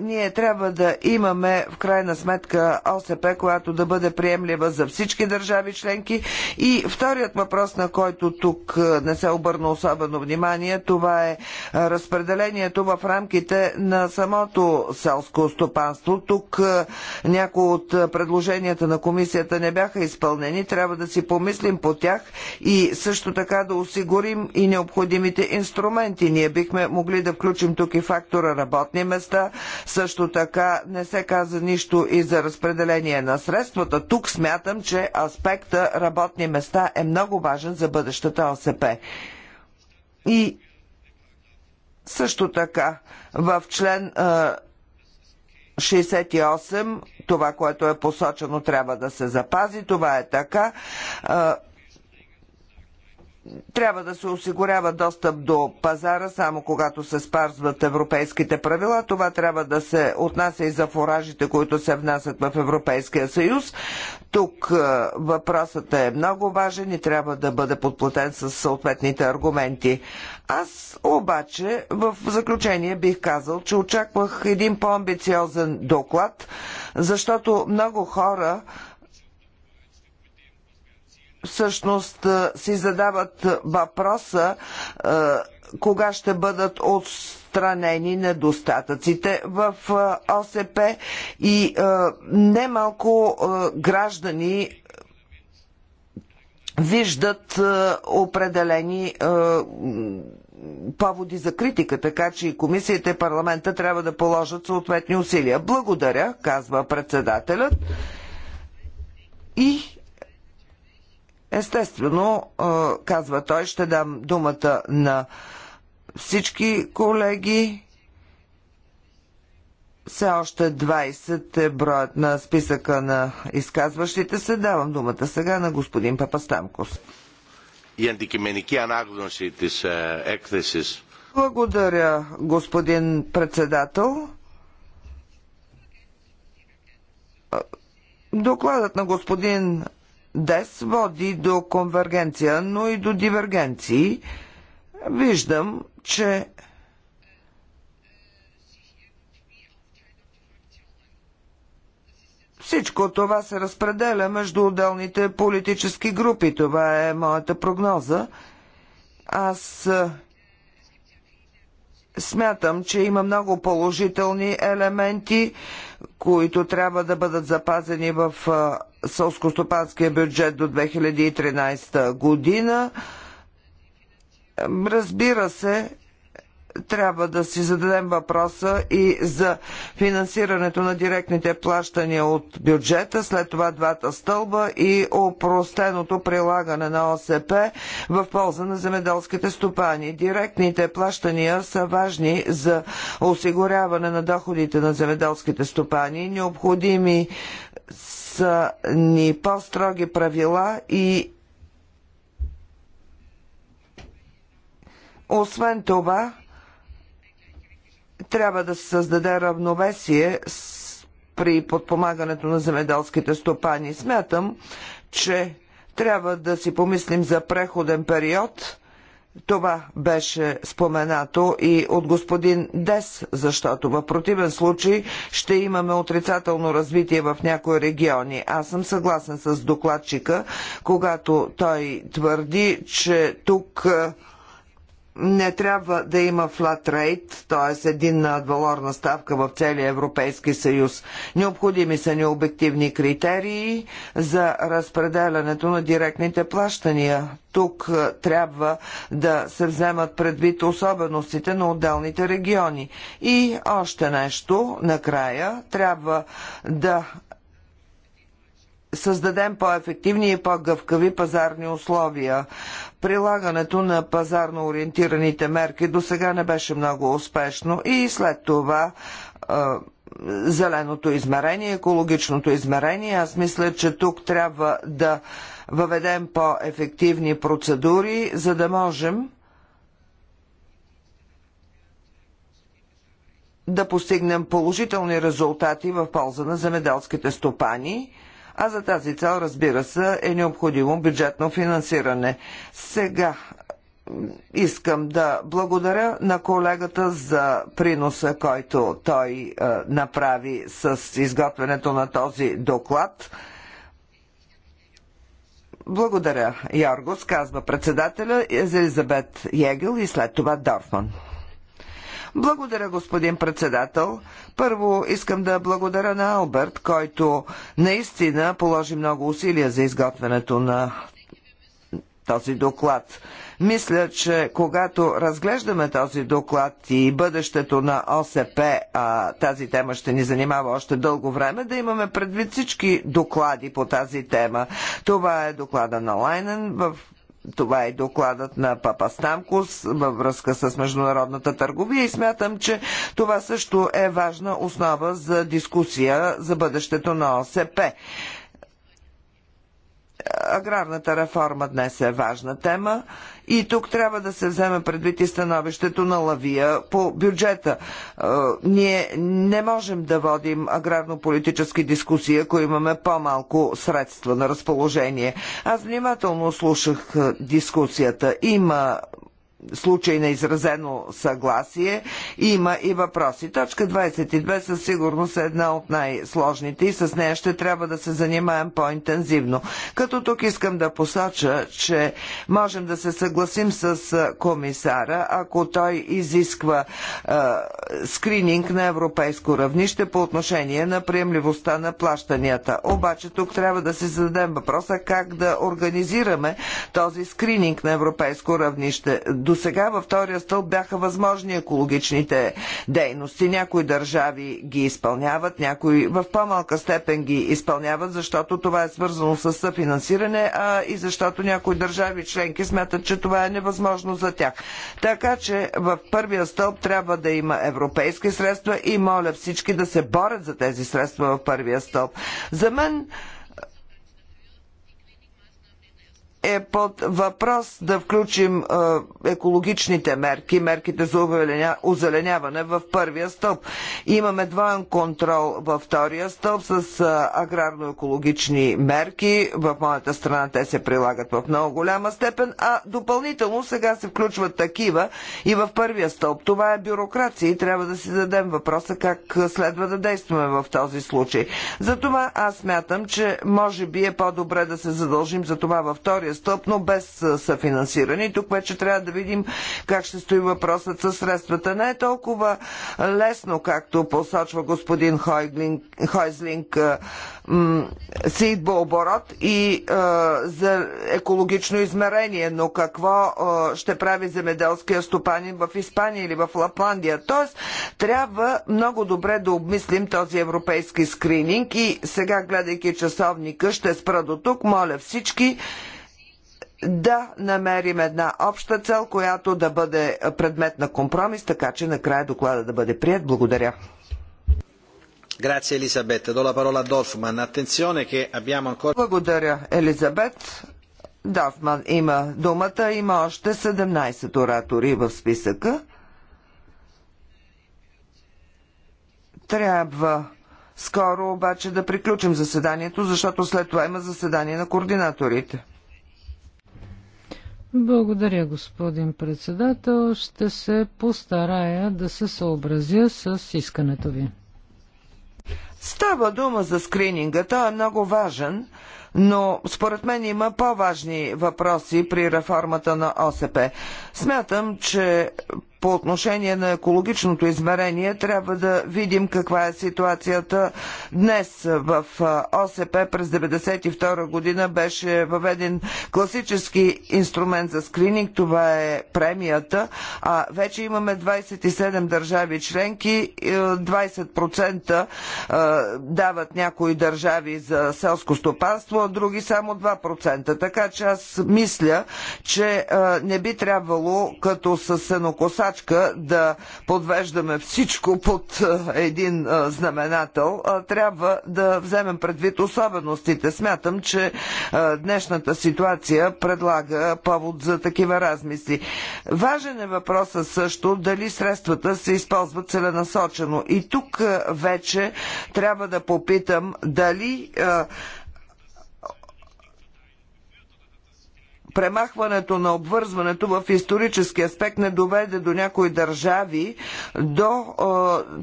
ние трябва да имаме в крайна сметка ОСП, която да бъде приемлива за всички държави членки. И вторият въпрос, на който тук е, не се обърна особено внимание, това е разпределението в рамките на самото селско стопанство. Тук е, някои от предложенията на комисията не бяха изпълнени. Трябва да си помислим по тях и също така да осигурим и необходимите инструменти. Ние бихме могли да включим тук и фактора работни места. Също така не се каза нищо и за разпределение на средствата. Тук смятам, че аспекта работни места е много важен за бъдещата ОСП. И също така в член 68 това, което е посочено, трябва да се запази. Това е така трябва да се осигурява достъп до пазара само когато се спазват европейските правила. Това трябва да се отнася и за фуражите, които се внасят в Европейския съюз. Тук е, въпросът е много важен и трябва да бъде подплатен с съответните аргументи. Аз обаче в заключение бих казал, че очаквах един по-амбициозен доклад, защото много хора всъщност си задават въпроса кога ще бъдат отстранени недостатъците в ОСП и немалко граждани виждат определени поводи за критика, така че и комисията и парламента трябва да положат съответни усилия. Благодаря, казва председателят. И Естествено, казва той, ще дам думата на всички колеги. Все още 20 е броят на списъка на изказващите се. Давам думата сега на господин Папастамкос. Η αντικειμενική ανάγνωση της έκθεσης. Благодаря, господин председател. Докладът на господин ДЕС води до конвергенция, но и до дивергенции. Виждам, че Всичко това се разпределя между отделните политически групи. Това е моята прогноза. Аз смятам, че има много положителни елементи, които трябва да бъдат запазени в сълскостопанския бюджет до 2013 година. Разбира се, трябва да си зададем въпроса и за финансирането на директните плащания от бюджета, след това двата стълба и опростеното прилагане на ОСП в полза на земеделските стопани. Директните плащания са важни за осигуряване на доходите на земеделските стопани. Необходими са ни по-строги правила и освен това трябва да се създаде равновесие с, при подпомагането на земеделските стопани. Смятам, че трябва да си помислим за преходен период – това беше споменато и от господин Дес, защото в противен случай ще имаме отрицателно развитие в някои региони. Аз съм съгласен с докладчика, когато той твърди, че тук не трябва да има флат рейт, т.е. единна адвалорна ставка в целия Европейски съюз. Необходими са необективни критерии за разпределянето на директните плащания. Тук е, трябва да се вземат предвид особеностите на отделните региони. И още нещо, накрая, трябва да създадем по-ефективни и по-гъвкави пазарни условия прилагането на пазарно ориентираните мерки до сега не беше много успешно и след това е, зеленото измерение, екологичното измерение. Аз мисля, че тук трябва да въведем по-ефективни процедури, за да можем да постигнем положителни резултати в полза на земеделските стопани а за тази цел, разбира се, е необходимо бюджетно финансиране. Сега искам да благодаря на колегата за приноса, който той е, направи с изготвянето на този доклад. Благодаря, Йоргос, казва председателя Елизабет Егел и след това Дорфман. Благодаря, господин председател. Първо искам да благодаря на Алберт, който наистина положи много усилия за изготвянето на този доклад. Мисля, че когато разглеждаме този доклад и бъдещето на ОСП, а тази тема ще ни занимава още дълго време, да имаме предвид всички доклади по тази тема. Това е доклада на Лайнен, в това е докладът на Папа Стамкос във връзка с международната търговия и смятам, че това също е важна основа за дискусия за бъдещето на ОСП. Аграрната реформа днес е важна тема и тук трябва да се вземе предвид и становището на Лавия по бюджета. Ние не можем да водим аграрно-политически дискусии, ако имаме по-малко средства на разположение. Аз внимателно слушах дискусията. Има случай на изразено съгласие. Има и въпроси. Точка 22 със сигурност е една от най-сложните и с нея ще трябва да се занимаем по-интензивно. Като тук искам да посоча, че можем да се съгласим с комисара, ако той изисква е, скрининг на европейско равнище по отношение на приемливостта на плащанията. Обаче тук трябва да се зададем въпроса как да организираме този скрининг на европейско равнище. До до сега във втория стълб бяха възможни екологичните дейности. Някои държави ги изпълняват, някои в по-малка степен ги изпълняват, защото това е свързано с съфинансиране, а и защото някои държави членки смятат, че това е невъзможно за тях. Така че в първия стълб трябва да има европейски средства и моля всички да се борят за тези средства в първия стълб. За мен е под въпрос да включим екологичните мерки, мерките за озеленяване в първия стълб. Имаме двоен контрол във втория стълб с аграрно-екологични мерки. В моята страна те се прилагат в много голяма степен, а допълнително сега се включват такива и в първия стълб. Това е бюрокрация и трябва да си зададем въпроса как следва да действаме в този случай. Затова аз смятам, че може би е по-добре да се задължим за това във втория престъпно без съфинансиране. И тук вече трябва да видим как ще стои въпросът с средствата. Не е толкова лесно, както посочва господин Хойзлинг, сидба оборот и за екологично измерение, но какво ще прави земеделския стопанин в Испания или в Лапландия. Тоест, трябва много добре да обмислим този европейски скрининг и сега, гледайки часовника, ще спра до тук. Моля всички да намерим една обща цел, която да бъде предмет на компромис, така че накрая доклада да бъде прият. Благодаря. Grazie Elisabeth. Do la parola a Dorfman. Attenzione che abbiamo ancora... Благодаря, Елизабет. Дофман има думата. Има още 17 оратори в списъка. Трябва скоро обаче да приключим заседанието, защото след това има заседание на координаторите. Благодаря, господин председател. Ще се постарая да се съобразя с искането ви. Става дума за скрининга. Той е много важен но според мен има по-важни въпроси при реформата на ОСП. Смятам, че по отношение на екологичното измерение трябва да видим каква е ситуацията днес. В ОСП през 1992 година беше въведен класически инструмент за скрининг, това е премията, а вече имаме 27 държави членки, 20% дават някои държави за селско стопанство, а други само 2%. Така че аз мисля, че не би трябвало като с сенокосачка да подвеждаме всичко под един знаменател. Трябва да вземем предвид особеностите. Смятам, че днешната ситуация предлага повод за такива размисли. Важен е въпросът също дали средствата се използват целенасочено. И тук вече трябва да попитам дали премахването на обвързването в исторически аспект не доведе до някои държави до е,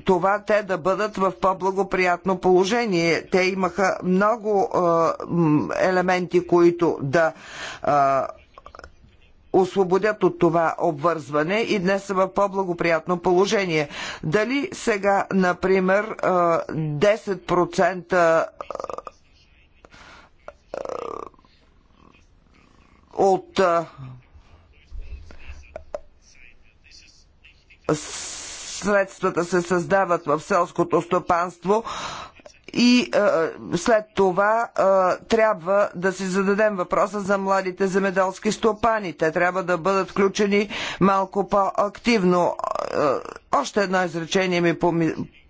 това те да бъдат в по-благоприятно положение. Те имаха много е, елементи, които да е, освободят от това обвързване и днес са в по-благоприятно положение. Дали сега, например, 10% от средствата се създават в селското стопанство и е, след това е, трябва да си зададем въпроса за младите земеделски стопани. Те трябва да бъдат включени малко по-активно. Е, още едно изречение ми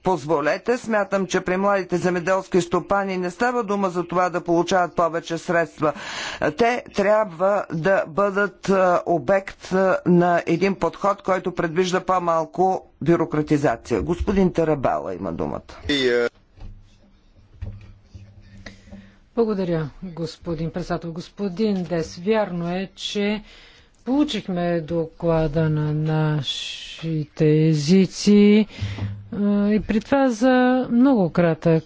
позволете. Смятам, че при младите земеделски стопани не става дума за това да получават повече средства. Те трябва да бъдат е, обект е, на един подход, който предвижда по-малко бюрократизация. Господин Тарабала има думата. Благодаря, господин председател. Господин Дес, вярно е, че Получихме доклада на нашите езици и при това за много кратък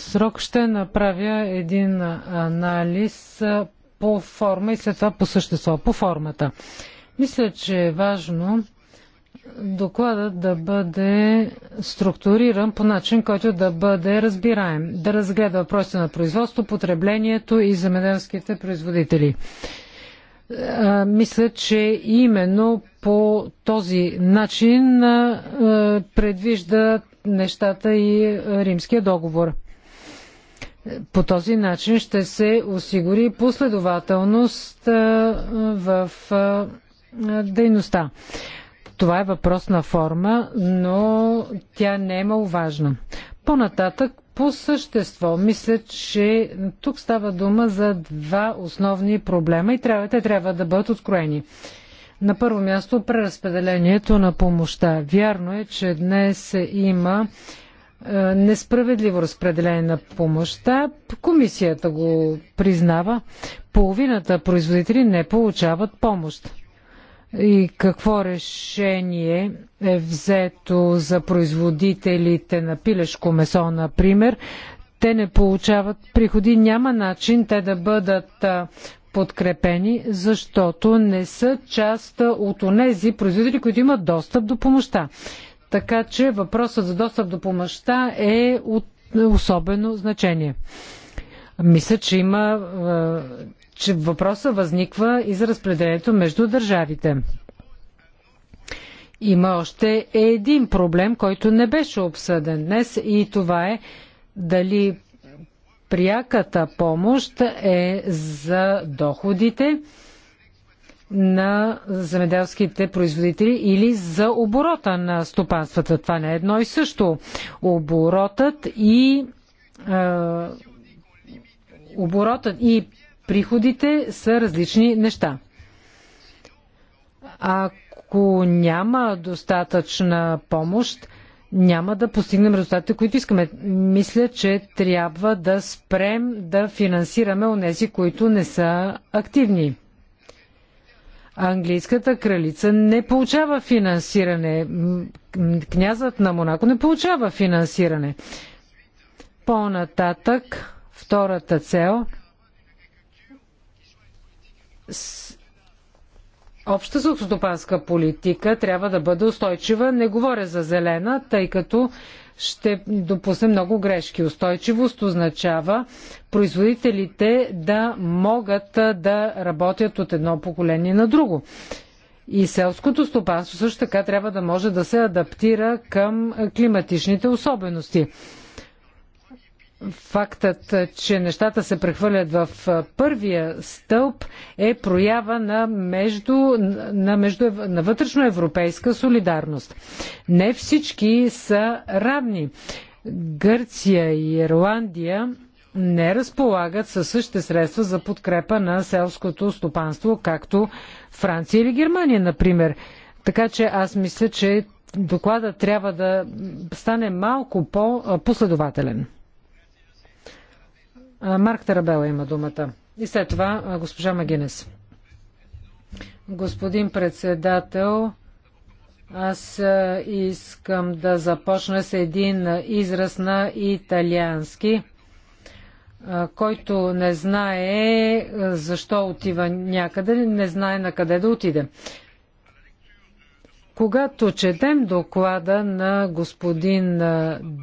срок ще направя един анализ по форма и след това по същество, по формата. Мисля, че е важно докладът да бъде структуриран по начин, който да бъде разбираем, да разгледа въпросите на производство, потреблението и земеделските производители мисля, че именно по този начин предвижда нещата и римския договор. По този начин ще се осигури последователност в дейността. Това е въпрос на форма, но тя не е маловажна. По-нататък по същество, мисля, че тук става дума за два основни проблема и трябва, те трябва да бъдат откроени. На първо място преразпределението на помощта. Вярно е, че днес има е, несправедливо разпределение на помощта. Комисията го признава. Половината производители не получават помощ и какво решение е взето за производителите на пилешко месо, например, те не получават приходи. Няма начин те да бъдат подкрепени, защото не са част от онези производители, които имат достъп до помощта. Така че въпросът за достъп до помощта е от особено значение. Мисля, че има, че въпроса възниква и за разпределението между държавите. Има още един проблем, който не беше обсъден днес и това е дали пряката помощ е за доходите на земеделските производители или за оборота на стопанствата. Това не е едно и също. Оборотът и е, оборотът и приходите са различни неща. Ако няма достатъчна помощ, няма да постигнем резултатите, които искаме. Мисля, че трябва да спрем да финансираме онези, които не са активни. Английската кралица не получава финансиране. Князът на Монако не получава финансиране. По-нататък Втората цел с... Обща сухостопанска политика трябва да бъде устойчива. Не говоря за зелена, тъй като ще допусне много грешки. Устойчивост означава производителите да могат да работят от едно поколение на друго. И селското стопанство също така трябва да може да се адаптира към климатичните особености. Фактът, че нещата се прехвърлят в първия стълб е проява на, между, на, между, на вътрешноевропейска солидарност. Не всички са равни. Гърция и Ирландия не разполагат със същите средства за подкрепа на селското стопанство, както Франция или Германия, например. Така че аз мисля, че докладът трябва да стане малко по-последователен. Марк Тарабела има думата. И след това госпожа Магинес. Господин председател, аз искам да започна с един израз на италиански, който не знае защо отива някъде, не знае на къде да отиде. Когато четем доклада на господин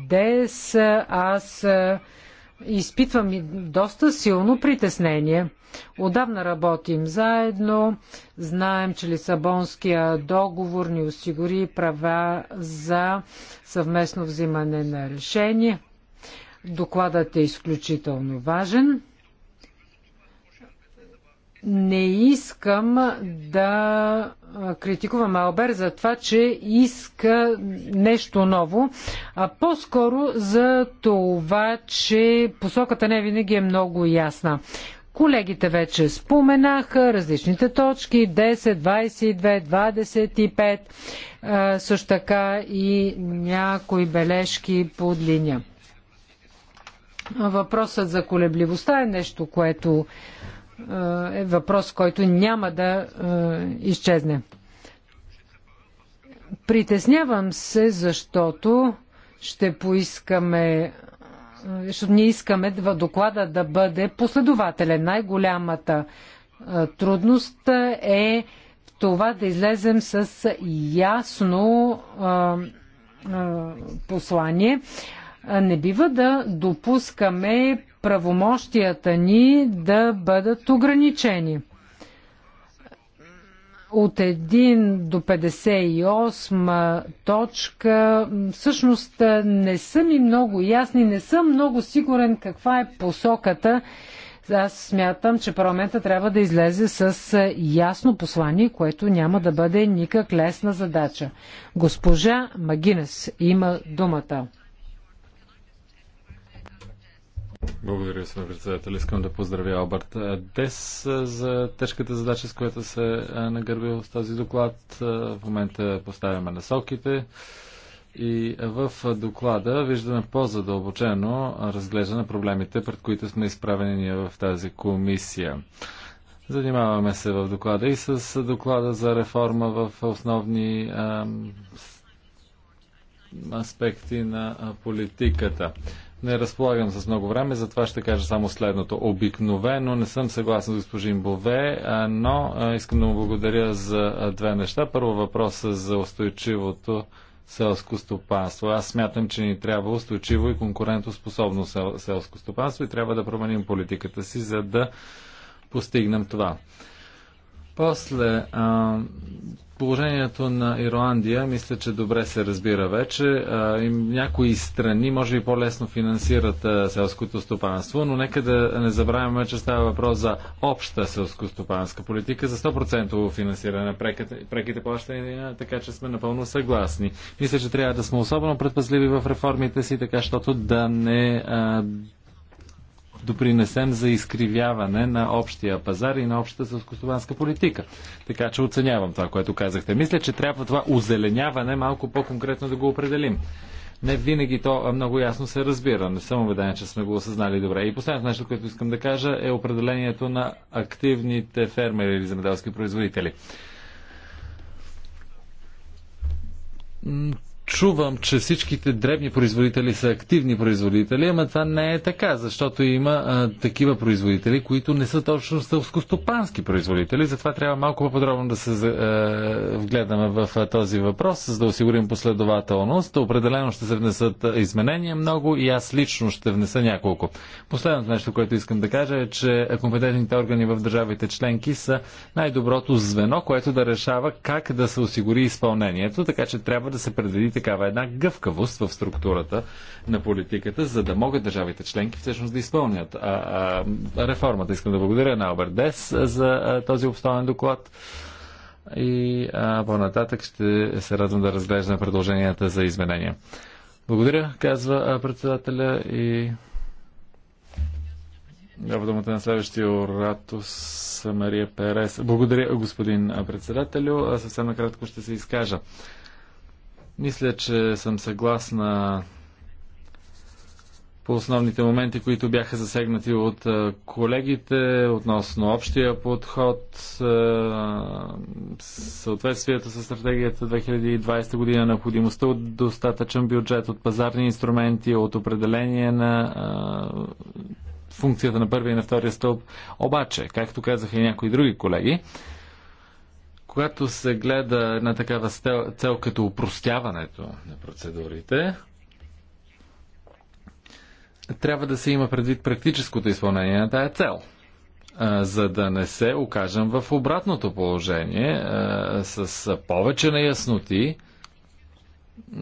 Дес, аз изпитвам и доста силно притеснение. Отдавна работим заедно. Знаем, че Лисабонския договор ни осигури права за съвместно взимане на решение. Докладът е изключително важен. Не искам да критикувам Албер за това, че иска нещо ново, а по-скоро за това, че посоката не винаги е много ясна. Колегите вече споменаха различните точки 10, 22, 25, също така и някои бележки под линия. Въпросът за колебливостта е нещо, което е, е въпрос, който няма да е, изчезне. Притеснявам се, защото ще поискаме е, защото ние искаме в доклада да бъде последователен. Най-голямата трудност е в това да излезем с ясно послание. Не бива да допускаме правомощията ни да бъдат ограничени. От 1 до 58 точка всъщност не са ми много ясни, не съм много сигурен каква е посоката. Аз смятам, че парламента трябва да излезе с ясно послание, което няма да бъде никак лесна задача. Госпожа Магинес има думата. Благодаря, господин председател. Искам да поздравя Алберт Дес за тежката задача, с която се е нагърбил с този доклад. В момента поставяме насоките. И в доклада виждаме по-задълбочено разглеждане на проблемите, пред които сме изправени ние в тази комисия. Занимаваме се в доклада и с доклада за реформа в основни ам, аспекти на политиката. Не разполагам с много време, затова ще кажа само следното. Обикновено не съм съгласен с господин Бове, но искам да му благодаря за две неща. Първо въпроса за устойчивото селско стопанство. Аз смятам, че ни трябва устойчиво и конкурентоспособно селско стопанство и трябва да променим политиката си, за да постигнем това. После, а, Положението на Ирландия мисля, че добре се разбира вече. някои страни може би по-лесно финансират селското стопанство, но нека да не забравяме, че става въпрос за обща селско-стопанска политика за 100% финансиране на преките, преките плащания, така че сме напълно съгласни. Мисля, че трябва да сме особено предпазливи в реформите си, така щото да не допринесем за изкривяване на общия пазар и на общата селскостопанска политика. Така че оценявам това, което казахте. Мисля, че трябва това озеленяване малко по-конкретно да го определим. Не винаги то много ясно се разбира. Не съм убеден, че сме го осъзнали добре. И последното нещо, което искам да кажа е определението на активните фермери или земеделски производители чувам, че всичките дребни производители са активни производители, ама това не е така, защото има а, такива производители, които не са точно сълскостопански производители. Затова трябва малко по-подробно да се а, вгледаме в а, този въпрос, за да осигурим последователност. Определено ще се внесат изменения много и аз лично ще внеса няколко. Последното нещо, което искам да кажа е, че компетентните органи в държавите членки са най-доброто звено, което да решава как да се осигури изпълнението, така че трябва да се предвидите такава една гъвкавост в структурата на политиката, за да могат държавите членки всъщност да изпълнят а, а, реформата. Искам да благодаря на Алберт Дес за а, този обстоен доклад. И а, по-нататък ще се радвам да разглеждам предложенията за изменения. Благодаря, казва председателя и в думата на следващия оратус Мария Перес. Благодаря, господин председателю. Съвсем накратко ще се изкажа. Мисля, че съм съгласна по основните моменти, които бяха засегнати от колегите относно общия подход, съответствието с стратегията 2020 година, необходимостта от достатъчен бюджет, от пазарни инструменти, от определение на функцията на първия и на втория стълб. Обаче, както казаха и някои други колеги, когато се гледа една такава цел, цел като упростяването на процедурите, трябва да се има предвид практическото изпълнение на тая цел за да не се окажем в обратното положение с повече неясноти.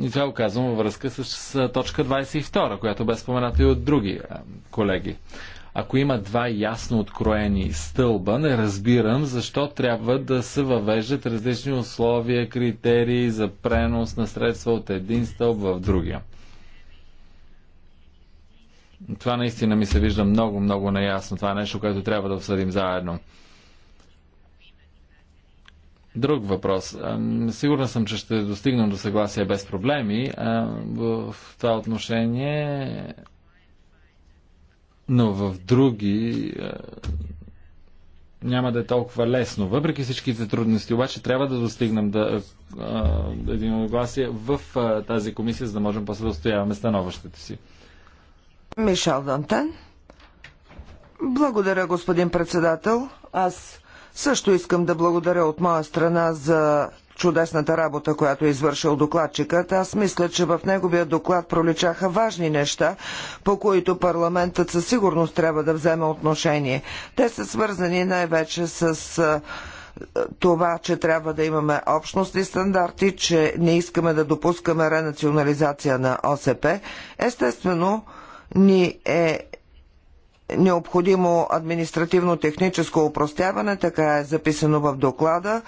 И това го казвам във връзка с точка 22, която бе спомената и от други колеги. Ако има два ясно откроени стълба, не разбирам защо трябва да се въвеждат различни условия, критерии за пренос на средства от един стълб в другия. Това наистина ми се вижда много, много неясно. Това е нещо, което трябва да обсъдим заедно. Друг въпрос. Сигурна съм, че ще достигнем до съгласие без проблеми. В това отношение но в други е, няма да е толкова лесно. Въпреки всичките трудности, обаче трябва да достигнем да, а, е, е, един огласие в а, тази комисия, за да можем после да устояваме становището си. Мишел Дантен. Благодаря, господин председател. Аз също искам да благодаря от моя страна за чудесната работа, която е извършил докладчикът. Аз мисля, че в неговия доклад проличаха важни неща, по които парламентът със сигурност трябва да вземе отношение. Те са свързани най-вече с това, че трябва да имаме общностни стандарти, че не искаме да допускаме ренационализация на ОСП. Естествено, ни е необходимо административно-техническо упростяване, така е записано в доклада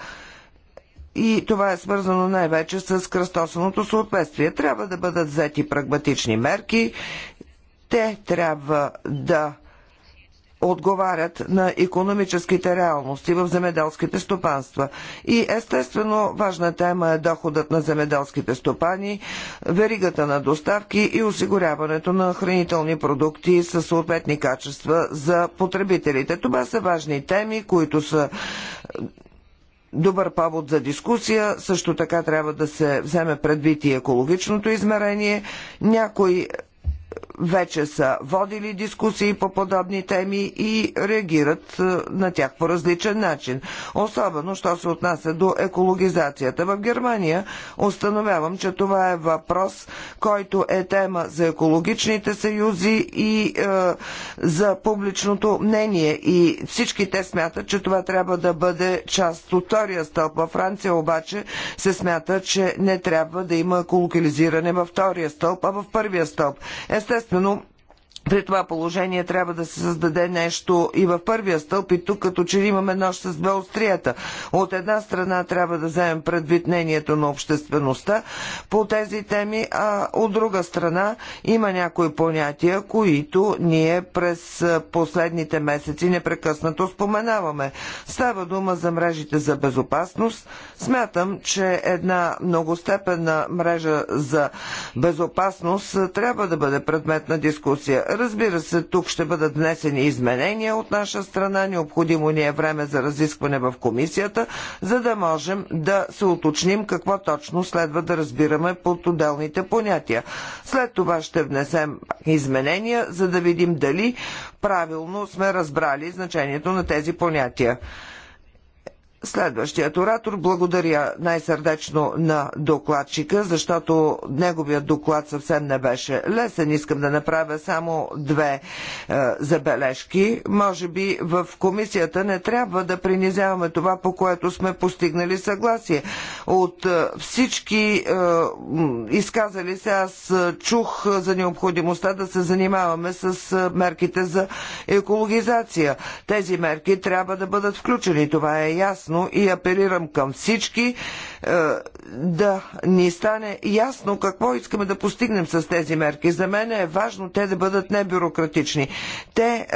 и това е свързано най-вече с кръстосаното съответствие. Трябва да бъдат взети прагматични мерки. Те трябва да отговарят на економическите реалности в земеделските стопанства. И естествено важна тема е доходът на земеделските стопани, веригата на доставки и осигуряването на хранителни продукти с съответни качества за потребителите. Това са важни теми, които са добър повод за дискусия. Също така трябва да се вземе предвид и екологичното измерение. Някои вече са водили дискусии по подобни теми и реагират е, на тях по различен начин. Особено, що се отнася до екологизацията. В Германия установявам, че това е въпрос, който е тема за екологичните съюзи и е, за публичното мнение. И всички те смятат, че това трябва да бъде част от втория стълб. Във Франция обаче се смята, че не трябва да има екологизиране във втория стълб, а в първия стълб. Е, Естествено, при това положение трябва да се създаде нещо и в първия стълб и тук като че имаме нощ с две острията. От една страна трябва да вземем предвид мнението на обществеността по тези теми, а от друга страна има някои понятия, които ние през последните месеци непрекъснато споменаваме. Става дума за мрежите за безопасност. Смятам, че една многостепенна мрежа за безопасност трябва да бъде предмет на дискусия Разбира се, тук ще бъдат внесени изменения от наша страна. Необходимо ни е време за разискване в комисията, за да можем да се уточним какво точно следва да разбираме под отделните понятия. След това ще внесем изменения, за да видим дали правилно сме разбрали значението на тези понятия. Следващият оратор благодаря най-сърдечно на докладчика, защото неговият доклад съвсем не беше лесен. Искам да направя само две е, забележки. Може би в комисията не трябва да принизяваме това, по което сме постигнали съгласие. От е, всички е, изказали се, аз е, чух за необходимостта да се занимаваме с е, мерките за екологизация. Тези мерки трябва да бъдат включени, това е ясно ясно и апелирам към всички е, да ни стане ясно какво искаме да постигнем с тези мерки. За мен е важно те да бъдат небюрократични. Те е,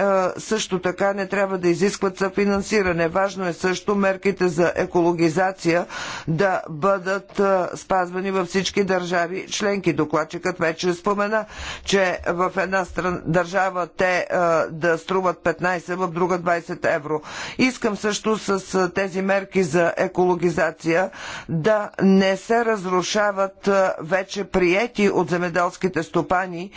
също така не трябва да изискват съфинансиране. Важно е също мерките за екологизация да бъдат е, спазвани във всички държави членки. Докладчикът вече спомена, че в една страна държава те да струват 15, в друга 20 евро. Искам също с тези мерки за екологизация да не се разрушават вече приети от земеделските стопани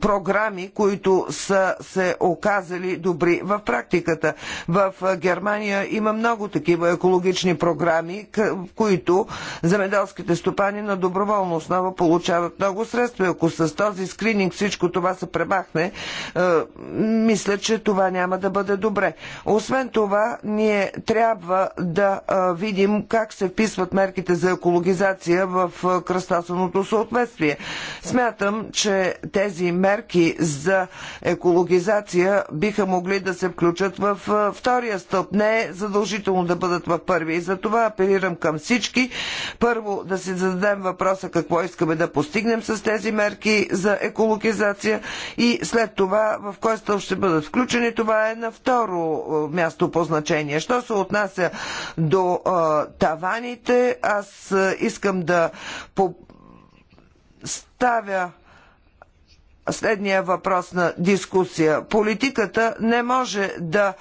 програми, които са се оказали добри в практиката. В Германия има много такива екологични програми, в които земеделските стопани на доброволна основа получават много средства. Ако с този скрининг всичко това се премахне, мисля, че това няма да бъде добре. Освен това, ние трябва да видим как се вписват мерките за екологизация в кръстосаното съответствие. Смятам, че тези мерки мерки за екологизация биха могли да се включат в втория стълб. Не е задължително да бъдат в първи. И за това апелирам към всички. Първо да си зададем въпроса какво искаме да постигнем с тези мерки за екологизация и след това в кой стълб ще бъдат включени. Това е на второ място по значение. Що се отнася до таваните, аз искам да по ставя следния въпрос на дискусия. Политиката не може да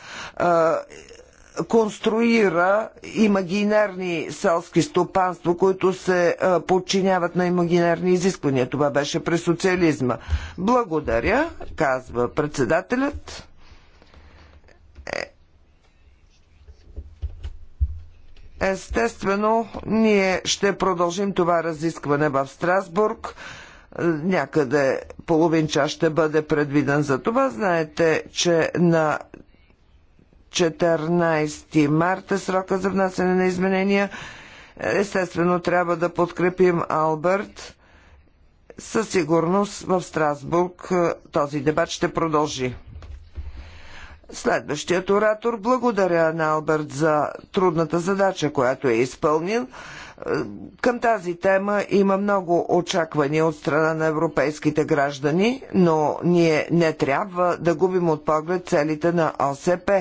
конструира имагинерни селски стопанства, които се подчиняват на имагинерни изисквания. Това беше през социализма. Благодаря, казва председателят. Естествено, ние ще продължим това разискване в Страсбург някъде половин час ще бъде предвиден за това. Знаете, че на 14 марта срока за внасяне на изменения. Естествено, трябва да подкрепим Алберт. Със сигурност в Страсбург е, този дебат ще продължи. Следващият оратор благодаря на Алберт за трудната задача, която е изпълнил. Към тази тема има много очаквания от страна на европейските граждани, но ние не трябва да губим от поглед целите на ОСП.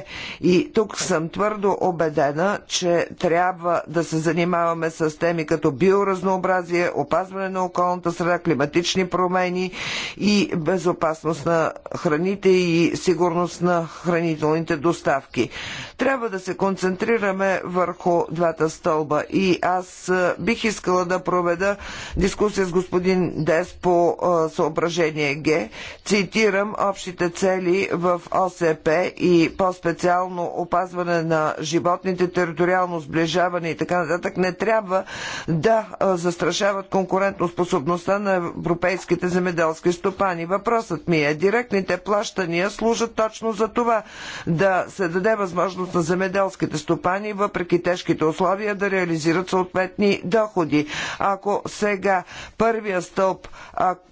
И тук съм твърдо убедена, че трябва да се занимаваме с теми като биоразнообразие, опазване на околната среда, климатични промени и безопасност на храните и сигурност на хранителните доставки. Трябва да се концентрираме върху двата стълба и аз бих искала да проведа дискусия с господин Дес по съображение Г. Цитирам общите цели в ОСП и по-специално опазване на животните, териториално сближаване и така нататък не трябва да застрашават конкурентоспособността на европейските земеделски стопани. Въпросът ми е, директните плащания служат точно за това да се даде възможност на земеделските стопани, въпреки тежките условия, да реализират съответно конкретни доходи. Ако сега първия стълб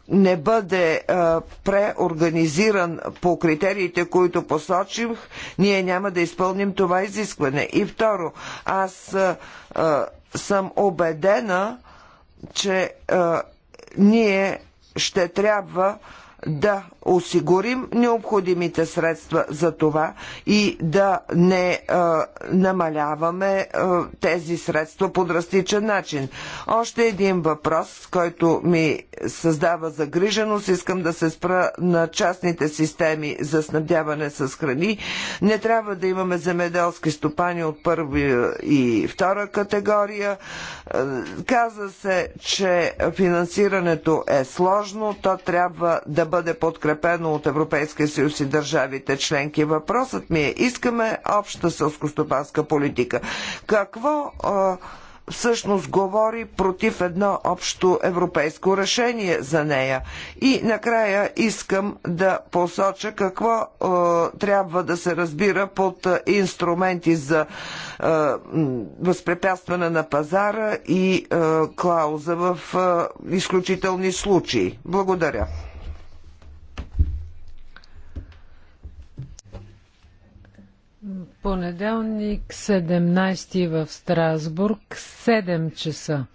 не бъде преорганизиран по критериите, които посочих, ние няма да изпълним това изискване. И второ, аз съм убедена, че ние ще трябва да осигурим необходимите средства за това и да не е, намаляваме е, тези средства по драстичен начин. Още един въпрос, който ми създава загриженост, искам да се спра на частните системи за снабдяване с храни. Не трябва да имаме земеделски стопани от първа и втора категория. Е, каза се, че финансирането е сложно, то трябва да бъде подкрепено от Европейския съюз и държавите членки. Въпросът ми е, искаме обща сълскостопанска политика. Какво всъщност говори против едно общо европейско решение за нея. И накрая искам да посоча какво е, трябва да се разбира под инструменти за е, възпрепятстване на пазара и е, клауза в е, изключителни случаи. Благодаря. Понеделник 17 в Страсбург, 7 часа.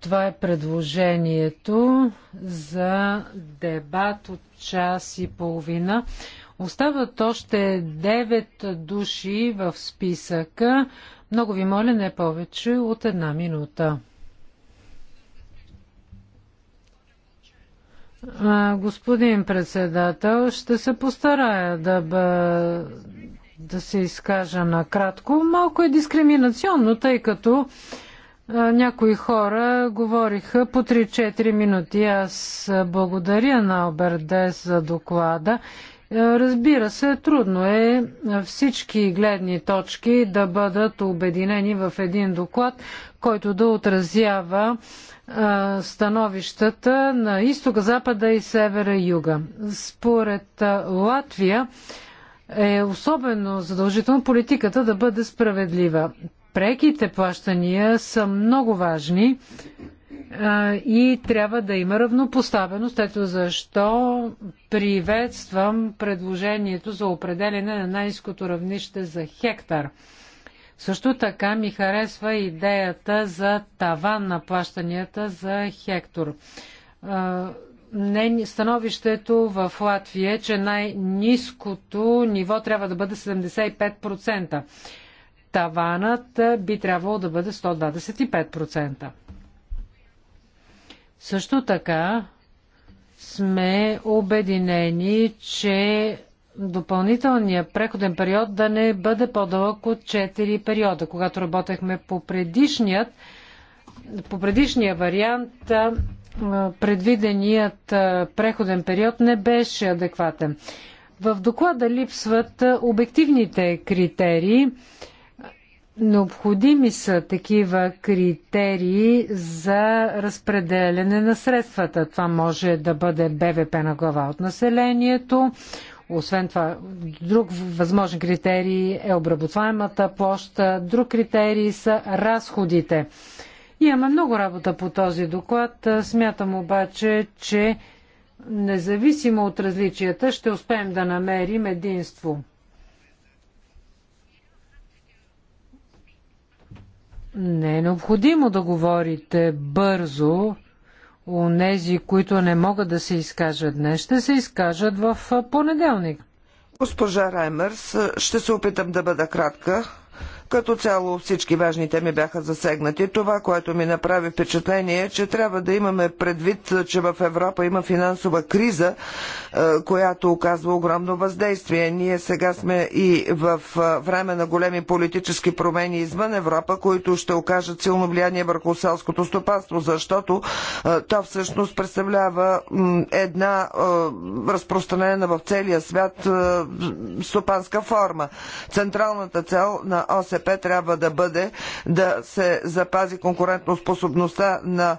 Това е предложението за дебат от час и половина. Остават още 9 души в списъка. Много ви моля, не повече от една минута. Господин председател, ще се постарая да, бъ да се изкажа накратко. Малко е дискриминационно, тъй като някои хора говориха по 3-4 минути. Аз благодаря на Обердес за доклада. Разбира се, трудно е всички гледни точки да бъдат обединени в един доклад, който да отразява становищата на изтока, запада и севера и юга. Според Латвия, е особено задължително политиката да бъде справедлива. Преките плащания са много важни и трябва да има равнопоставеност. Ето защо приветствам предложението за определене на най-низкото равнище за хектар. Също така ми харесва идеята за таван на плащанията за хектор становището в Латвия е, че най-низкото ниво трябва да бъде 75%. Таванът би трябвало да бъде 125%. Също така сме обединени, че допълнителният преходен период да не бъде по-дълъг от 4 периода. Когато работехме по предишният, по предишния вариант, предвиденият преходен период не беше адекватен. В доклада липсват обективните критерии. Необходими са такива критерии за разпределяне на средствата. Това може да бъде БВП на глава от населението. Освен това, друг възможен критерий е обработваемата площа, друг критерий са разходите. Имаме много работа по този доклад. Е, Смятам обаче, че независимо от различията, ще успеем да намерим единство. Не е необходимо да говорите бързо. Онези, които не могат да се изкажат днес, ще се изкажат в понеделник. Госпожа Раймерс, ще се опитам да бъда кратка. Като цяло всички важни теми бяха засегнати. Това, което ми направи впечатление е, че трябва да имаме предвид, че в Европа има финансова криза, е, която оказва огромно въздействие. Ние сега сме и в е, време на големи политически промени извън Европа, които ще окажат силно влияние върху селското стопанство, защото е, то всъщност представлява една разпространена в целия свят стопанска форма. Централната цел на ОС БСП трябва да бъде да се запази конкурентоспособността на е,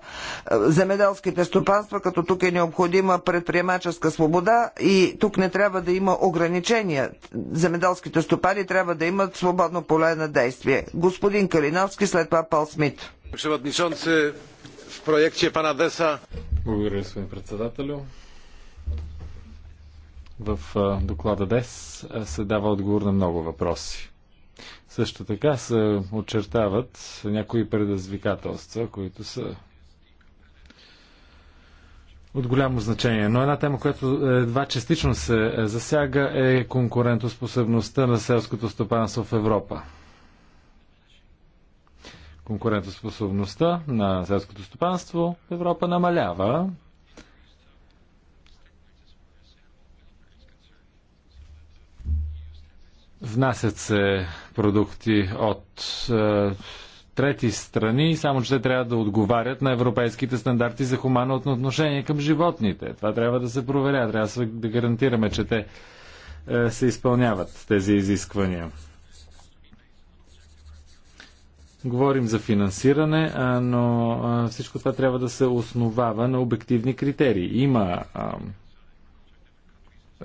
земеделските стопанства, като тук е необходима предприемаческа свобода и тук не трябва да има ограничения. Земеделските стопани трябва да имат свободно поле на действие. Господин Калиновски, след това Пал Смит. В проекте пана Деса. Благодаря, господин председателю. В е, доклада ДЕС е, се дава отговор на много въпроси. Също така се очертават някои предизвикателства, които са от голямо значение. Но една тема, която едва частично се засяга е конкурентоспособността на селското стопанство в Европа. Конкурентоспособността на селското стопанство в Европа намалява Внасят се продукти от е, трети страни, само че те трябва да отговарят на европейските стандарти за хуманно отношение към животните. Това трябва да се проверя. Трябва да гарантираме, че те е, се изпълняват тези изисквания. Говорим за финансиране, но всичко това трябва да се основава на обективни критерии. Има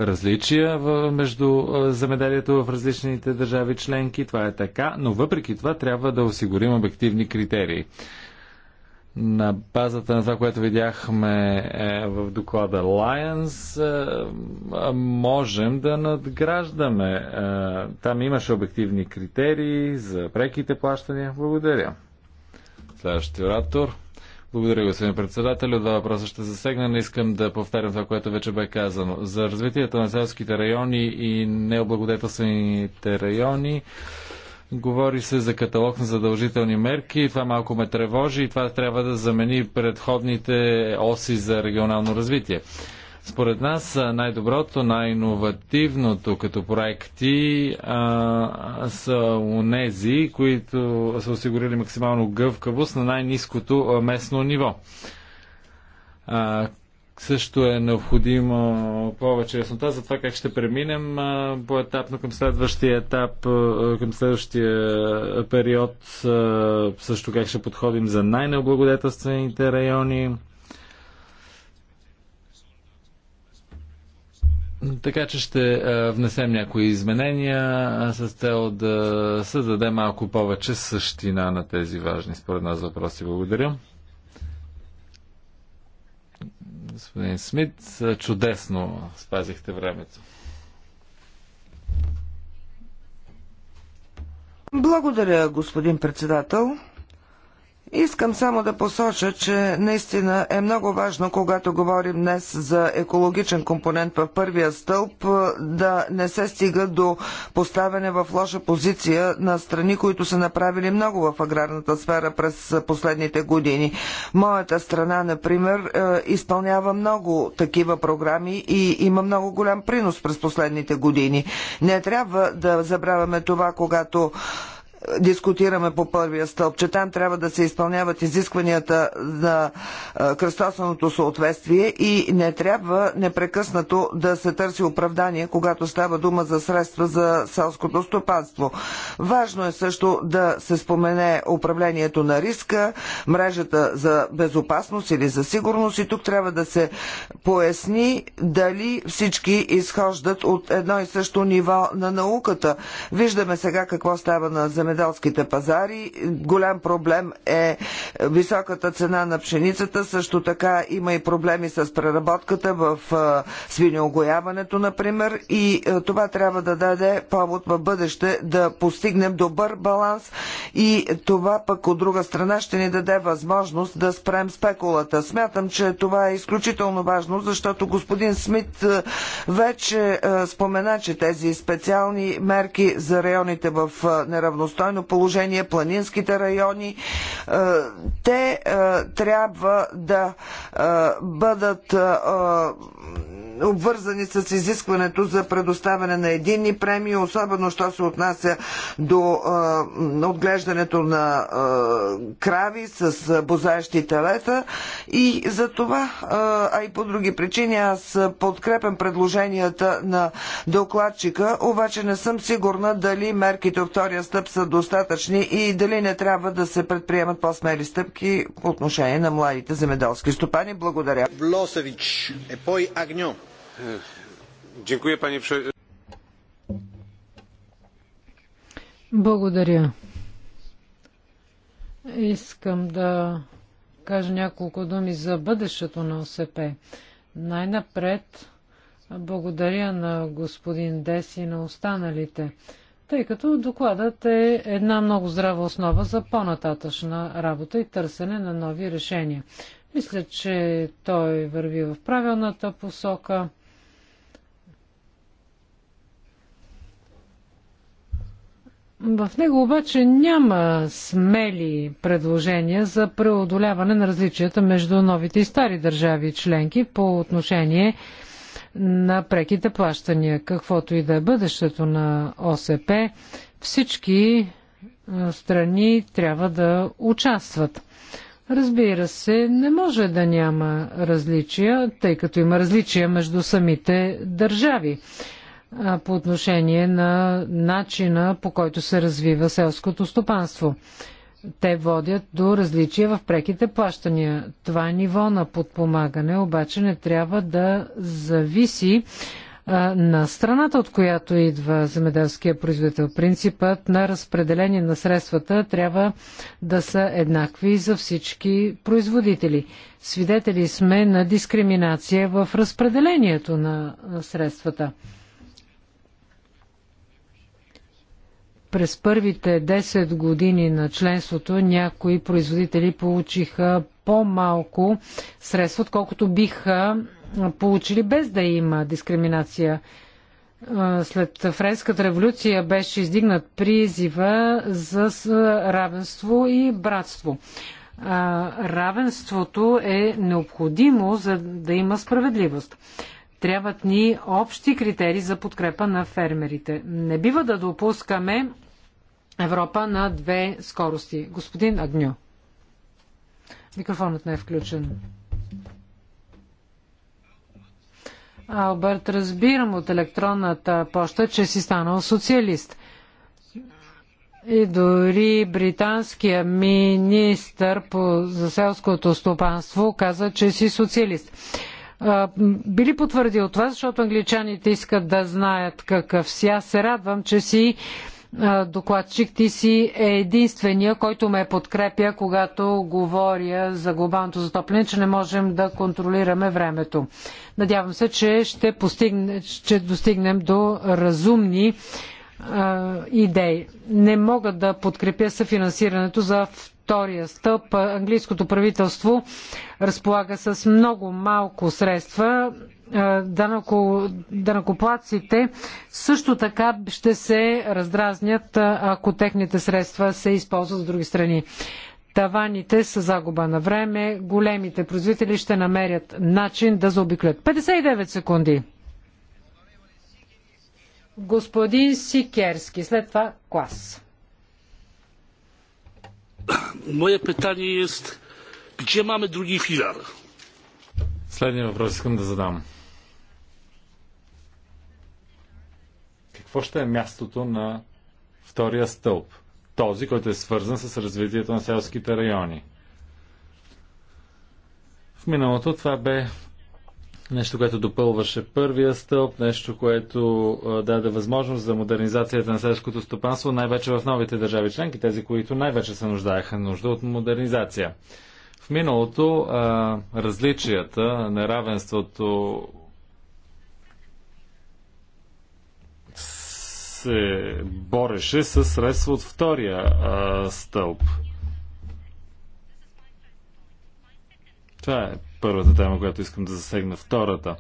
различия между замеделието в различните държави членки. Това е така, но въпреки това трябва да осигурим обективни критерии. На базата на това, което видяхме е, в доклада Lions, е, е, можем да надграждаме. Там имаше обективни критерии за преките плащания. Благодаря. Следващия оратор. Благодаря, господин председател. Два въпроса ще засегна. Не искам да повтарям това, което вече бе казано. За развитието на селските райони и необлагодетелствените райони говори се за каталог на задължителни мерки. Това малко ме тревожи и това трябва да замени предходните оси за регионално развитие. Според нас най-доброто, най-инновативното като проекти а, са унези, които са осигурили максимално гъвкавост на най-низкото местно ниво. А, също е необходимо повече яснота за това как ще преминем по-етапно към следващия етап, към следващия период, също как ще подходим за най-необлагодетелствените райони. Така че ще внесем някои изменения с цел да създаде малко повече същина на тези важни според нас въпроси. Благодаря. Господин Смит, чудесно спазихте времето. Благодаря, господин председател. Искам само да посоча, че наистина е много важно, когато говорим днес за екологичен компонент в първия стълб, е, да не се стига до поставяне в лоша позиция на страни, които са направили много в аграрната сфера през последните години. Моята страна, например, е, изпълнява много такива програми и има много голям принос през последните години. Не трябва да забравяме това, когато дискутираме по първия стълб, че там трябва да се изпълняват изискванията на кръстосаното съответствие и не трябва непрекъснато да се търси оправдание, когато става дума за средства за селското стопанство. Важно е също да се спомене управлението на риска, мрежата за безопасност или за сигурност и тук трябва да се поясни дали всички изхождат от едно и също ниво на науката. Виждаме сега какво става на земеделието земеделските пазари. Голям проблем е високата цена на пшеницата, също така има и проблеми с преработката в свинеогояването, например, и това трябва да даде повод в бъдеще да постигнем добър баланс и това пък от друга страна ще ни даде възможност да спрем спекулата. Смятам, че това е изключително важно, защото господин Смит вече спомена, че тези специални мерки за районите в неравностойност неравностойно положение, планинските райони. Е, те е, трябва да е, бъдат обвързани с изискването за предоставяне на единни премии, особено що се отнася до отглеждането на крави с бозаещи телета. И за това, а и по други причини, аз подкрепям предложенията на докладчика, обаче не съм сигурна дали мерките от втория стъп са достатъчни и дали не трябва да се предприемат по-смели стъпки по отношение на младите земеделски стопани. Благодаря. е пой Агньо. Благодаря. Искам да кажа няколко думи за бъдещето на ОСП. Най-напред благодаря на господин Дес и на останалите, тъй като докладът е една много здрава основа за по-нататъчна работа и търсене на нови решения. Мисля, че той върви в правилната посока. В него обаче няма смели предложения за преодоляване на различията между новите и стари държави членки по отношение на преките плащания, каквото и да е бъдещето на ОСП. Всички страни трябва да участват. Разбира се, не може да няма различия, тъй като има различия между самите държави по отношение на начина по който се развива селското стопанство. Те водят до различия в преките плащания. Това ниво на подпомагане обаче не трябва да зависи на страната, от която идва земеделския производител. Принципът на разпределение на средствата трябва да са еднакви за всички производители. Свидетели сме на дискриминация в разпределението на средствата. През първите 10 години на членството някои производители получиха по-малко средства, отколкото биха получили без да има дискриминация. След Френската революция беше издигнат призива за равенство и братство. Равенството е необходимо, за да има справедливост. Трябват ни общи критерии за подкрепа на фермерите. Не бива да допускаме Европа на две скорости. Господин Агню. Микрофонът не е включен. Алберт, разбирам от електронната поща, че си станал социалист. И дори британския министър по, за селското стопанство каза, че си социалист би ли потвърдил това, защото англичаните искат да знаят какъв си. Аз се радвам, че си докладчик, ти си е единствения, който ме подкрепя, когато говоря за глобалното затопляне, че не можем да контролираме времето. Надявам се, че ще, постигне, ще достигнем до разумни а, идеи. Не мога да подкрепя съфинансирането за втория стълб, английското правителство разполага с много малко средства. Данако, данакоплаците също така ще се раздразнят, ако техните средства се използват с други страни. Таваните са загуба на време. Големите производители ще намерят начин да заобиклят. 59 секунди. Господин Сикерски, след това клас. Moje pytanie jest, gdzie mamy drugi filar? Следния въпрос искам да задам. Какво ще е мястото на втория стълб? Този, който е свързан с развитието на селските райони. В миналото това бе Нещо, което допълваше първия стълб, нещо, което даде възможност за модернизацията на селското стопанство, най-вече в новите държави членки, тези, които най-вече се нуждаеха нужда от модернизация. В миналото а, различията, неравенството се бореше с средства от втория а, стълб. Това е първата тема, която искам да засегна. Втората.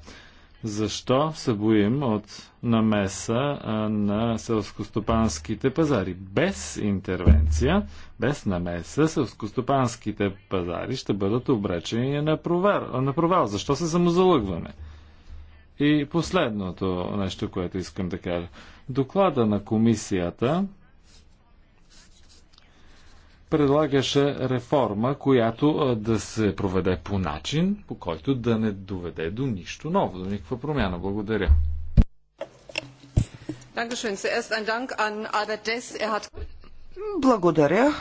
Защо се боим от намеса на селскостопанските пазари? Без интервенция, без намеса, селскостопанските пазари ще бъдат обречени на провал. На провал. Защо се самозалъгваме? И последното нещо, което искам да кажа. Доклада на комисията предлагаше реформа, която да се проведе по начин, по който да не доведе до нищо ново, до никаква промяна. Благодаря. Благодаря.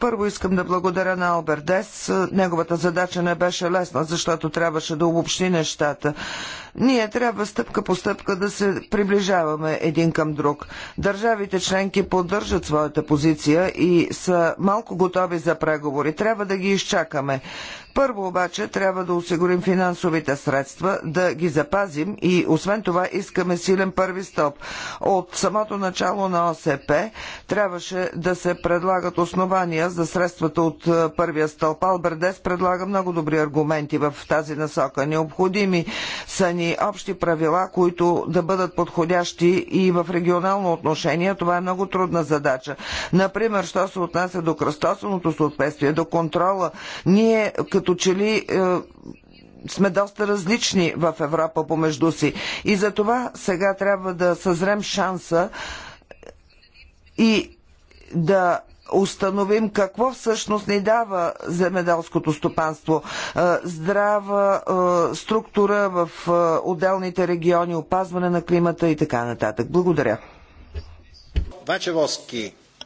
Първо искам да благодаря на Албер Дес. Неговата задача не беше лесна, защото трябваше да обобщи нещата. Ние трябва стъпка по стъпка да се приближаваме един към друг. Държавите членки поддържат своята позиция и са малко готови за преговори. Трябва да ги изчакаме. Първо обаче трябва да осигурим финансовите средства, да ги запазим и освен това искаме силен първи стоп. От самото начало на ОСП трябваше да се предлагат основания за средствата от е, първия стоп. Албердес предлага много добри аргументи в тази насока. Необходими са ни общи правила, които да бъдат подходящи и в регионално отношение. Това е много трудна задача. Например, що се отнася до кръстосаното съответствие, до контрола, ние като че ли е, сме доста различни в Европа помежду си. И за това сега трябва да съзрем шанса е, и да установим какво всъщност ни дава земеделското стопанство. Е, здрава структура в отделните региони, опазване на климата и така нататък. Благодаря.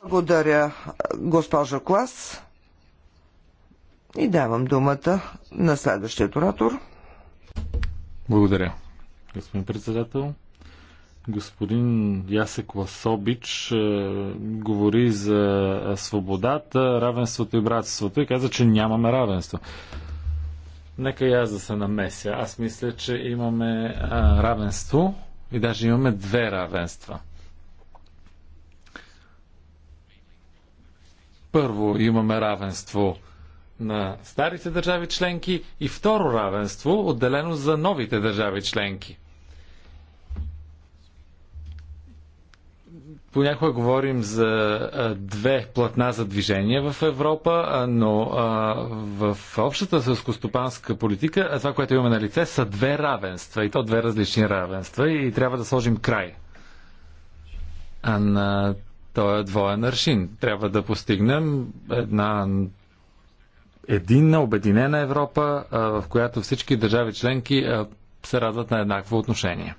Благодаря, госпожа Клас. И давам думата на следващия оратор. Благодаря, господин председател. Господин Ясек Ласобич е, говори за свободата, равенството и братството и каза, че нямаме равенство. Нека и аз да се намеся. Аз мисля, че имаме а, е, равенство и даже имаме две равенства. Първо имаме равенство на старите държави членки и второ равенство, отделено за новите държави членки. Понякога говорим за две платна за движение в Европа, но в общата селскостопанска политика това, което имаме на лице, са две равенства и то две различни равенства и трябва да сложим край на този двоен аршин. Трябва да постигнем една единна, обединена Европа, в която всички държави членки се радват на еднакво отношение.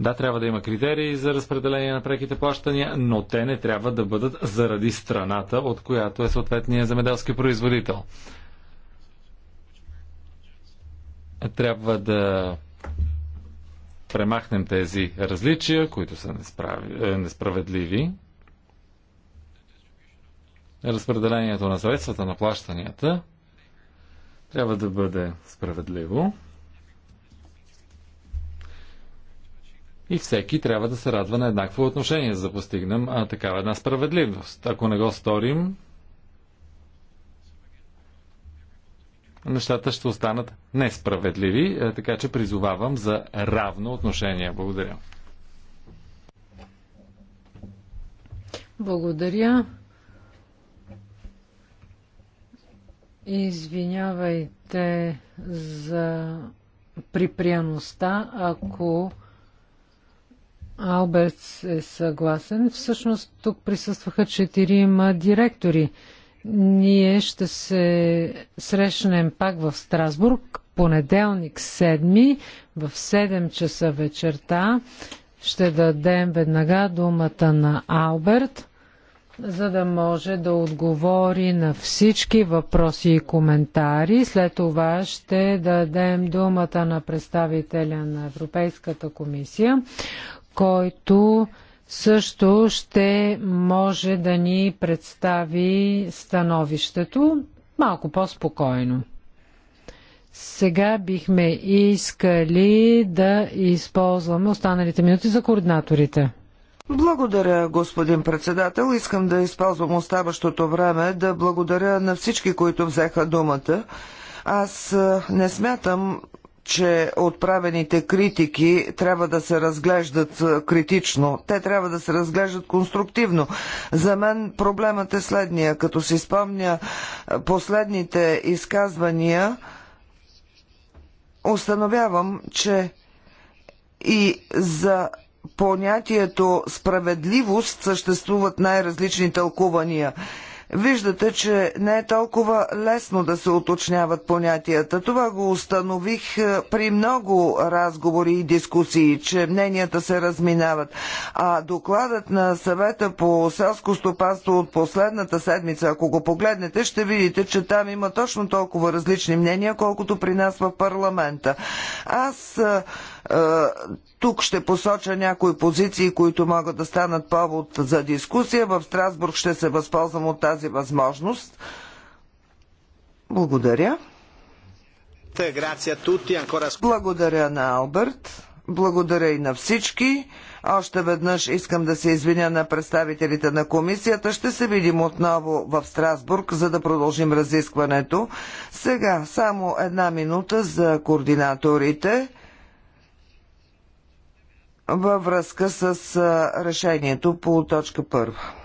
Да, трябва да има критерии за разпределение на преките плащания, но те не трябва да бъдат заради страната, от която е съответния земеделски производител. Трябва да премахнем тези различия, които са е, несправедливи, разпределението на средствата на плащанията трябва да бъде справедливо и всеки трябва да се радва на еднакво отношение, за да постигнем а, такава една справедливост. Ако не го сторим, нещата ще останат несправедливи, е, така че призовавам за равно отношение. Благодаря. Благодаря. Извинявайте за припряността, ако Алберт е съгласен. Всъщност тук присъстваха четирима директори. Ние ще се срещнем пак в Страсбург, понеделник 7 в 7 часа вечерта. Ще дадем веднага думата на Алберт, за да може да отговори на всички въпроси и коментари. След това ще дадем думата на представителя на Европейската комисия, който също ще може да ни представи становището малко по-спокойно. Сега бихме искали да използваме останалите минути за координаторите. Благодаря, господин председател. Искам да използвам оставащото време да благодаря на всички, които взеха думата. Аз не смятам, че отправените критики трябва да се разглеждат е, критично. Те трябва да се разглеждат конструктивно. За мен проблемът е следния. Като си спомня е, последните изказвания, установявам, че и за понятието справедливост съществуват най-различни тълкувания. Виждате, че не е толкова лесно да се уточняват понятията. Това го установих е, при много разговори и дискусии, че мненията се разминават. А докладът на съвета по селско стопанство от последната седмица, ако го погледнете, ще видите, че там има точно толкова различни мнения, колкото при нас в парламента. Аз е, е, тук ще посоча някои позиции, които могат да станат повод за дискусия. В Страсбург ще се възползвам от тази възможност. Благодаря. Благодаря на Алберт. Благодаря и на всички. Още веднъж искам да се извиня на представителите на комисията. Ще се видим отново в Страсбург, за да продължим разискването. Сега само една минута за координаторите във връзка с решението по точка първа.